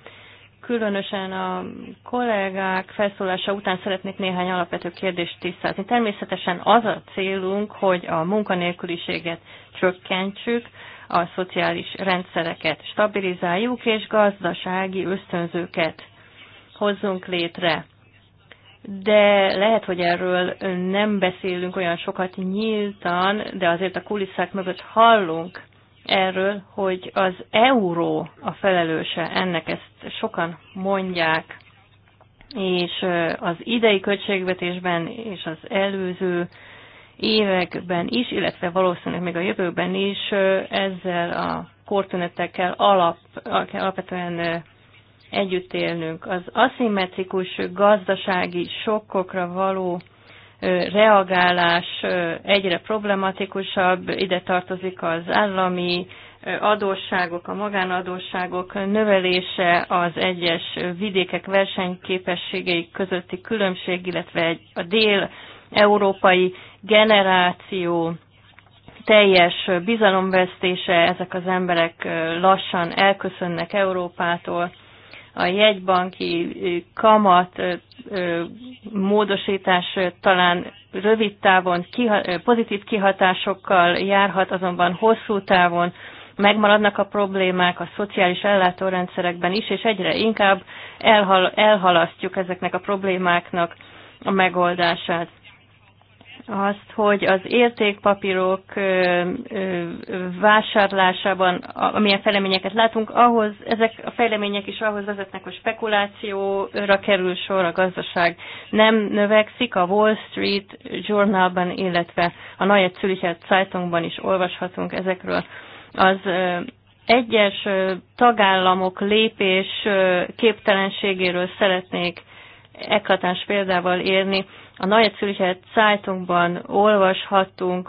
különösen a kollégák felszólása után szeretnék néhány alapvető kérdést tisztázni. Természetesen az a célunk, hogy a munkanélküliséget csökkentsük, a szociális rendszereket stabilizáljuk, és gazdasági ösztönzőket hozzunk létre. De lehet, hogy erről nem beszélünk olyan sokat nyíltan, de azért a kulisszák mögött hallunk erről, hogy az euró a felelőse ennek, ezt sokan mondják, és az idei költségvetésben és az előző években is, illetve valószínűleg még a jövőben is ezzel a kortünetekkel alap, alapvetően együtt élnünk. Az aszimmetrikus gazdasági sokkokra való reagálás egyre problematikusabb, ide tartozik az állami adósságok, a magánadósságok növelése, az egyes vidékek versenyképességei közötti különbség, illetve a dél-európai generáció teljes bizalomvesztése, ezek az emberek lassan elköszönnek Európától, a jegybanki kamat módosítás talán rövid távon pozitív kihatásokkal járhat, azonban hosszú távon megmaradnak a problémák a szociális ellátórendszerekben is, és egyre inkább elhal- elhalasztjuk ezeknek a problémáknak a megoldását azt, hogy az értékpapírok vásárlásában, amilyen fejleményeket látunk, ahhoz, ezek a fejlemények is ahhoz vezetnek, hogy spekulációra kerül sor, a gazdaság nem növekszik. A Wall Street Journalban, illetve a Neue Züricher Zeitungban is olvashatunk ezekről. Az egyes tagállamok lépés képtelenségéről szeretnék eklatáns példával érni a Neue Zürcher Zeitungban olvashattunk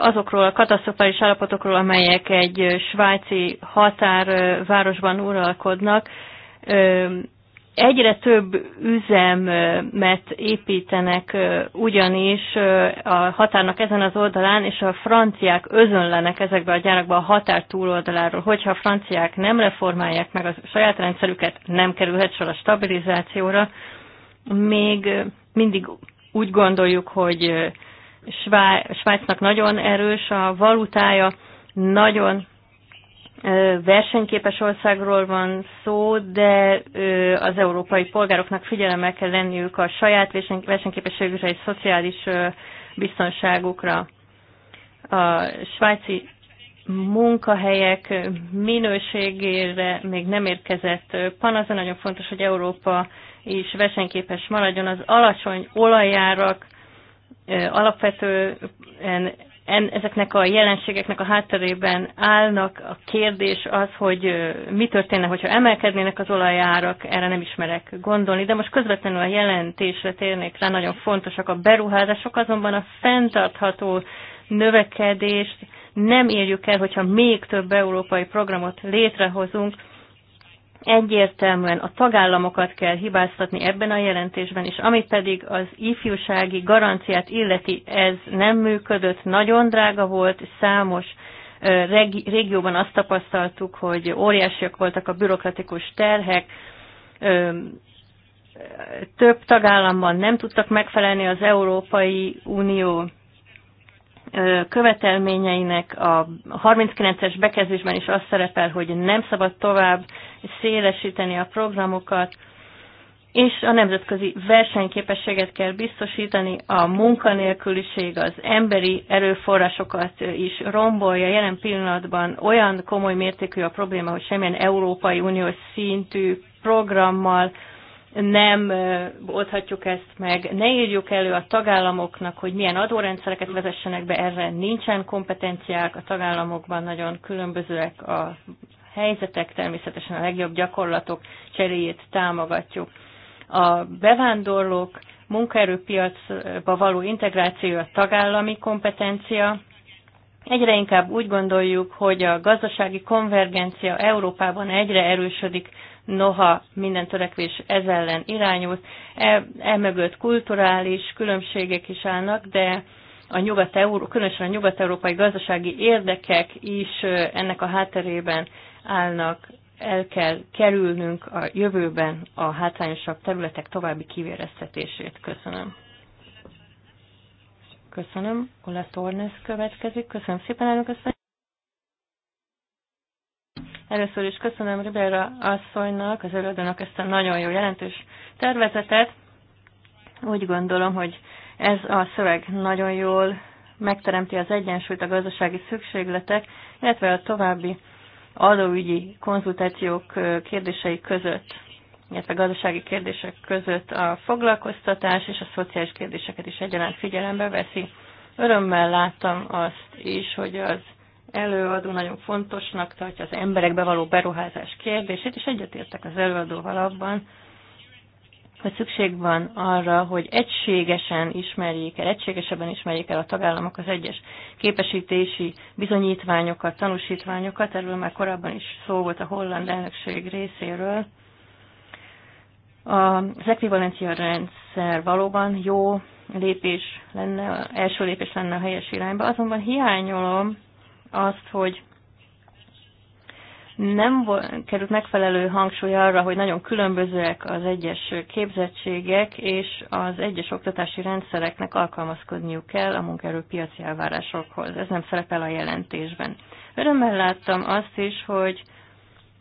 azokról a katasztrofális állapotokról, amelyek egy svájci határvárosban uralkodnak, Egyre több üzemet építenek ugyanis a határnak ezen az oldalán, és a franciák özönlenek ezekbe a gyárakba a határ túloldaláról. Hogyha a franciák nem reformálják meg a saját rendszerüket, nem kerülhet sor a stabilizációra. Még mindig úgy gondoljuk, hogy Svá Svájcnak nagyon erős a valutája, nagyon versenyképes országról van szó, de az európai polgároknak figyelemmel kell lenniük a saját versenyképességükre és szociális biztonságukra. A svájci munkahelyek minőségére még nem érkezett panasz, de nagyon fontos, hogy Európa is versenyképes maradjon. Az alacsony olajárak alapvetően en, ezeknek a jelenségeknek a hátterében állnak. A kérdés az, hogy mi történne, hogyha emelkednének az olajárak, erre nem ismerek gondolni, de most közvetlenül a jelentésre térnék rá, nagyon fontosak a beruházások, azonban a fenntartható növekedést nem érjük el, hogyha még több európai programot létrehozunk, egyértelműen a tagállamokat kell hibáztatni ebben a jelentésben, és ami pedig az ifjúsági garanciát illeti, ez nem működött, nagyon drága volt, számos regi- régióban azt tapasztaltuk, hogy óriásiak voltak a bürokratikus terhek, több tagállamban nem tudtak megfelelni az Európai Unió követelményeinek a 39-es bekezdésben is az szerepel, hogy nem szabad tovább szélesíteni a programokat, és a nemzetközi versenyképességet kell biztosítani, a munkanélküliség az emberi erőforrásokat is rombolja. Jelen pillanatban olyan komoly mértékű a probléma, hogy semmilyen Európai Uniós szintű programmal nem oldhatjuk ezt meg, ne írjuk elő a tagállamoknak, hogy milyen adórendszereket vezessenek be, erre nincsen kompetenciák, a tagállamokban nagyon különbözőek a helyzetek, természetesen a legjobb gyakorlatok cseréjét támogatjuk. A bevándorlók munkaerőpiacba való integráció a tagállami kompetencia, Egyre inkább úgy gondoljuk, hogy a gazdasági konvergencia Európában egyre erősödik noha minden törekvés ez ellen irányul. Emögött e kulturális különbségek is állnak, de a nyugat különösen a nyugat-európai gazdasági érdekek is ennek a hátterében állnak. El kell kerülnünk a jövőben a hátrányosabb területek további kivéreztetését. Köszönöm. Köszönöm. Ola Tornes következik. Köszönöm szépen, elnök Először is köszönöm Ribera asszonynak, az előadónak ezt a nagyon jó jelentős tervezetet. Úgy gondolom, hogy ez a szöveg nagyon jól megteremti az egyensúlyt a gazdasági szükségletek, illetve a további adóügyi konzultációk kérdései között, illetve gazdasági kérdések között a foglalkoztatás és a szociális kérdéseket is egyaránt figyelembe veszi. Örömmel láttam azt is, hogy az előadó nagyon fontosnak tartja az emberekbe való beruházás kérdését, és egyetértek az előadóval abban, hogy szükség van arra, hogy egységesen ismerjék el, egységesebben ismerjék el a tagállamok az egyes képesítési bizonyítványokat, tanúsítványokat, erről már korábban is szó volt a holland elnökség részéről. Az ekvivalencia rendszer valóban jó lépés lenne, első lépés lenne a helyes irányba, azonban hiányolom azt, hogy nem került megfelelő hangsúly arra, hogy nagyon különbözőek az egyes képzettségek, és az egyes oktatási rendszereknek alkalmazkodniuk kell a munkaerőpiaci elvárásokhoz. Ez nem szerepel a jelentésben. Örömmel láttam azt is, hogy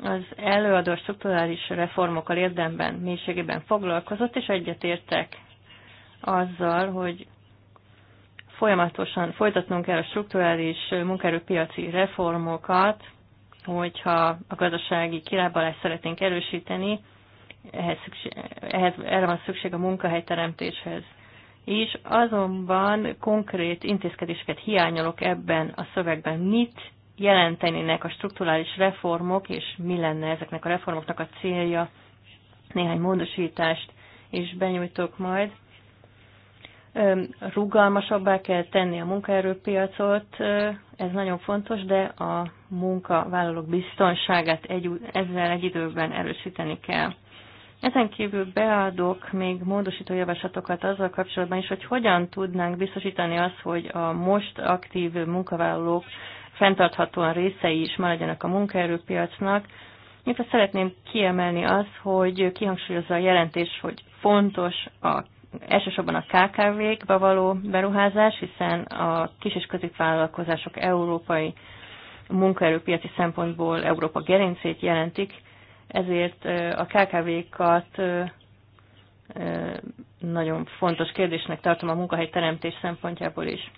az előadó strukturális reformokkal érdemben mélységében foglalkozott, és egyetértek azzal, hogy folyamatosan folytatnunk kell a strukturális munkaerőpiaci reformokat, hogyha a gazdasági kilábalást szeretnénk erősíteni, ehhez, szükség, ehhez erre van szükség a munkahelyteremtéshez is, azonban konkrét intézkedéseket hiányolok ebben a szövegben. Mit jelentenének a strukturális reformok, és mi lenne ezeknek a reformoknak a célja? Néhány módosítást is benyújtok majd rugalmasabbá kell tenni a munkaerőpiacot, ez nagyon fontos, de a munkavállalók biztonságát egy, ezzel egy időben erősíteni kell. Ezen kívül beadok még módosító javaslatokat azzal kapcsolatban is, hogy hogyan tudnánk biztosítani azt, hogy a most aktív munkavállalók fenntarthatóan részei is maradjanak a munkaerőpiacnak. Nyilván szeretném kiemelni azt, hogy kihangsúlyozza a jelentés, hogy fontos a elsősorban a KKV-kba való beruházás, hiszen a kis- és középvállalkozások európai munkaerőpiaci szempontból Európa gerincét jelentik, ezért a KKV-kat nagyon fontos kérdésnek tartom a munkahelyteremtés szempontjából is.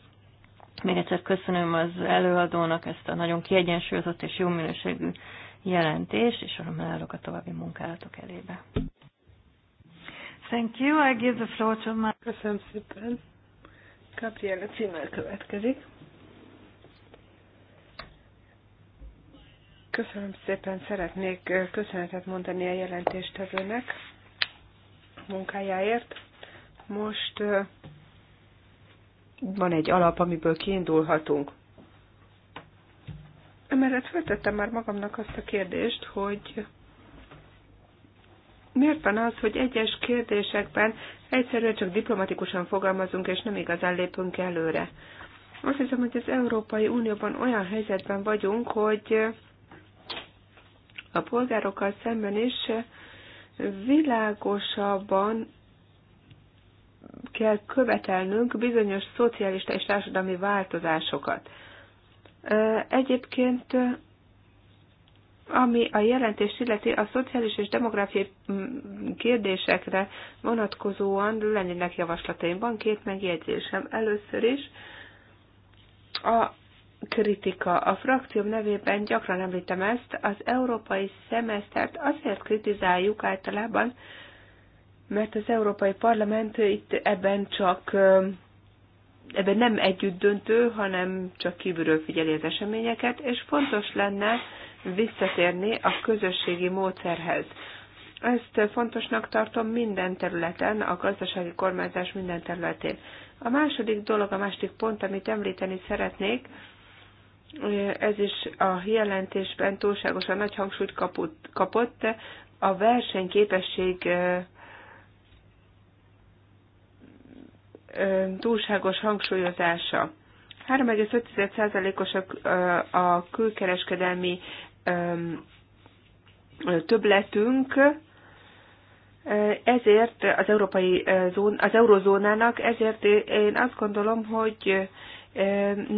Még egyszer köszönöm az előadónak ezt a nagyon kiegyensúlyozott és jó minőségű jelentést, és örömmel állok a további munkálatok elébe. Thank you. I give the floor to my... Köszönöm szépen. Gabriela Cimmer következik. Köszönöm szépen, szeretnék eh, köszönetet mondani a jelentéstevőnek munkájáért. Most eh, van egy alap, amiből kiindulhatunk. Emellett feltettem már magamnak azt a kérdést, hogy miért van az, hogy egyes kérdésekben egyszerűen csak diplomatikusan fogalmazunk, és nem igazán lépünk előre? Azt hiszem, hogy az Európai Unióban olyan helyzetben vagyunk, hogy a polgárokkal szemben is világosabban kell követelnünk bizonyos szocialista és társadalmi változásokat. Egyébként ami a jelentést illeti, a szociális és demográfiai mm, kérdésekre vonatkozóan lennének javaslataim. Van két megjegyzésem. Először is a kritika. A frakcióm nevében gyakran említem ezt, az európai szemesztert azért kritizáljuk általában, mert az Európai Parlament itt ebben csak ebben nem együtt döntő, hanem csak kívülről figyeli az eseményeket, és fontos lenne visszatérni a közösségi módszerhez. Ezt fontosnak tartom minden területen, a gazdasági kormányzás minden területén. A második dolog, a második pont, amit említeni szeretnék, ez is a jelentésben túlságosan nagy hangsúlyt kapott, kapott a versenyképesség túlságos hangsúlyozása. 3,5%-os a külkereskedelmi többletünk, ezért az európai zón, az eurozónának, ezért én azt gondolom, hogy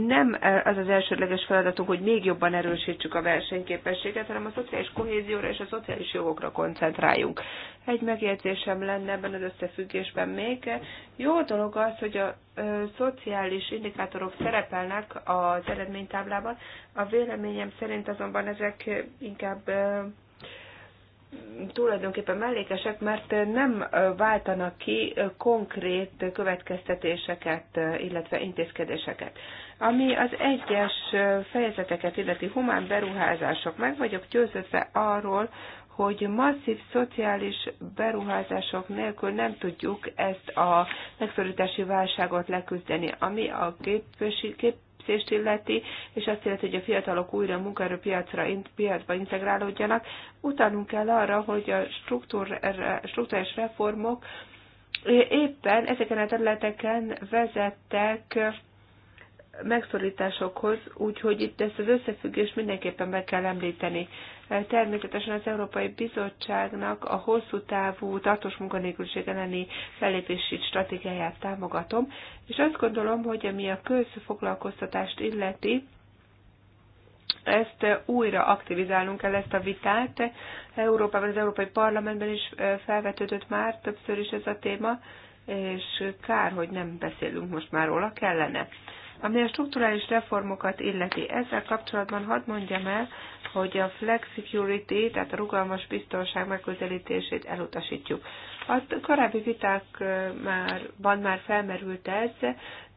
nem az az elsődleges feladatunk, hogy még jobban erősítsük a versenyképességet, hanem a szociális kohézióra és a szociális jogokra koncentráljunk. Egy megjegyzésem lenne ebben az összefüggésben még. Jó dolog az, hogy a szociális indikátorok szerepelnek az eredménytáblában. A véleményem szerint azonban ezek inkább tulajdonképpen mellékesek, mert nem váltanak ki konkrét következtetéseket, illetve intézkedéseket. Ami az egyes fejezeteket illeti humán beruházások, meg vagyok győződve arról, hogy masszív szociális beruházások nélkül nem tudjuk ezt a megszorítási válságot leküzdeni, ami a képviség, kép, képzést illeti, és azt illeti, hogy a fiatalok újra a munkaerőpiacra, piacba integrálódjanak. Utalnunk kell arra, hogy a struktúrás reformok éppen ezeken a területeken vezettek megszorításokhoz, úgyhogy itt ezt az összefüggést mindenképpen meg kell említeni. Eh, természetesen az Európai Bizottságnak a hosszú távú tartós munkanélküliség elleni fellépési stratégiáját támogatom, és azt gondolom, hogy ami a közfoglalkoztatást illeti, ezt eh, újra aktivizálnunk kell, ezt a vitát. Európában, az Európai Parlamentben is eh, felvetődött már többször is ez a téma, és kár, hogy nem beszélünk most már róla, kellene. Ami a strukturális reformokat illeti, ezzel kapcsolatban hadd mondjam el, hogy a flex security, tehát a rugalmas biztonság megközelítését elutasítjuk. A korábbi viták már, van már felmerült ez,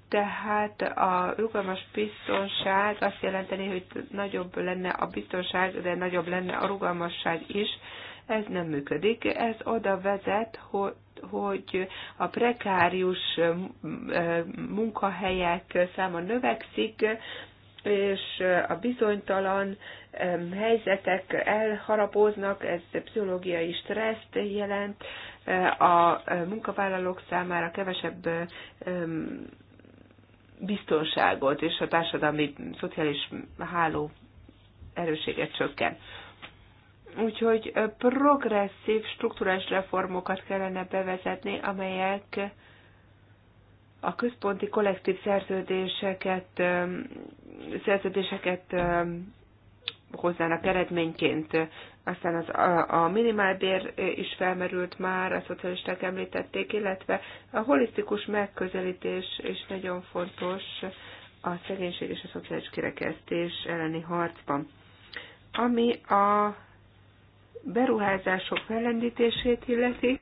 tehát a rugalmas biztonság azt jelenteni, hogy nagyobb lenne a biztonság, de nagyobb lenne a rugalmasság is. Ez nem működik. Ez oda vezet, hogy hogy a prekárius mm, munkahelyek száma növekszik, és a bizonytalan helyzetek elharapóznak, ez pszichológiai stresszt jelent, a munkavállalók számára kevesebb biztonságot, és a társadalmi szociális háló erősséget csökken. Úgyhogy progresszív strukturális reformokat kellene bevezetni, amelyek a központi kollektív szerződéseket, szerződéseket hozzának eredményként. Aztán az, a, a minimálbér is felmerült már, a szocialisták említették, illetve a holisztikus megközelítés is nagyon fontos a szegénység és a szociális kirekesztés elleni harcban. Ami a beruházások fellendítését illeti.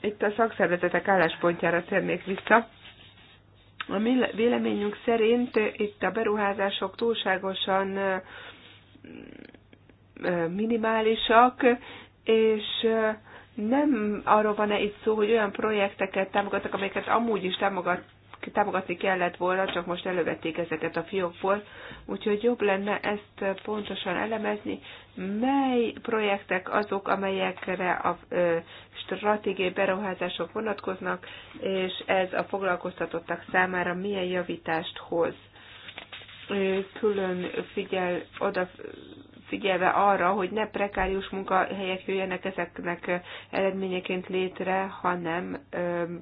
Itt a szakszervezetek álláspontjára térnék vissza. A mi véleményünk szerint itt a beruházások túlságosan minimálisak, és nem arról van-e itt szó, hogy olyan projekteket támogatnak, amelyeket amúgy is támogat, támogatni kellett volna, csak most elővették ezeket a fiókból, úgyhogy jobb lenne ezt pontosan elemezni, mely projektek azok, amelyekre a stratégiai beruházások vonatkoznak, és ez a foglalkoztatottak számára milyen javítást hoz. Külön figyel, oda figyelve arra, hogy ne prekárius munkahelyek jöjjenek ezeknek eredményeként létre, hanem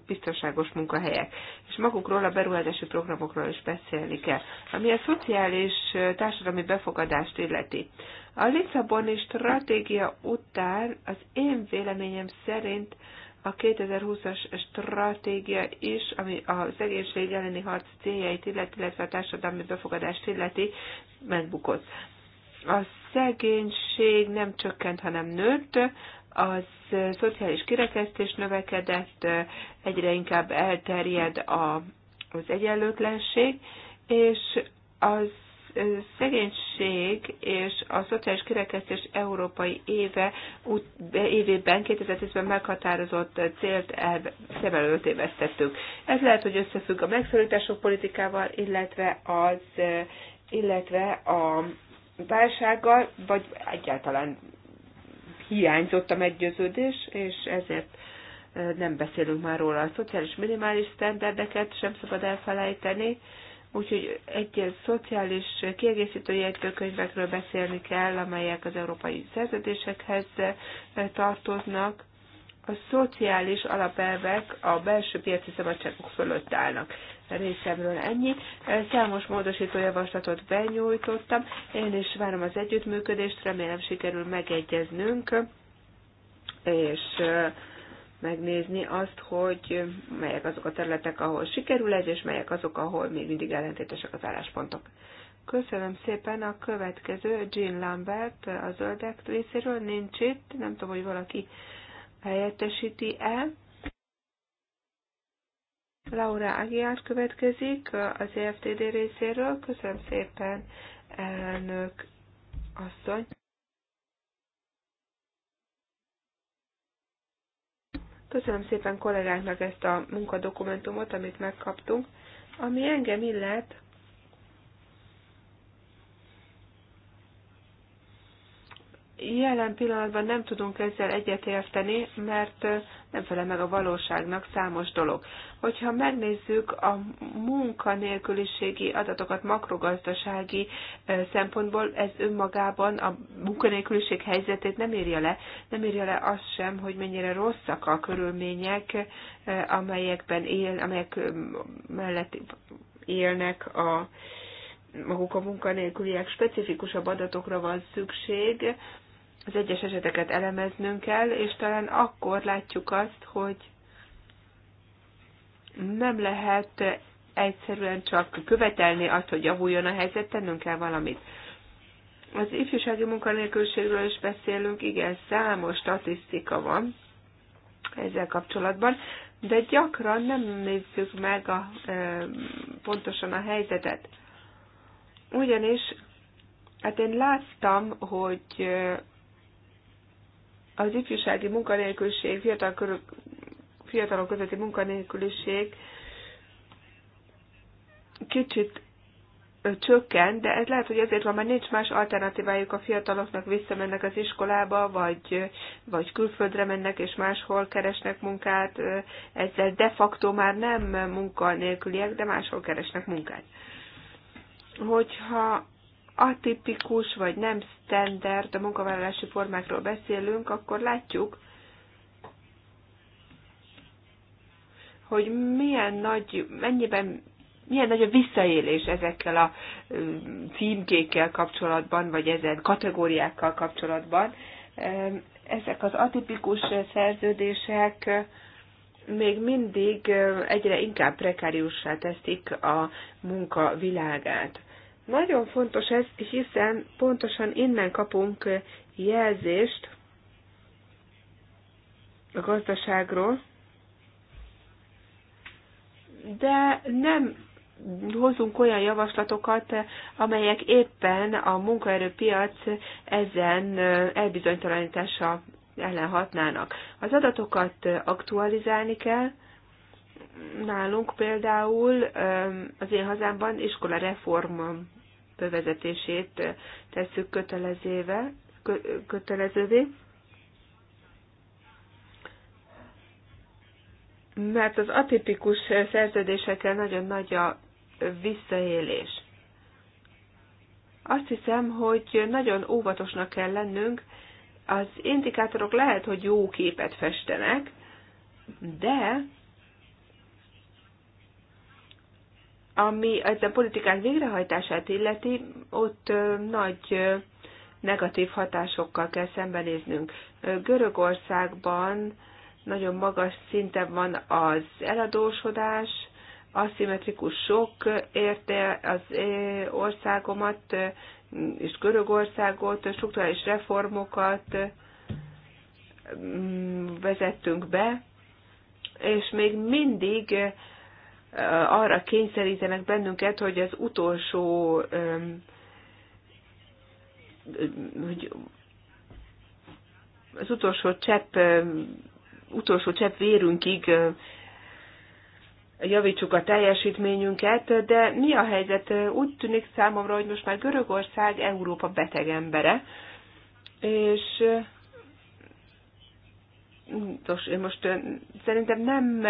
biztonságos munkahelyek. És magukról a beruházási programokról is beszélni kell, ami a szociális társadalmi befogadást illeti. A Lisszaboni stratégia után az én véleményem szerint a 2020-as stratégia is, ami a szegénység elleni harc céljait illeti, illetve a társadalmi befogadást illeti, megbukott. A szegénység nem csökkent, hanem nőtt, az szociális kirekesztés növekedett, egyre inkább elterjed a, az egyenlőtlenség, és az szegénység és a szociális kirekesztés európai éve évében 2010-ben meghatározott célt szem előtt évesztettük. Ez lehet, hogy összefügg a megszorítások politikával, illetve az illetve a válsággal, vagy egyáltalán hiányzott a meggyőződés, és ezért nem beszélünk már róla. A szociális minimális sztenderdeket sem szabad elfelejteni, úgyhogy egy szociális kiegészítő jegyzőkönyvekről beszélni kell, amelyek az európai szerződésekhez tartoznak. A szociális alapelvek a belső piaci szabadságok fölött állnak részemről ennyi. Számos módosító javaslatot benyújtottam, én is várom az együttműködést, remélem sikerül megegyeznünk, és megnézni azt, hogy melyek azok a területek, ahol sikerül ez, és melyek azok, ahol még mindig ellentétesek az álláspontok. Köszönöm szépen. A következő Jean Lambert a zöldek részéről nincs itt. Nem tudom, hogy valaki helyettesíti el. Laura Agiár következik az EFTD részéről. Köszönöm szépen, elnök asszony. Köszönöm szépen kollégáknak ezt a munkadokumentumot, amit megkaptunk. Ami engem illet, jelen pillanatban nem tudunk ezzel egyetérteni, mert nem felel meg a valóságnak számos dolog. Hogyha megnézzük a munkanélküliségi adatokat makrogazdasági szempontból, ez önmagában a munkanélküliség helyzetét nem írja le, nem írja le azt sem, hogy mennyire rosszak a körülmények, amelyekben él, amelyek mellett élnek a maguk a munkanélküliek specifikusabb adatokra van szükség, az egyes eseteket elemeznünk kell, és talán akkor látjuk azt, hogy nem lehet egyszerűen csak követelni azt, hogy javuljon a helyzet, tennünk kell valamit. Az ifjúsági munkanélkülségről is beszélünk, igen, számos statisztika van ezzel kapcsolatban, de gyakran nem nézzük meg a, e, pontosan a helyzetet. Ugyanis, hát én láttam, hogy az ifjúsági munkanélküliség, fiatal körül, fiatalok közötti munkanélküliség kicsit csökken, de ez lehet, hogy azért van, mert nincs más alternatívájuk a fiataloknak, visszamennek az iskolába, vagy, vagy külföldre mennek, és máshol keresnek munkát, ezzel de facto már nem munkanélküliek, de máshol keresnek munkát. Hogyha atipikus vagy nem standard a munkavállalási formákról beszélünk, akkor látjuk, hogy milyen nagy, mennyiben, milyen nagy a visszaélés ezekkel a címkékkel kapcsolatban, vagy ezen kategóriákkal kapcsolatban. Ezek az atipikus szerződések még mindig egyre inkább prekáriussá teszik a munka világát. Nagyon fontos ez, hiszen pontosan innen kapunk jelzést a gazdaságról, de nem hozunk olyan javaslatokat, amelyek éppen a munkaerőpiac ezen elbizonytalanítása ellen hatnának. Az adatokat aktualizálni kell, nálunk például az én hazámban iskola reform bevezetését tesszük kötelezővé, kö, kötelezővé. Mert az atipikus szerződésekkel nagyon nagy a visszaélés. Azt hiszem, hogy nagyon óvatosnak kell lennünk. Az indikátorok lehet, hogy jó képet festenek, de Ami a politikák végrehajtását illeti, ott nagy negatív hatásokkal kell szembenéznünk. Görögországban nagyon magas szinten van az eladósodás, aszimmetrikus sok érte az országomat és Görögországot, struktúrális reformokat vezettünk be, és még mindig arra kényszerítenek bennünket, hogy az utolsó hogy az utolsó csepp, utolsó csepp vérünkig javítsuk a teljesítményünket, de mi a helyzet? Úgy tűnik számomra, hogy most már Görögország Európa beteg embere, és most, most szerintem nem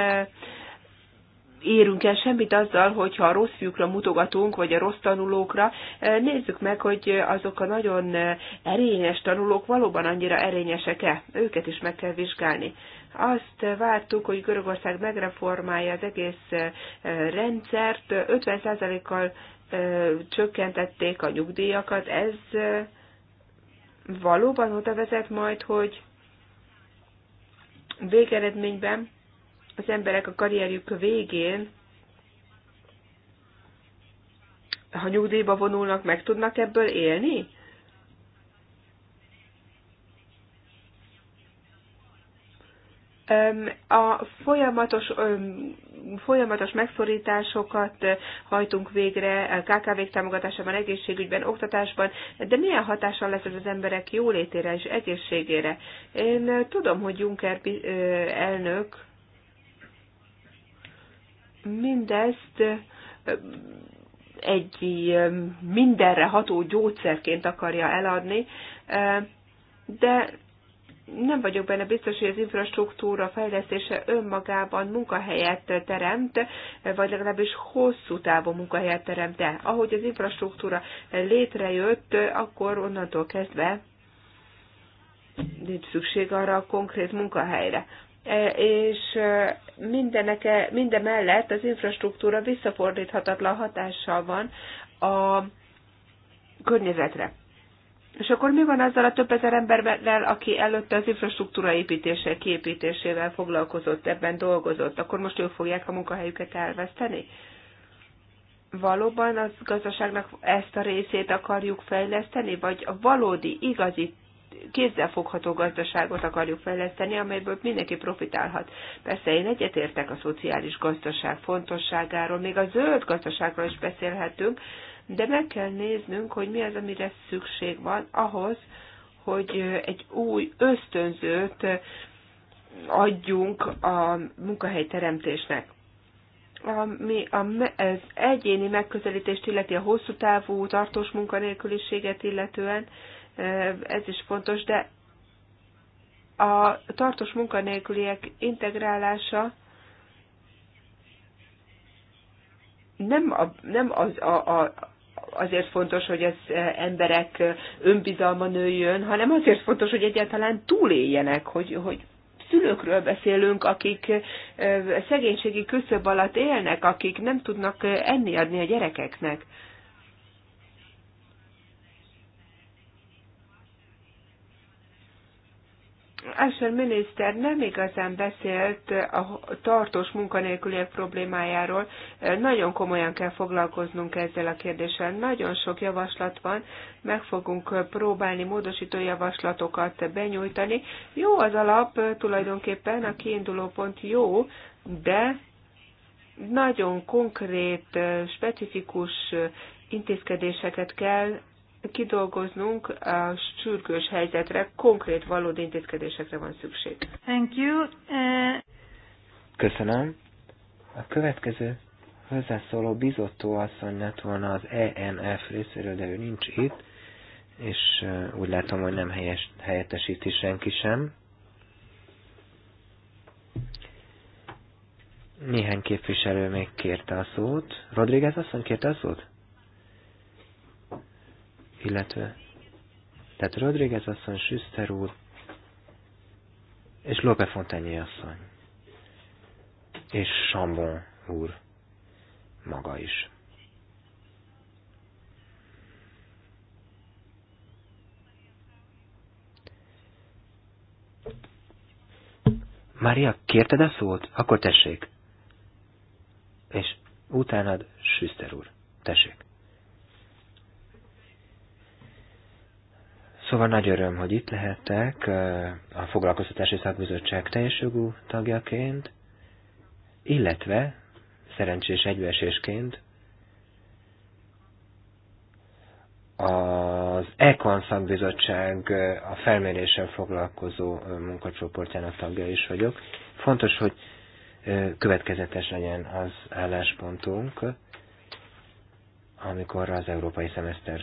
érünk el semmit azzal, hogyha a rossz fiúkra mutogatunk, vagy a rossz tanulókra. E, nézzük meg, hogy azok a nagyon erényes tanulók valóban annyira erényesek-e. Őket is meg kell vizsgálni. Azt vártuk, hogy Görögország megreformálja az egész e, rendszert, 50%-kal e, csökkentették a nyugdíjakat. Ez valóban oda vezet majd, hogy végeredményben az emberek a karrierjük végén, ha nyugdíjba vonulnak, meg tudnak ebből élni? A folyamatos, folyamatos megszorításokat hajtunk végre kkv támogatásában, egészségügyben, oktatásban, de milyen hatással lesz ez az emberek jólétére és egészségére? Én tudom, hogy Juncker elnök Mindezt egy mindenre ható gyógyszerként akarja eladni, de nem vagyok benne biztos, hogy az infrastruktúra fejlesztése önmagában munkahelyet teremt, vagy legalábbis hosszú távú munkahelyet teremt. De ahogy az infrastruktúra létrejött, akkor onnantól kezdve nincs szükség arra a konkrét munkahelyre. E, és e, mindeneke, minden mellett az infrastruktúra visszafordíthatatlan hatással van a környezetre. És akkor mi van azzal a több ezer emberrel, aki előtte az infrastruktúra építése, kiépítésével foglalkozott, ebben dolgozott? Akkor most ők fogják a munkahelyüket elveszteni? Valóban az gazdaságnak ezt a részét akarjuk fejleszteni, vagy a valódi, igazi kézzelfogható gazdaságot akarjuk fejleszteni, amelyből mindenki profitálhat. Persze én egyetértek a szociális gazdaság fontosságáról, még a zöld gazdaságról is beszélhetünk, de meg kell néznünk, hogy mi az, amire szükség van ahhoz, hogy egy új ösztönzőt adjunk a munkahelyteremtésnek. Ami ez egyéni megközelítést illeti a hosszú távú tartós munkanélküliséget illetően, ez is fontos, de a tartós munkanélküliek integrálása nem, a, nem az, a, a, azért fontos, hogy az emberek önbizalma nőjön, hanem azért fontos, hogy egyáltalán túléljenek, hogy, hogy szülőkről beszélünk, akik szegénységi küszöb alatt élnek, akik nem tudnak enni adni a gyerekeknek. Asher miniszter nem igazán beszélt a tartós munkanélküliek problémájáról. Nagyon komolyan kell foglalkoznunk ezzel a kérdéssel. Nagyon sok javaslat van, meg fogunk próbálni módosító javaslatokat benyújtani. Jó az alap, tulajdonképpen a kiinduló pont jó, de nagyon konkrét, specifikus intézkedéseket kell kidolgoznunk a sürgős helyzetre, konkrét valódi intézkedésekre van szükség. Thank you. Eh, Köszönöm. A következő hozzászóló bizottó asszony lett volna az ENF részéről, de ő nincs itt, és eh, úgy látom, hogy nem helyes, helyettesíti senki sem. Néhány képviselő még kérte a szót. Rodriguez asszony kérte a szót? illetve tehát Rodriguez asszony, Schuster úr és Lope Fontanyé asszony és Sambon úr maga is. Mária, kérted a szót? Akkor tessék. És utánad Süster úr. Tessék. Szóval nagy öröm, hogy itt lehettek a Foglalkoztatási Szakbizottság teljes jogú tagjaként, illetve szerencsés egybeesésként az Econ szakbizottság a felméréssel foglalkozó munkacsoportjának tagja is vagyok. Fontos, hogy következetes legyen az álláspontunk, amikor az európai szemeszter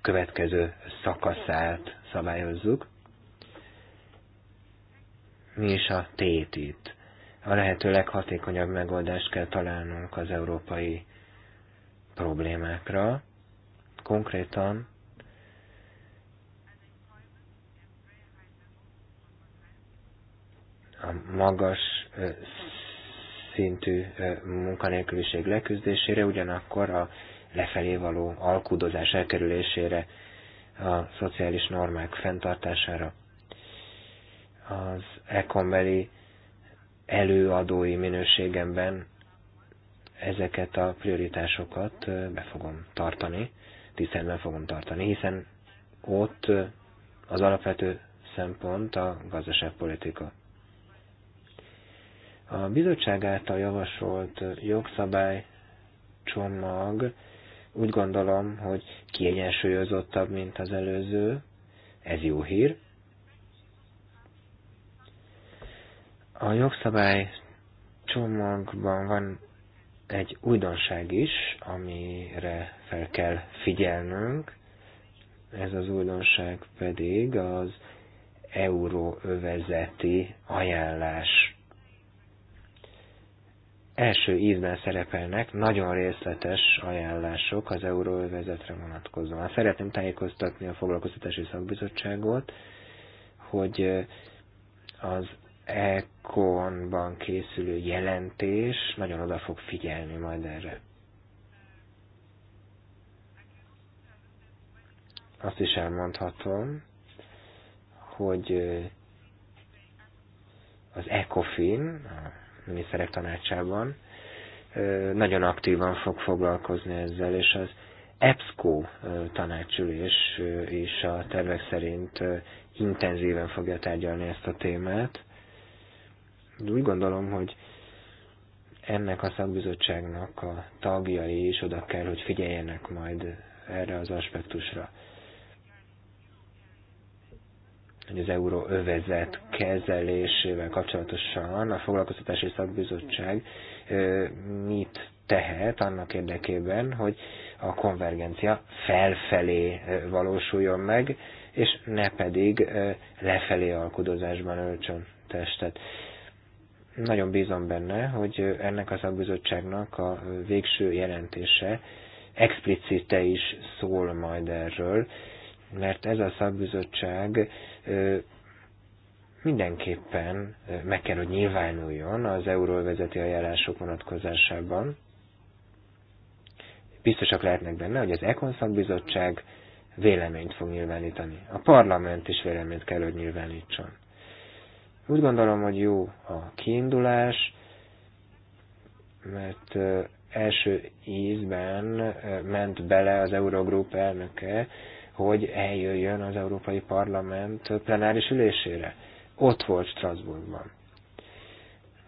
következő szakaszát szabályozzuk. Mi is a tét itt? A lehető leghatékonyabb megoldást kell találnunk az európai problémákra. Konkrétan a magas szintű munkanélküliség leküzdésére, ugyanakkor a lefelé való alkudozás elkerülésére, a szociális normák fenntartására. Az ekonbeli előadói minőségemben ezeket a prioritásokat be fogom tartani, tisztelben fogom tartani, hiszen ott az alapvető szempont a gazdaságpolitika. A bizottság által javasolt jogszabály csomag úgy gondolom, hogy kiegyensúlyozottabb, mint az előző. Ez jó hír. A jogszabály csomagban van egy újdonság is, amire fel kell figyelnünk. Ez az újdonság pedig az euróövezeti ajánlás első ízben szerepelnek nagyon részletes ajánlások az euróövezetre vonatkozóan. Szeretném tájékoztatni a foglalkoztatási szakbizottságot, hogy az ECON-ban készülő jelentés nagyon oda fog figyelni majd erre. Azt is elmondhatom, hogy az ECOFIN, a miniszterek tanácsában nagyon aktívan fog foglalkozni ezzel, és az EBSCO tanácsülés is a tervek szerint intenzíven fogja tárgyalni ezt a témát. úgy gondolom, hogy ennek a szakbizottságnak a tagjai is oda kell, hogy figyeljenek majd erre az aspektusra hogy az euróövezet kezelésével kapcsolatosan a foglalkoztatási szakbizottság mit tehet annak érdekében, hogy a konvergencia felfelé valósuljon meg, és ne pedig lefelé alkudozásban öltsön testet. Nagyon bízom benne, hogy ennek a szakbizottságnak a végső jelentése explicite is szól majd erről, mert ez a szakbizottság mindenképpen meg kell, hogy nyilvánuljon az vezeti ajánlások vonatkozásában. Biztosak lehetnek benne, hogy az Econ szakbizottság véleményt fog nyilvánítani. A parlament is véleményt kell, hogy nyilvánítson. Úgy gondolom, hogy jó a kiindulás, mert első ízben ment bele az Eurogroup elnöke hogy eljöjjön az Európai Parlament plenáris ülésére. Ott volt Strasbourgban.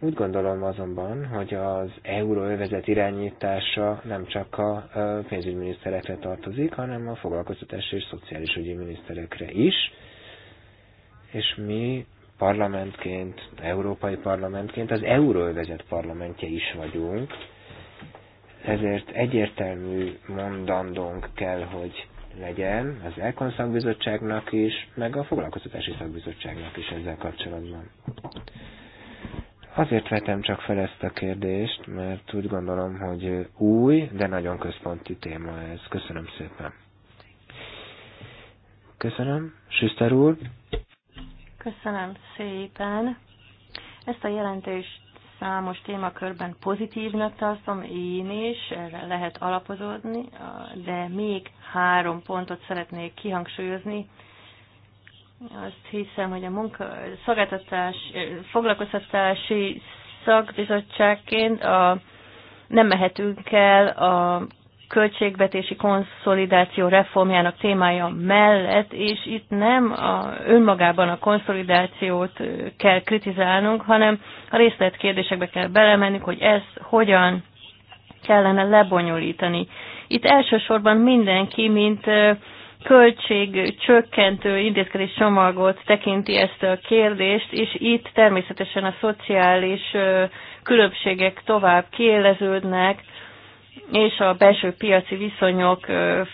Úgy gondolom azonban, hogy az euróövezet irányítása nem csak a pénzügyminiszterekre tartozik, hanem a foglalkoztatási és szociális ügyi miniszterekre is, és mi parlamentként, európai parlamentként az euróövezet parlamentje is vagyunk, ezért egyértelmű mondandónk kell, hogy legyen az Elkon szakbizottságnak is, meg a foglalkoztatási szakbizottságnak is ezzel kapcsolatban. Azért vetem csak fel ezt a kérdést, mert úgy gondolom, hogy új, de nagyon központi téma ez. Köszönöm szépen. Köszönöm. Süster úr. Köszönöm szépen. Ezt a jelentést számos témakörben pozitívnak tartom, én is, erre lehet alapozódni, de még három pontot szeretnék kihangsúlyozni. Azt hiszem, hogy a munka, szolgáltatás, foglalkoztatási szakbizottságként a, nem mehetünk el a költségvetési konszolidáció reformjának témája mellett, és itt nem a, önmagában a konszolidációt kell kritizálnunk, hanem a részletkérdésekbe kell belemennünk, hogy ezt hogyan kellene lebonyolítani. Itt elsősorban mindenki, mint költségcsökkentő intézkedés csomagot tekinti ezt a kérdést, és itt természetesen a szociális különbségek tovább kiéleződnek, és a belső piaci viszonyok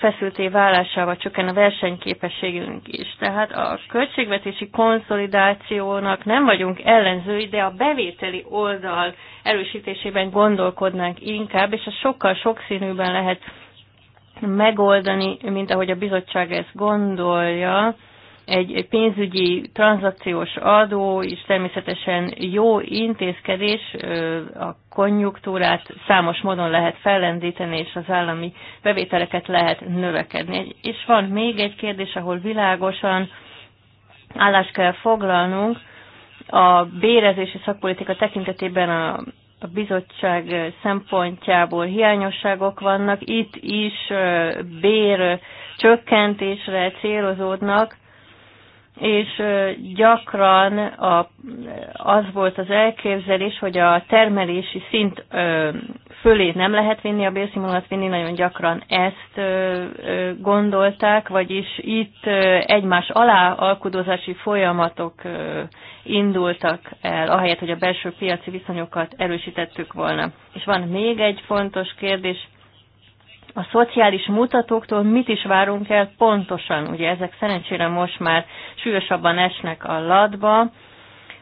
feszülté válásával csökken a versenyképességünk is. Tehát a költségvetési konszolidációnak nem vagyunk ellenzői, de a bevételi oldal erősítésében gondolkodnánk inkább, és ez sokkal sokszínűben lehet megoldani, mint ahogy a bizottság ezt gondolja egy pénzügyi tranzakciós adó is természetesen jó intézkedés, a konjunktúrát számos módon lehet fellendíteni, és az állami bevételeket lehet növekedni. És van még egy kérdés, ahol világosan állást kell foglalnunk, a bérezési szakpolitika tekintetében a, a bizottság szempontjából hiányosságok vannak, itt is bér csökkentésre célozódnak, és gyakran a, az volt az elképzelés, hogy a termelési szint ö, fölé nem lehet vinni, a bérszínvonalat vinni, nagyon gyakran ezt ö, ö, gondolták, vagyis itt ö, egymás alá alkudozási folyamatok ö, indultak el, ahelyett, hogy a belső piaci viszonyokat erősítettük volna. És van még egy fontos kérdés, a szociális mutatóktól mit is várunk el pontosan. Ugye ezek szerencsére most már súlyosabban esnek a ladba.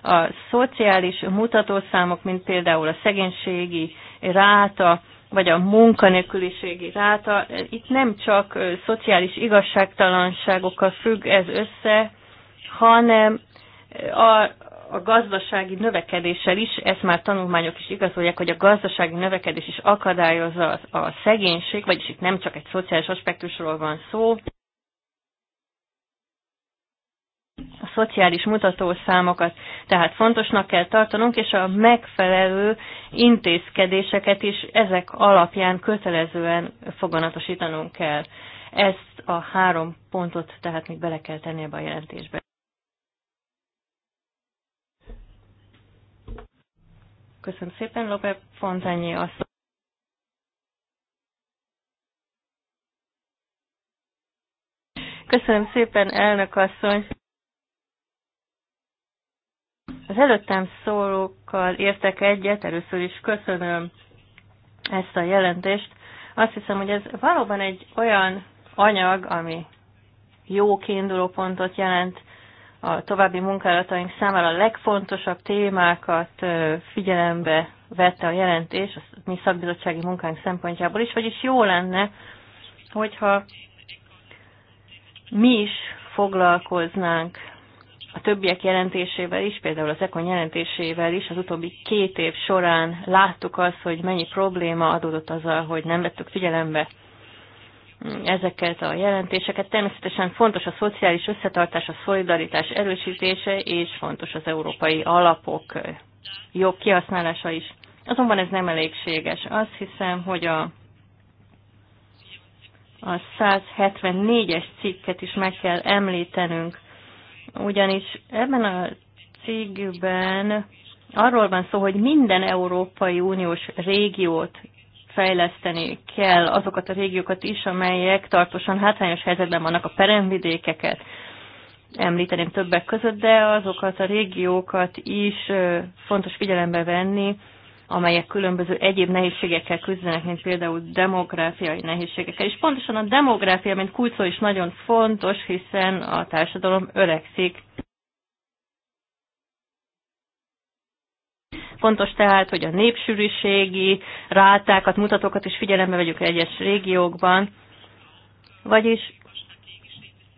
A szociális mutatószámok, mint például a szegénységi ráta, vagy a munkanélküliségi ráta, itt nem csak szociális igazságtalanságokkal függ ez össze, hanem a, a gazdasági növekedéssel is, ezt már tanulmányok is igazolják, hogy a gazdasági növekedés is akadályozza a szegénység, vagyis itt nem csak egy szociális aspektusról van szó. A szociális mutatószámokat tehát fontosnak kell tartanunk, és a megfelelő intézkedéseket is ezek alapján kötelezően foganatosítanunk kell. Ezt a három pontot tehát még bele kell tenni ebbe a jelentésbe. Köszönöm szépen, Lope Fontányi asszony. Köszönöm szépen, elnök asszony. Az előttem szólókkal értek egyet, először is köszönöm ezt a jelentést. Azt hiszem, hogy ez valóban egy olyan anyag, ami jó kiinduló pontot jelent a további munkálataink számára a legfontosabb témákat figyelembe vette a jelentés, a mi szakbizottsági munkánk szempontjából is, vagyis jó lenne, hogyha mi is foglalkoznánk a többiek jelentésével is, például az ECON jelentésével is, az utóbbi két év során láttuk azt, hogy mennyi probléma adódott azzal, hogy nem vettük figyelembe ezeket a jelentéseket. Természetesen fontos a szociális összetartás, a szolidaritás erősítése, és fontos az európai alapok jobb kihasználása is. Azonban ez nem elégséges. Azt hiszem, hogy a, a 174-es cikket is meg kell említenünk, ugyanis ebben a cikkben arról van szó, hogy minden Európai Uniós régiót fejleszteni kell azokat a régiókat is, amelyek tartósan hátrányos helyzetben vannak a peremvidékeket, említeném többek között, de azokat a régiókat is fontos figyelembe venni, amelyek különböző egyéb nehézségekkel küzdenek, mint például demográfiai nehézségekkel. És pontosan a demográfia, mint kulcsó is nagyon fontos, hiszen a társadalom öregszik, Fontos tehát, hogy a népsűrűségi rátákat, mutatókat is figyelembe vegyük egyes régiókban, vagyis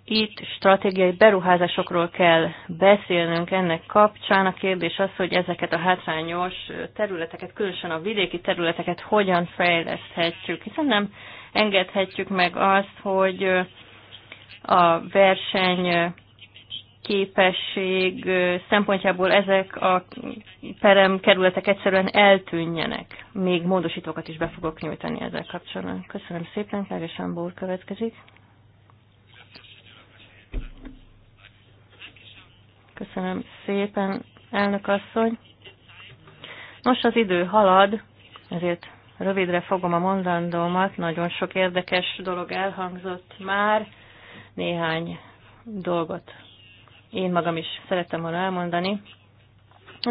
itt stratégiai beruházásokról kell beszélnünk ennek kapcsán. A kérdés az, hogy ezeket a hátrányos területeket, különösen a vidéki területeket hogyan fejleszthetjük, hiszen nem engedhetjük meg azt, hogy a verseny képesség szempontjából ezek a perem kerületek egyszerűen eltűnjenek. Még módosítókat is be fogok nyújtani ezzel kapcsolatban. Köszönöm szépen, Káros Bór következik. Köszönöm szépen, elnök asszony. Nos, az idő halad, ezért rövidre fogom a mondandómat. Nagyon sok érdekes dolog elhangzott már. Néhány dolgot én magam is szerettem volna elmondani.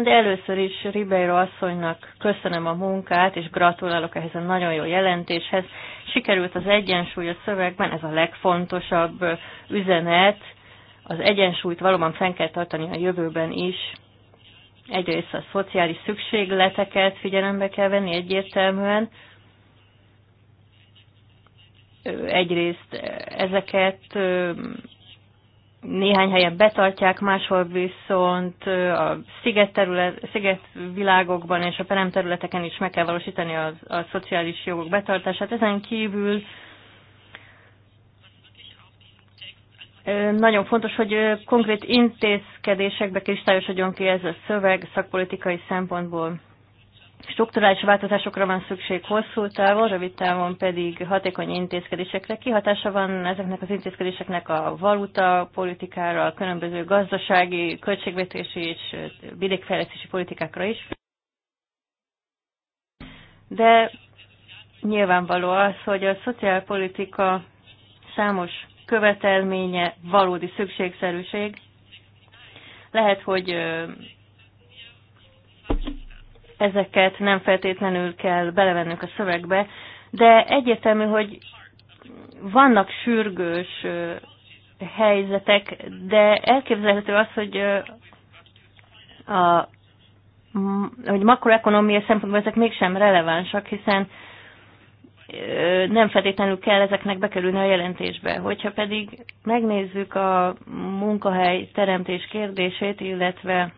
De először is Ribeiro asszonynak köszönöm a munkát, és gratulálok ehhez a nagyon jó jelentéshez. Sikerült az egyensúly a szövegben, ez a legfontosabb üzenet. Az egyensúlyt valóban fenn kell tartani a jövőben is. Egyrészt a szociális szükségleteket figyelembe kell venni egyértelműen. Egyrészt ezeket néhány helyen betartják, máshol viszont a sziget, terület, sziget világokban és a perem területeken is meg kell valósítani a, a szociális jogok betartását. Ezen kívül nagyon fontos, hogy konkrét intézkedésekbe kristályosodjon ki ez a szöveg szakpolitikai szempontból. Strukturális változásokra van szükség hosszú távon, rövid távon pedig hatékony intézkedésekre. Kihatása van ezeknek az intézkedéseknek a valuta politikára, a különböző gazdasági, költségvetési és vidékfejlesztési politikákra is. De nyilvánvaló az, hogy a szociálpolitika számos követelménye valódi szükségszerűség. Lehet, hogy ezeket nem feltétlenül kell belevennünk a szövegbe, de egyértelmű, hogy vannak sürgős helyzetek, de elképzelhető az, hogy a hogy makroekonomiai szempontból ezek mégsem relevánsak, hiszen nem feltétlenül kell ezeknek bekerülni a jelentésbe. Hogyha pedig megnézzük a munkahely teremtés kérdését, illetve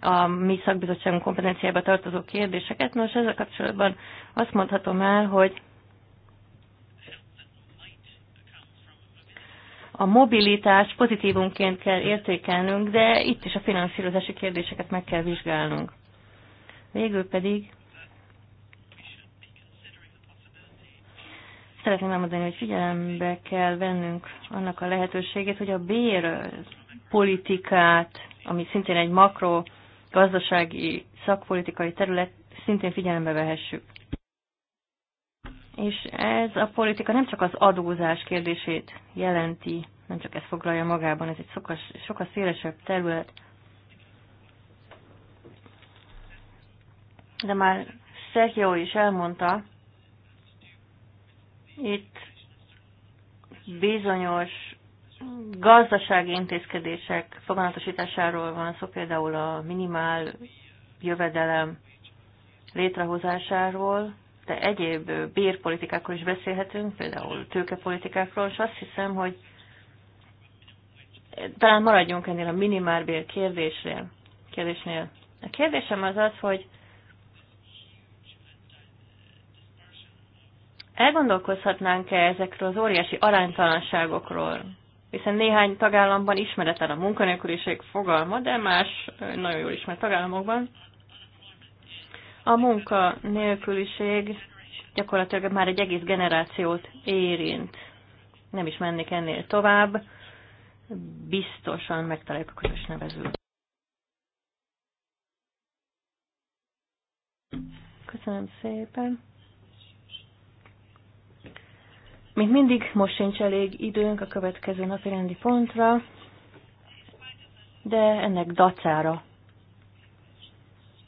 a mi szakbizottságunk kompetenciába tartozó kérdéseket. Nos, ezzel kapcsolatban azt mondhatom el, hogy a mobilitás pozitívunként kell értékelnünk, de itt is a finanszírozási kérdéseket meg kell vizsgálnunk. Végül pedig szeretném elmondani, hogy figyelembe kell vennünk annak a lehetőségét, hogy a bérpolitikát, ami szintén egy makro gazdasági, szakpolitikai terület szintén figyelembe vehessük. És ez a politika nem csak az adózás kérdését jelenti, nem csak ez foglalja magában, ez egy sokkal, sokkal szélesebb terület. De már Sergio is elmondta, itt bizonyos gazdasági intézkedések foganatosításáról van szó, például a minimál jövedelem létrehozásáról, de egyéb bérpolitikákról is beszélhetünk, például tőkepolitikákról, és azt hiszem, hogy talán maradjunk ennél a minimálbér kérdésnél. kérdésnél. A kérdésem az az, hogy elgondolkozhatnánk-e ezekről az óriási aránytalanságokról, hiszen néhány tagállamban ismeretlen a munkanélküliség fogalma, de más nagyon jól ismert tagállamokban a munkanélküliség gyakorlatilag már egy egész generációt érint. Nem is mennék ennél tovább. Biztosan megtaláljuk a közös nevezőt. Köszönöm szépen. Mint mindig, most sincs elég időnk a következő napi rendi pontra, de ennek dacára.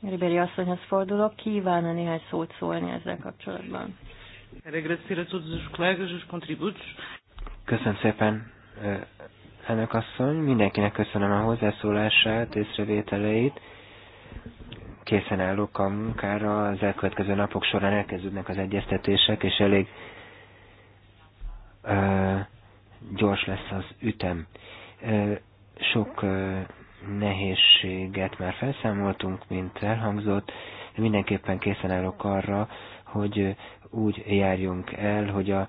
Ribéri asszonyhoz fordulok, kívánna néhány szót szólni ezzel kapcsolatban. Köszönöm szépen, elnök asszony. Mindenkinek köszönöm a hozzászólását, észrevételeit. Készen állok a munkára, az elkövetkező napok során elkezdődnek az egyeztetések, és elég gyors lesz az ütem. Sok nehézséget már felszámoltunk, mint elhangzott, de mindenképpen készen állok arra, hogy úgy járjunk el, hogy a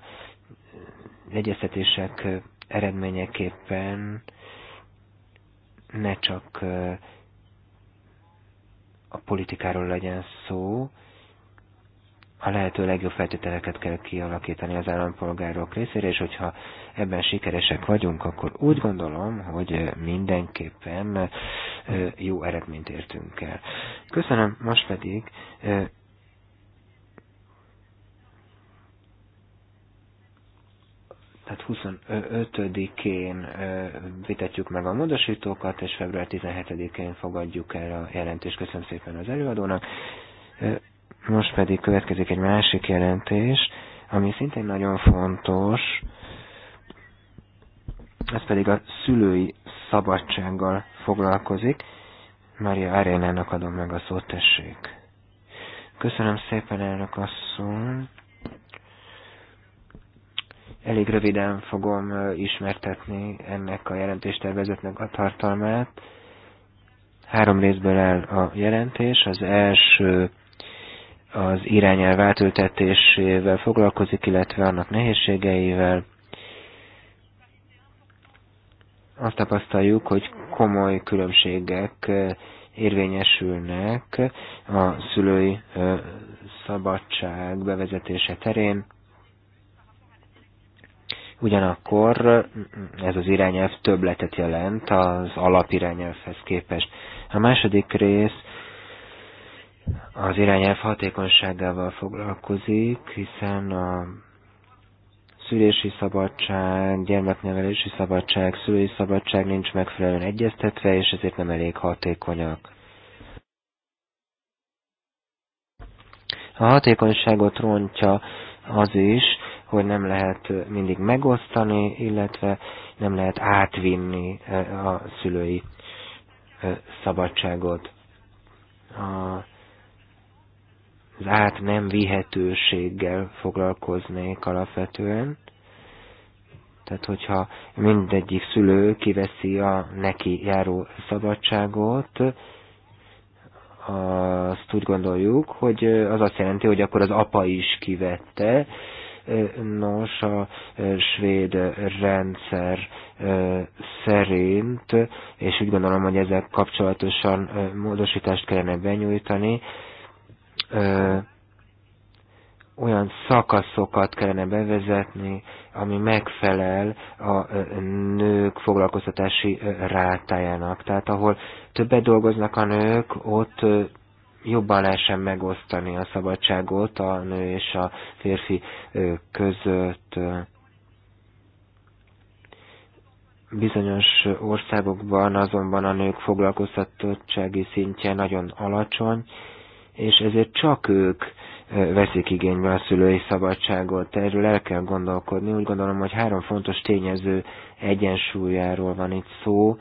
egyeztetések eredményeképpen ne csak a politikáról legyen szó, a lehető legjobb feltételeket kell kialakítani az állampolgárok részére, és hogyha ebben sikeresek vagyunk, akkor úgy gondolom, hogy mindenképpen jó eredményt értünk el. Köszönöm, most pedig tehát 25-én vitatjuk meg a módosítókat, és február 17-én fogadjuk el a jelentést. Köszönöm szépen az előadónak. Most pedig következik egy másik jelentés, ami szintén nagyon fontos, ez pedig a szülői szabadsággal foglalkozik. Maria Arénának adom meg a szót, tessék. Köszönöm szépen, elnök asszony. Elég röviden fogom ismertetni ennek a jelentéstervezetnek a tartalmát. Három részből áll a jelentés. Az első az irányelv átültetésével foglalkozik, illetve annak nehézségeivel. Azt tapasztaljuk, hogy komoly különbségek érvényesülnek a szülői szabadság bevezetése terén. Ugyanakkor ez az irányelv többletet jelent az alapirányelvhez képest. A második rész az irányelv hatékonyságával foglalkozik, hiszen a szülési szabadság, gyermeknevelési szabadság, szülői szabadság nincs megfelelően egyeztetve, és ezért nem elég hatékonyak. A hatékonyságot rontja az is, hogy nem lehet mindig megosztani, illetve nem lehet átvinni eh, a szülői eh, szabadságot. A az át nem vihetőséggel foglalkoznék alapvetően. Tehát, hogyha mindegyik szülő kiveszi a neki járó szabadságot, azt úgy gondoljuk, hogy az azt jelenti, hogy akkor az apa is kivette. Nos, a svéd rendszer szerint, és úgy gondolom, hogy ezzel kapcsolatosan módosítást kellene benyújtani, ö, olyan szakaszokat kellene bevezetni, ami megfelel a nők foglalkoztatási rátájának. Tehát ahol többet dolgoznak a nők, ott jobban lehessen megosztani a szabadságot a nő és a férfi között. Bizonyos országokban azonban a nők foglalkoztatottsági szintje nagyon alacsony, és ezért csak ők veszik igénybe a szülői szabadságot. Erről el kell gondolkodni. Úgy gondolom, hogy három fontos tényező egyensúlyáról van itt szó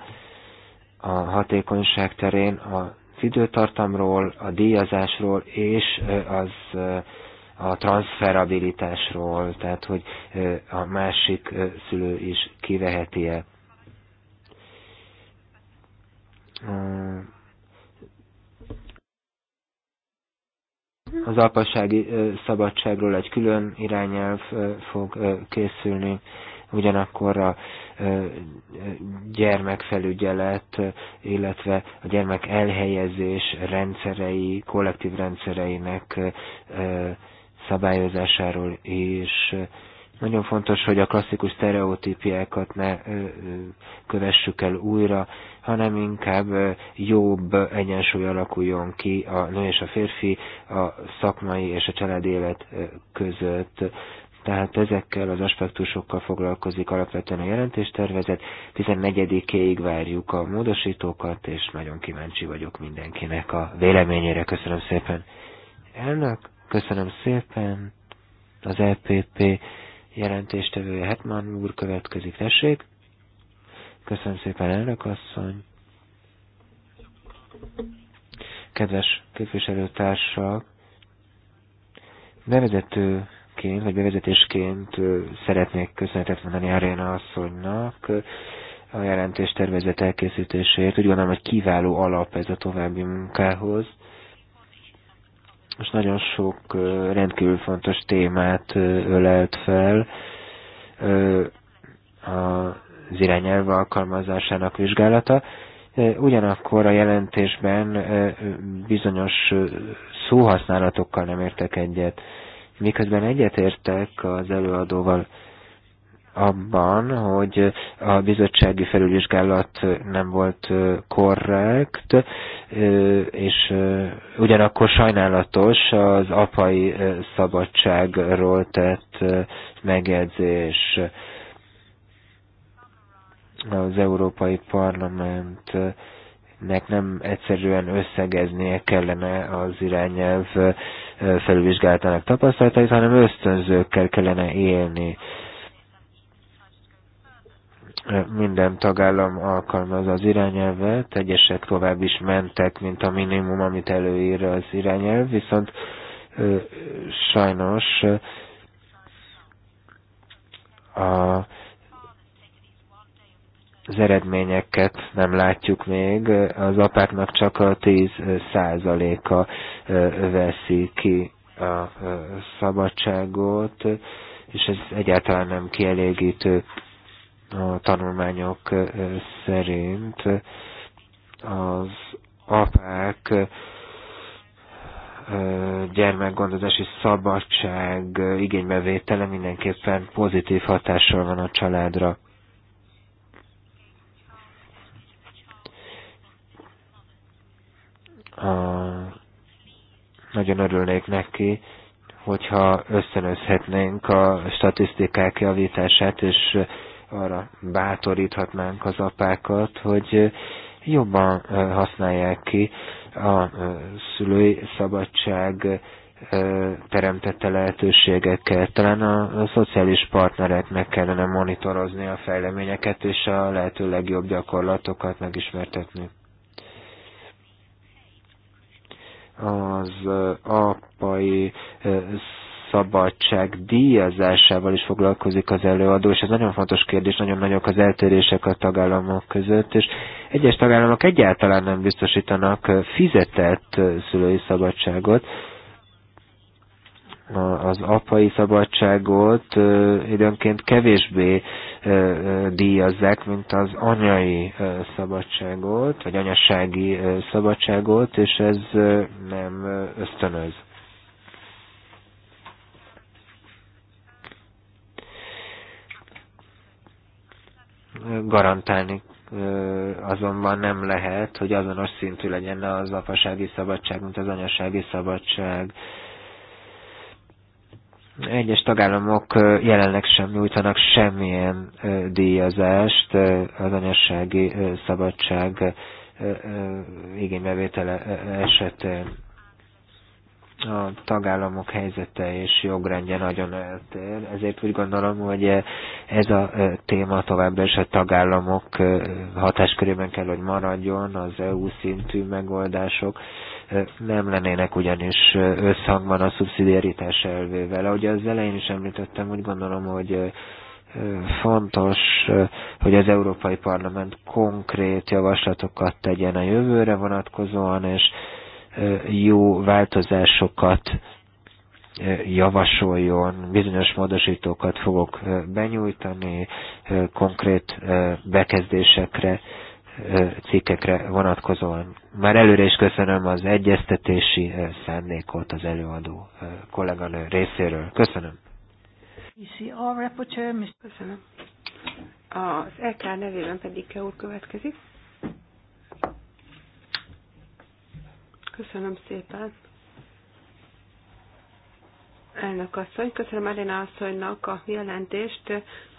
a hatékonyság terén, az időtartamról, a díjazásról és az a transferabilitásról, tehát hogy a másik szülő is kiveheti-e Az apasági szabadságról egy külön irányelv fog készülni, ugyanakkor a gyermekfelügyelet, illetve a gyermek elhelyezés rendszerei, kollektív rendszereinek szabályozásáról és nagyon fontos, hogy a klasszikus sztereotípiákat ne kövessük el újra, hanem inkább jobb egyensúly alakuljon ki a nő és a férfi, a szakmai és a család élet között. Tehát ezekkel az aspektusokkal foglalkozik alapvetően a jelentéstervezet. 14-éig várjuk a módosítókat, és nagyon kíváncsi vagyok mindenkinek a véleményére. Köszönöm szépen. Elnök, köszönöm szépen. Az EPP jelentéstevője Hetman úr következik, tessék. Köszönöm szépen, elnök asszony. Kedves képviselőtársak, bevezetőként, vagy bevezetésként szeretnék köszönetet mondani Aréna asszonynak a jelentés tervezet elkészítéséért. Úgy gondolom, hogy kiváló alap ez a további munkához és nagyon sok rendkívül fontos témát ölelt fel az irányelv alkalmazásának vizsgálata. Ugyanakkor a jelentésben bizonyos szóhasználatokkal nem értek egyet, miközben egyetértek az előadóval abban, hogy a bizottsági felülvizsgálat nem volt korrekt, és ugyanakkor sajnálatos az apai szabadságról tett megjegyzés az Európai Parlamentnek nem egyszerűen összegeznie kellene az irányelv felülvizsgálatának tapasztalatait, hanem ösztönzőkkel kellene élni minden tagállam alkalmaz az irányelvet, egyesek tovább is mentek, mint a minimum, amit előír az irányelv, viszont sajnos a, az eredményeket nem látjuk még, az apáknak csak a 10 százaléka veszi ki a szabadságot, és ez egyáltalán nem kielégítő a tanulmányok szerint az apák gyermekgondozási szabadság igénybevétele mindenképpen pozitív hatással van a családra. A, nagyon örülnék neki, hogyha összenőzhetnénk a statisztikák javítását, és arra bátoríthatnánk az apákat, hogy jobban használják ki a szülői szabadság teremtette lehetőségeket. Talán a szociális partnereknek kellene monitorozni a fejleményeket, és a lehető legjobb gyakorlatokat megismertetni. Az apai szabadság díjazásával is foglalkozik az előadó, és ez nagyon fontos kérdés, nagyon nagyok az eltérések a tagállamok között, és egyes tagállamok egyáltalán nem biztosítanak fizetett szülői szabadságot, az apai szabadságot időnként kevésbé díjazzák, mint az anyai szabadságot, vagy anyasági szabadságot, és ez nem ösztönöz. garantálni azonban nem lehet, hogy azonos szintű legyen az apasági szabadság, mint az anyasági szabadság. Egyes tagállamok jelenleg sem nyújtanak semmilyen díjazást az anyasági szabadság igénybevétele esetén a tagállamok helyzete és jogrendje nagyon eltér, ezért úgy gondolom, hogy eh, ez a eh, téma továbbra is a tagállamok eh, hatáskörében kell, hogy maradjon, az EU szintű megoldások nem lennének ugyanis összhangban a szubszidiaritás elvével. Ahogy az elején is említettem, úgy gondolom, hogy fontos, hogy az Európai Parlament konkrét javaslatokat tegyen a jövőre vonatkozóan, és jó változásokat javasoljon, bizonyos módosítókat fogok benyújtani, konkrét bekezdésekre, cikkekre vonatkozóan. Már előre is köszönöm az egyeztetési szándékot az előadó kolléganő részéről. Köszönöm. Köszönöm. Az EK nevében pedig Ke úr következik. Köszönöm szépen. Elnök asszony, köszönöm Elena asszonynak a jelentést.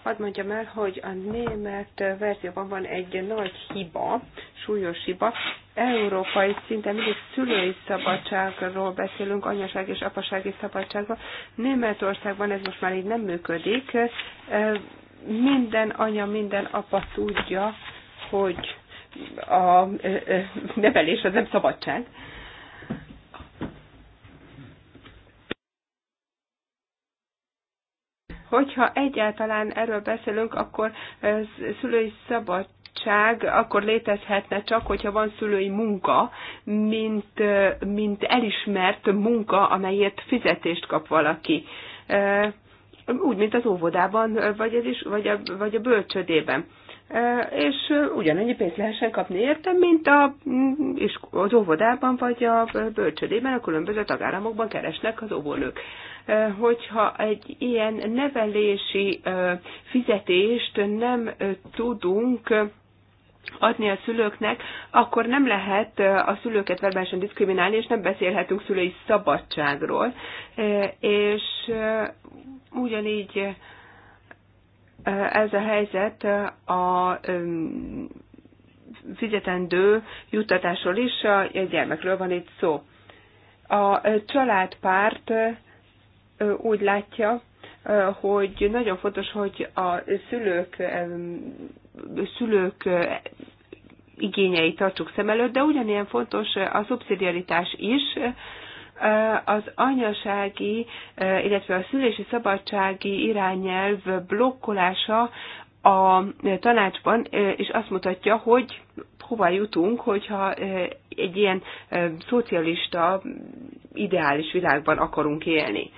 Hadd mondjam el, hogy a német verzióban van egy nagy hiba, súlyos hiba. Európai szinten mindig szülői szabadságról beszélünk, anyaság és apasági szabadságról. Németországban ez most már így nem működik. Minden anya, minden apa tudja, hogy a nevelés az nem szabadság Hogyha egyáltalán erről beszélünk, akkor szülői szabad akkor létezhetne csak, hogyha van szülői munka, mint, mint elismert munka, amelyért fizetést kap valaki. Úgy, mint az óvodában, vagy, az is, vagy, a, vagy a bölcsödében és ugyanannyi pénzt lehessen kapni érte, mint a, mm, az óvodában vagy a bölcsödében, a különböző tagállamokban keresnek az óvónők. Eh, hogyha egy ilyen nevelési eh, fizetést nem eh, tudunk adni a szülőknek, akkor nem lehet a szülőket verbálisan diszkriminálni, és nem beszélhetünk szülői szabadságról. És ugyanígy ez a helyzet a fizetendő juttatásról is, a gyermekről van itt szó. A családpárt úgy látja, hogy nagyon fontos, hogy a szülők, szülők igényeit tartsuk szem előtt, de ugyanilyen fontos a szubszidiaritás is, az anyasági, illetve a szülési szabadsági irányelv blokkolása a tanácsban, és azt mutatja, hogy hova jutunk, hogyha egy ilyen szocialista, ideális világban akarunk élni.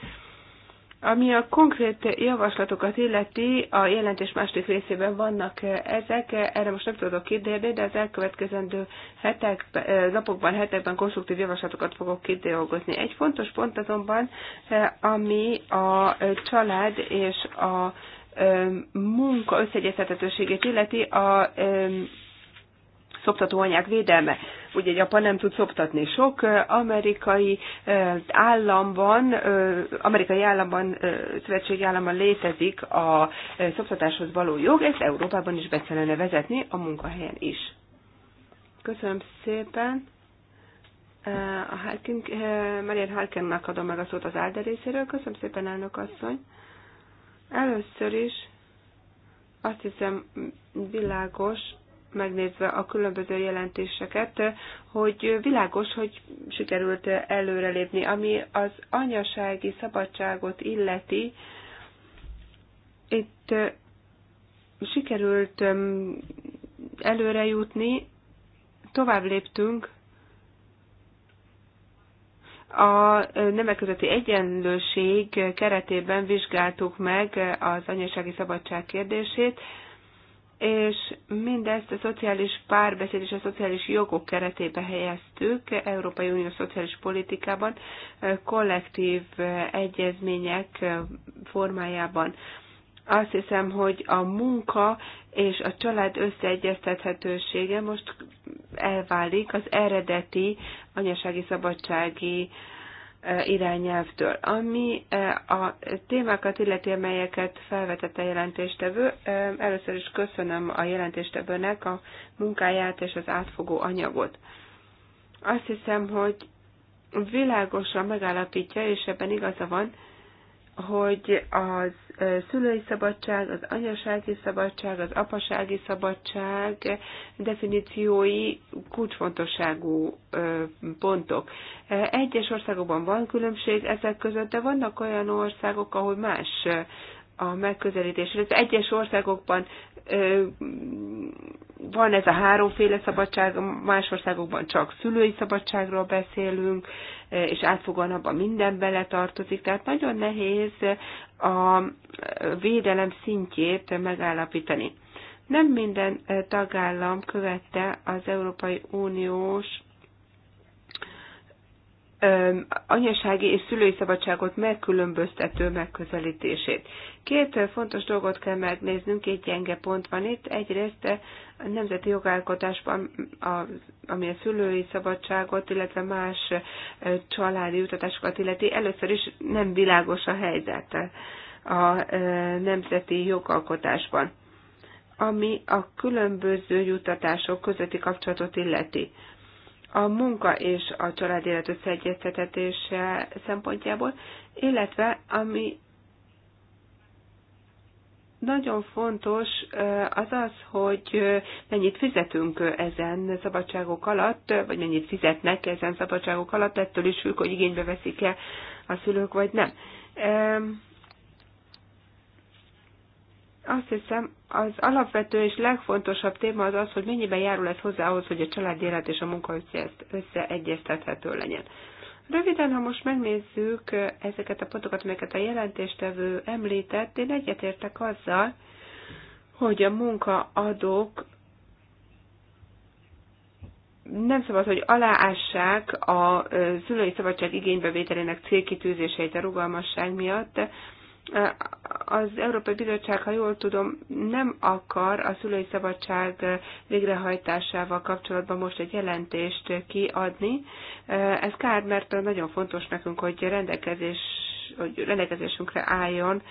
Ami a konkrét javaslatokat illeti, a jelentés második részében vannak eh, ezek, erre most nem tudok kitérni, de az elkövetkezendő hetek, eh, napokban, hetekben konstruktív javaslatokat fogok kidolgozni. Egy fontos pont azonban, eh, ami a család és a munka összeegyeztethetőségét illeti, a szoptatóanyák védelme. Ugye Japán nem tud szoptatni. Sok amerikai államban, amerikai államban, szövetségi államban létezik a szoptatáshoz való jog, ezt Európában is be kellene vezetni a munkahelyen is. Köszönöm szépen. A Harkin, Marian Harkinnak adom meg a szót az Álder részéről. Köszönöm szépen, elnök asszony. Először is azt hiszem világos, megnézve a különböző jelentéseket, hogy világos, hogy sikerült előrelépni. Ami az anyasági szabadságot illeti, itt sikerült előre jutni, tovább léptünk a nemek közötti egyenlőség keretében vizsgáltuk meg az anyasági szabadság kérdését, és mindezt a szociális párbeszéd és a szociális jogok keretébe helyeztük Európai Unió szociális politikában, kollektív egyezmények formájában. Azt hiszem, hogy a munka és a család összeegyeztethetősége most elválik az eredeti anyasági szabadsági irányelvtől. Ami a témákat illeti, amelyeket felvetett a jelentéstevő, először is köszönöm a jelentéstevőnek a munkáját és az átfogó anyagot. Azt hiszem, hogy világosan megállapítja, és ebben igaza van, hogy az szülői szabadság, az anyasági szabadság, az apasági szabadság definíciói kulcsfontosságú pontok. Egyes országokban van különbség ezek között, de vannak olyan országok, ahol más a megközelítésre. Ez egyes országokban van ez a háromféle szabadság, más országokban csak szülői szabadságról beszélünk, és átfogóan abban minden tartozik. tehát nagyon nehéz a védelem szintjét megállapítani. Nem minden tagállam követte az Európai Uniós anyasági és szülői szabadságot megkülönböztető megközelítését. Két fontos dolgot kell megnéznünk, két gyenge pont van itt. Egyrészt a nemzeti jogalkotásban, ami a szülői szabadságot, illetve más családi utatásokat illeti, először is nem világos a helyzet a nemzeti jogalkotásban ami a különböző jutatások közötti kapcsolatot illeti a munka és a család élet összeegyeztetése szempontjából, illetve ami nagyon fontos az az, hogy mennyit fizetünk ezen szabadságok alatt, vagy mennyit fizetnek ezen szabadságok alatt, ettől is függ, hogy igénybe veszik-e a szülők, vagy nem. Azt hiszem, az alapvető és legfontosabb téma az az, hogy mennyiben járul ez hozzá ahhoz, hogy a családi élet és a munka összeegyeztethető legyen. Röviden, ha most megnézzük eh, ezeket a pontokat, amelyeket a jelentéstevő említett, én egyetértek azzal, hogy a munkaadók nem szabad, hogy aláássák a eh, szülői szabadság igénybevételének célkitűzéseit a rugalmasság miatt, az Európai Bizottság, ha jól tudom, nem akar a szülői szabadság végrehajtásával kapcsolatban most egy jelentést kiadni. Ez kár, mert nagyon fontos nekünk, hogy, rendelkezés, hogy rendelkezésünkre álljon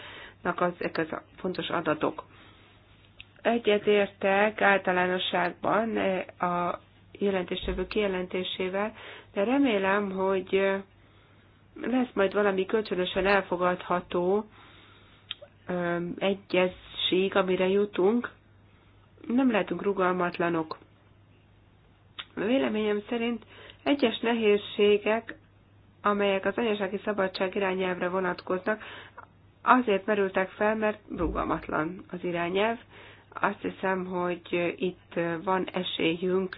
az, ezek a fontos adatok. Egyetértek általánosságban a jelentéstevő kijelentésével, de remélem, hogy lesz majd valami kölcsönösen elfogadható, egyesség, amire jutunk, nem lehetünk rugalmatlanok. Véleményem szerint egyes nehézségek, amelyek az anyasági szabadság irányelvre vonatkoznak, azért merültek fel, mert rugalmatlan az irányelv. Azt hiszem, hogy itt van esélyünk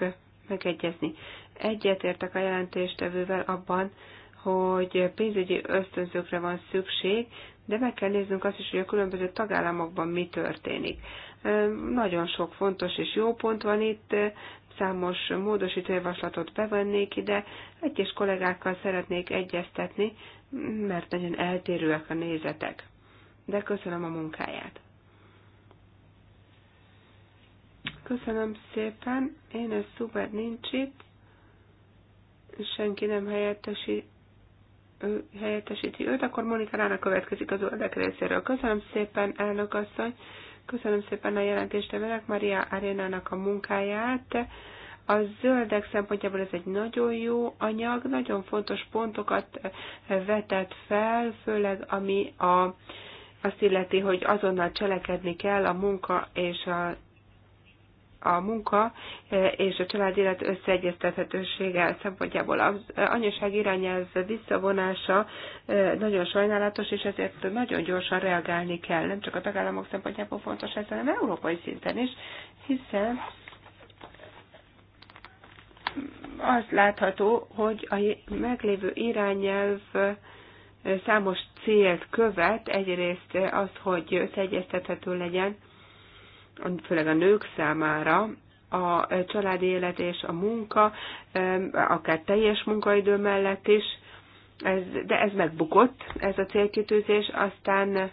megegyezni. Egyetértek a jelentéstevővel abban, hogy pénzügyi ösztönzőkre van szükség, de meg kell néznünk azt is, hogy a különböző tagállamokban mi történik. Nagyon sok fontos és jó pont van itt, számos módosítójavaslatot bevennék ide, egyes kollégákkal szeretnék egyeztetni, mert nagyon eltérőek a nézetek. De köszönöm a munkáját. Köszönöm szépen, én ez szuper nincs itt, senki nem helyettesít, ő helyettesíti őt, akkor Monika Rána következik az oldalak részéről. Köszönöm szépen, elnök asszony, köszönöm szépen a jelentéstevelek Maria Arénának a munkáját. A zöldek szempontjából ez egy nagyon jó anyag, nagyon fontos pontokat vetett fel, főleg ami a, azt illeti, hogy azonnal cselekedni kell a munka és a a munka e, és a család élet összeegyeztethetősége szempontjából az e, anyaság irányelv visszavonása e, nagyon sajnálatos, és ezért nagyon gyorsan reagálni kell. Nem csak a tagállamok szempontjából fontos ez, hanem európai szinten is, hiszen az látható, hogy a meglévő irányelv számos célt követ, egyrészt az, hogy összeegyeztethető legyen főleg a nők számára a családi élet és a munka, akár teljes munkaidő mellett is, ez, de ez megbukott, ez a célkitűzés, aztán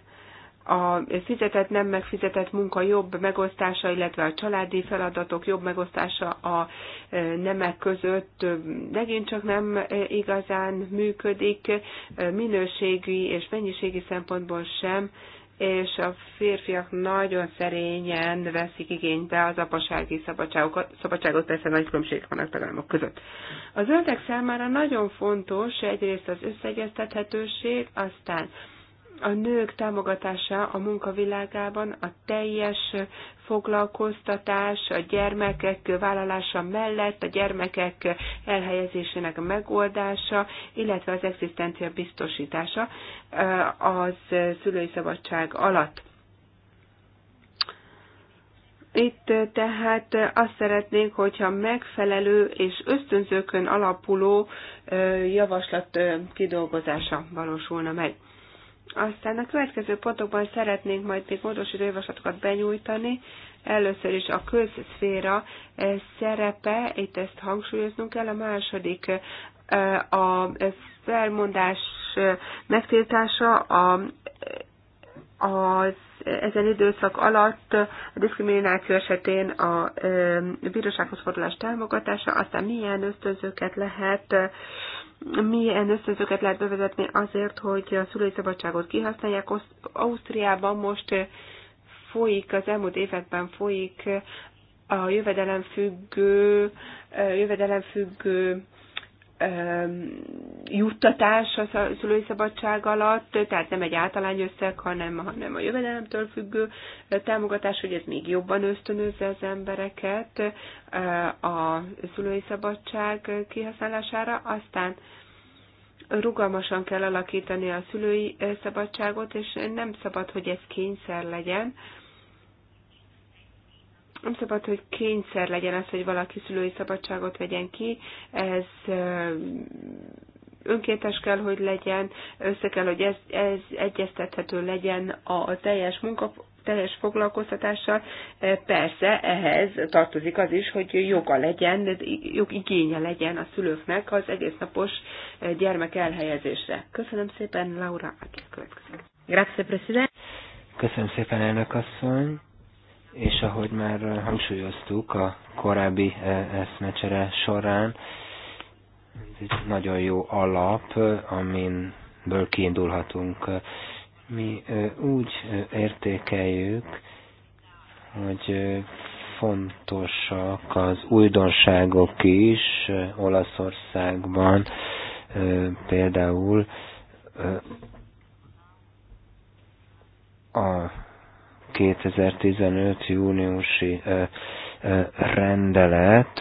a fizetett, nem megfizetett munka jobb megosztása, illetve a családi feladatok jobb megosztása a e, nemek között megint csak nem e, igazán működik, e, minőségi és mennyiségi szempontból sem és a férfiak nagyon szerényen veszik igénybe az apasági szabadságot, szabadságot persze nagy különbség van a tagállamok között. A zöldek számára nagyon fontos egyrészt az összeegyeztethetőség, aztán a nők támogatása a munkavilágában, a teljes foglalkoztatás, a gyermekek vállalása mellett, a gyermekek elhelyezésének megoldása, illetve az egzisztencia biztosítása az szülői szabadság alatt. Itt tehát azt szeretnénk, hogyha megfelelő és ösztönzőkön alapuló javaslat kidolgozása valósulna meg. Aztán a következő pontokban szeretnénk majd még módosító javaslatokat benyújtani. Először is a közszféra eh, szerepe, itt ezt hangsúlyoznunk kell, a második eh, a felmondás eh, megtiltása a, az ezen időszak alatt a diszkrimináció esetén a bírósághoz fordulás támogatása, aztán milyen ösztönzőket lehet milyen ösztönzőket lehet bevezetni azért, hogy a szülői szabadságot kihasználják. Ausztriában most eh, folyik, az elmúlt években folyik eh, a jövedelemfüggő, eh, jövedelemfüggő juttatás a szülői szabadság alatt, tehát nem egy általány összeg, hanem, hanem a jövedelemtől függő támogatás, hogy ez még jobban ösztönözze az embereket a szülői szabadság kihasználására, aztán rugalmasan kell alakítani a szülői szabadságot, és nem szabad, hogy ez kényszer legyen, nem szabad, hogy kényszer legyen az, hogy valaki szülői szabadságot vegyen ki. Ez önkéntes kell, hogy legyen, össze kell, hogy ez, ez egyeztethető legyen a teljes munka, teljes foglalkoztatással. Persze ehhez tartozik az is, hogy joga legyen, jog igénye legyen a szülőknek az egész napos gyermek elhelyezésre. Köszönöm szépen, Laura, aki következik. Grazie, Presidente. Köszönöm szépen, elnök asszony és ahogy már eh, hangsúlyoztuk a korábbi eh, eszmecsere során, ez egy nagyon jó alap, eh, aminből kiindulhatunk. Mi úgy értékeljük, hogy fontosak az újdonságok is Olaszországban, például a 2015. júniusi rendelet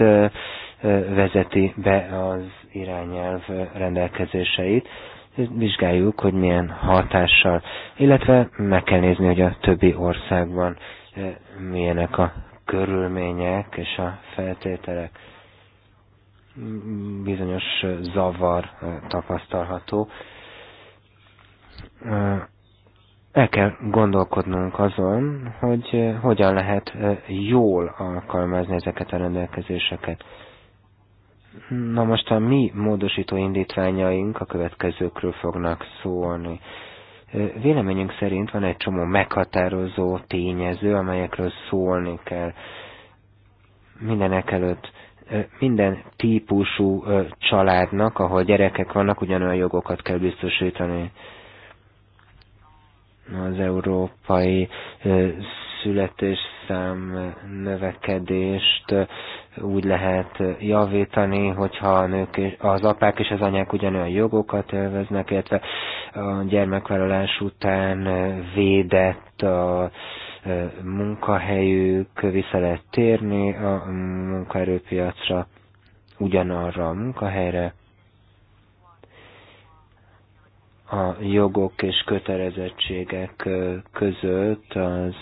vezeti be az irányelv rendelkezéseit. Vizsgáljuk, hogy milyen hatással, illetve meg kell nézni, hogy a többi országban milyenek a körülmények és a feltételek. Bizonyos zavar tapasztalható el kell gondolkodnunk azon, hogy eh, hogyan lehet eh, jól alkalmazni ezeket a rendelkezéseket. Na most a mi módosító indítványaink a következőkről fognak szólni. Eh, véleményünk szerint van egy csomó meghatározó tényező, amelyekről szólni kell. Mindenek előtt minden típusú családnak, ahol gyerekek vannak, ugyanolyan jogokat kell biztosítani az európai születésszám növekedést úgy lehet javítani, hogyha a nők, az apák és az anyák ugyanolyan jogokat élveznek, illetve a gyermekvállalás után védett a munkahelyük, vissza lehet térni a munkaerőpiacra, ugyanarra a munkahelyre, a jogok és kötelezettségek között az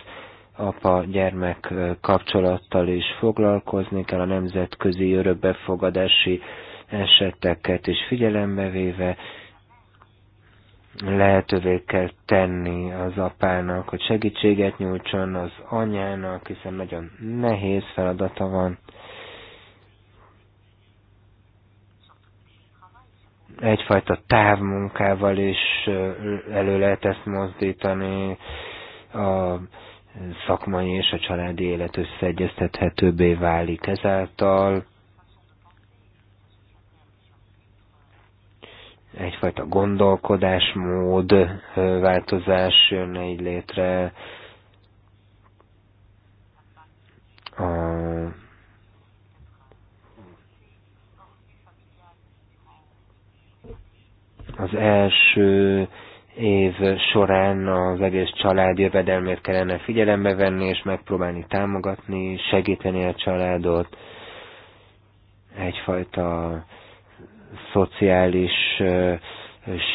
apa-gyermek kapcsolattal is foglalkozni kell, a nemzetközi örökbefogadási eseteket is figyelembe véve lehetővé kell tenni az apának, hogy segítséget nyújtson az anyának, hiszen nagyon nehéz feladata van. egyfajta távmunkával is elő lehet ezt mozdítani, a szakmai és a családi élet összeegyeztethetőbbé válik ezáltal. Egyfajta gondolkodásmód változás jön így létre, a Az első év során az egész család jövedelmét kellene figyelembe venni, és megpróbálni támogatni, segíteni a családot, egyfajta szociális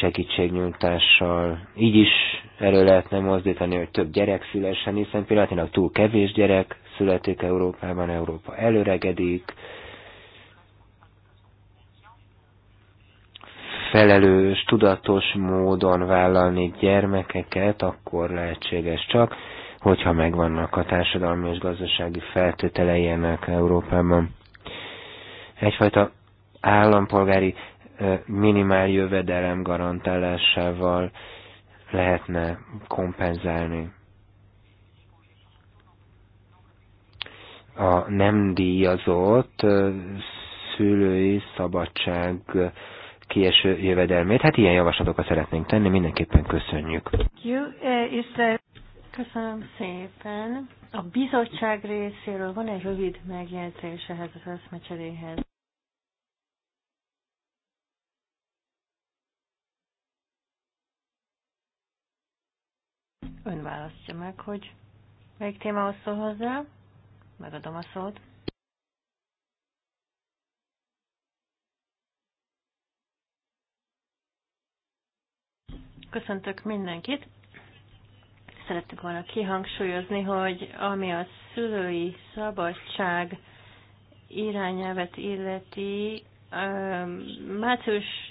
segítségnyújtással. Így is erről lehetne mozdítani, hogy több gyerek szülessen, hiszen pillanatilag túl kevés gyerek születik Európában, Európa előregedik, felelős, tudatos módon vállalni gyermekeket, akkor lehetséges csak, hogyha megvannak a társadalmi és gazdasági feltételei ennek Európában. Egyfajta állampolgári minimál jövedelem garantálásával lehetne kompenzálni. A nem díjazott szülői szabadság kieső jövedelmét. Hát ilyen javaslatokat szeretnénk tenni, mindenképpen köszönjük. Eh, Köszönöm szépen. A bizottság részéről van egy rövid megjegyzés ehhez az eszmecseréhez. Ön választja meg, hogy melyik témához szól hozzá. Megadom a szót. Köszöntök mindenkit. Szerettük volna kihangsúlyozni, hogy ami a szülői szabadság irányelvet illeti, március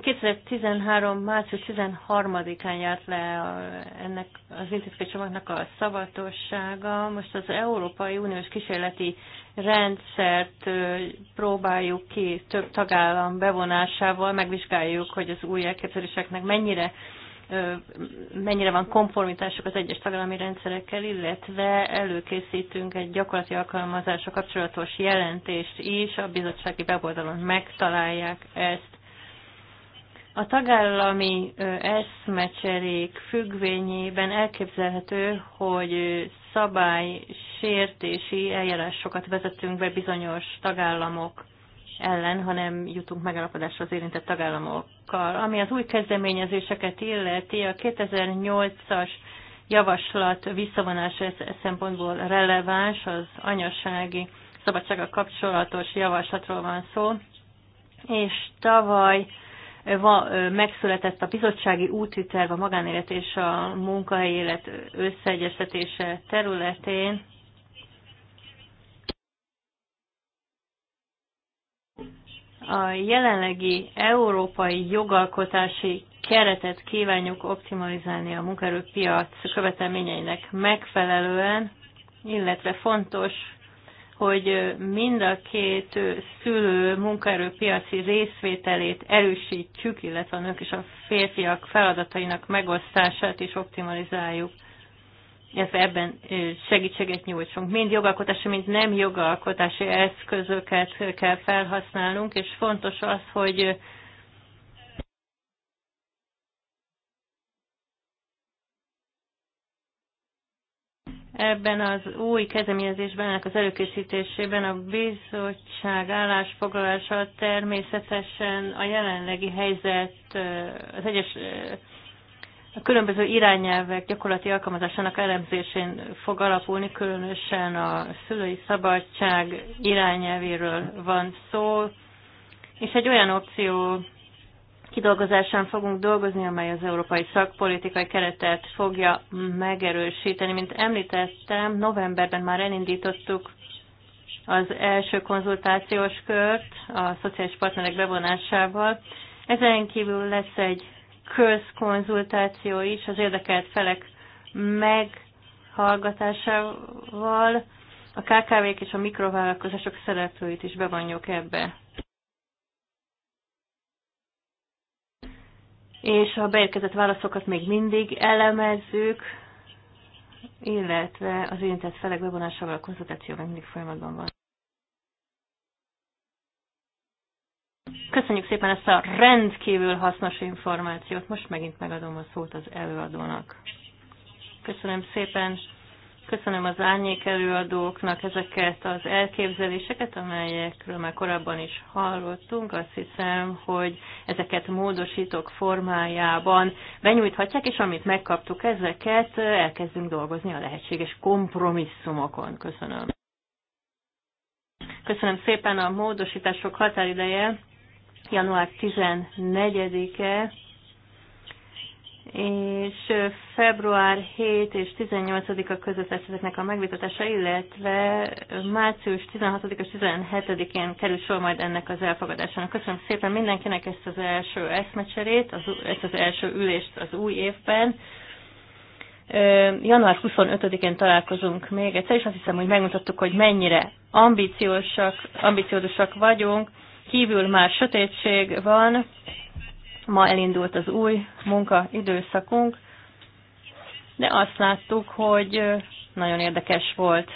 2013. március 13-án járt le a, ennek az intézkedéscsomagnak a szavatossága. Most az Európai Uniós kísérleti rendszert próbáljuk ki több tagállam bevonásával, megvizsgáljuk, hogy az új elképzeléseknek mennyire mennyire van konformitásuk az egyes tagállami rendszerekkel, illetve előkészítünk egy gyakorlati alkalmazásra kapcsolatos jelentést is, a bizottsági weboldalon megtalálják ezt. A tagállami eszmecserék függvényében elképzelhető, hogy sértési eljárásokat vezetünk be bizonyos tagállamok ellen, hanem jutunk megállapodásra az érintett tagállamokkal. Ami az új kezdeményezéseket illeti, a 2008-as javaslat visszavonása szempontból releváns, az anyasági szabadsága kapcsolatos javaslatról van szó, és tavaly megszületett a bizottsági úti terv a magánélet és a munkahelyi élet összeegyeztetése területén. A jelenlegi európai jogalkotási keretet kívánjuk optimalizálni a munkaerőpiac követelményeinek megfelelően, illetve fontos hogy mind a két szülő munkaerőpiaci részvételét erősítsük, illetve a nők és a férfiak feladatainak megosztását is optimalizáljuk illetve ebben segítséget nyújtsunk. Mind jogalkotási, mind nem jogalkotási eszközöket kell felhasználnunk, és fontos az, hogy Ebben az új kezdeményezésben, ennek az előkészítésében a bizottság állásfoglalása természetesen a jelenlegi helyzet, az egyes a különböző irányelvek gyakorlati alkalmazásának elemzésén fog alapulni, különösen a szülői szabadság irányelvéről van szó, és egy olyan opció kidolgozásán fogunk dolgozni, amely az európai szakpolitikai keretet fogja megerősíteni. Mint említettem, novemberben már elindítottuk az első konzultációs kört a szociális partnerek bevonásával. Ezen kívül lesz egy közkonzultáció is az érdekelt felek meghallgatásával. A KKV-k és a mikrovállalkozások szereplőit is bevonjuk ebbe. és a beérkezett válaszokat még mindig elemezzük, illetve az érintett felek bevonásával a konzultáció még mindig folyamatban van. Köszönjük szépen ezt a rendkívül hasznos információt. Most megint megadom a szót az előadónak. Köszönöm szépen. Köszönöm az árnyék előadóknak ezeket az elképzeléseket, amelyekről már korábban is hallottunk. Azt hiszem, hogy ezeket módosítók formájában benyújthatják, és amit megkaptuk ezeket, elkezdünk dolgozni a lehetséges kompromisszumokon. Köszönöm. Köszönöm szépen a módosítások határideje január 14-e és február 7 és 18-a között lesz ezeknek a megvitatása, illetve március 16 és 17-én kerül sor majd ennek az elfogadásának. Köszönöm szépen mindenkinek ezt az első eszmecserét, az, ezt az első ülést az új évben. Január 25-én találkozunk még egyszer, és azt hiszem, hogy megmutattuk, hogy mennyire ambiciósak, ambiciózusak vagyunk. Kívül már sötétség van, Ma elindult az új munka időszakunk, de azt láttuk, hogy nagyon érdekes volt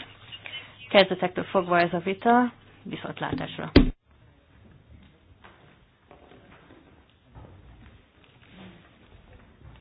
kezdetektől fogva ez a vita, viszontlátásra.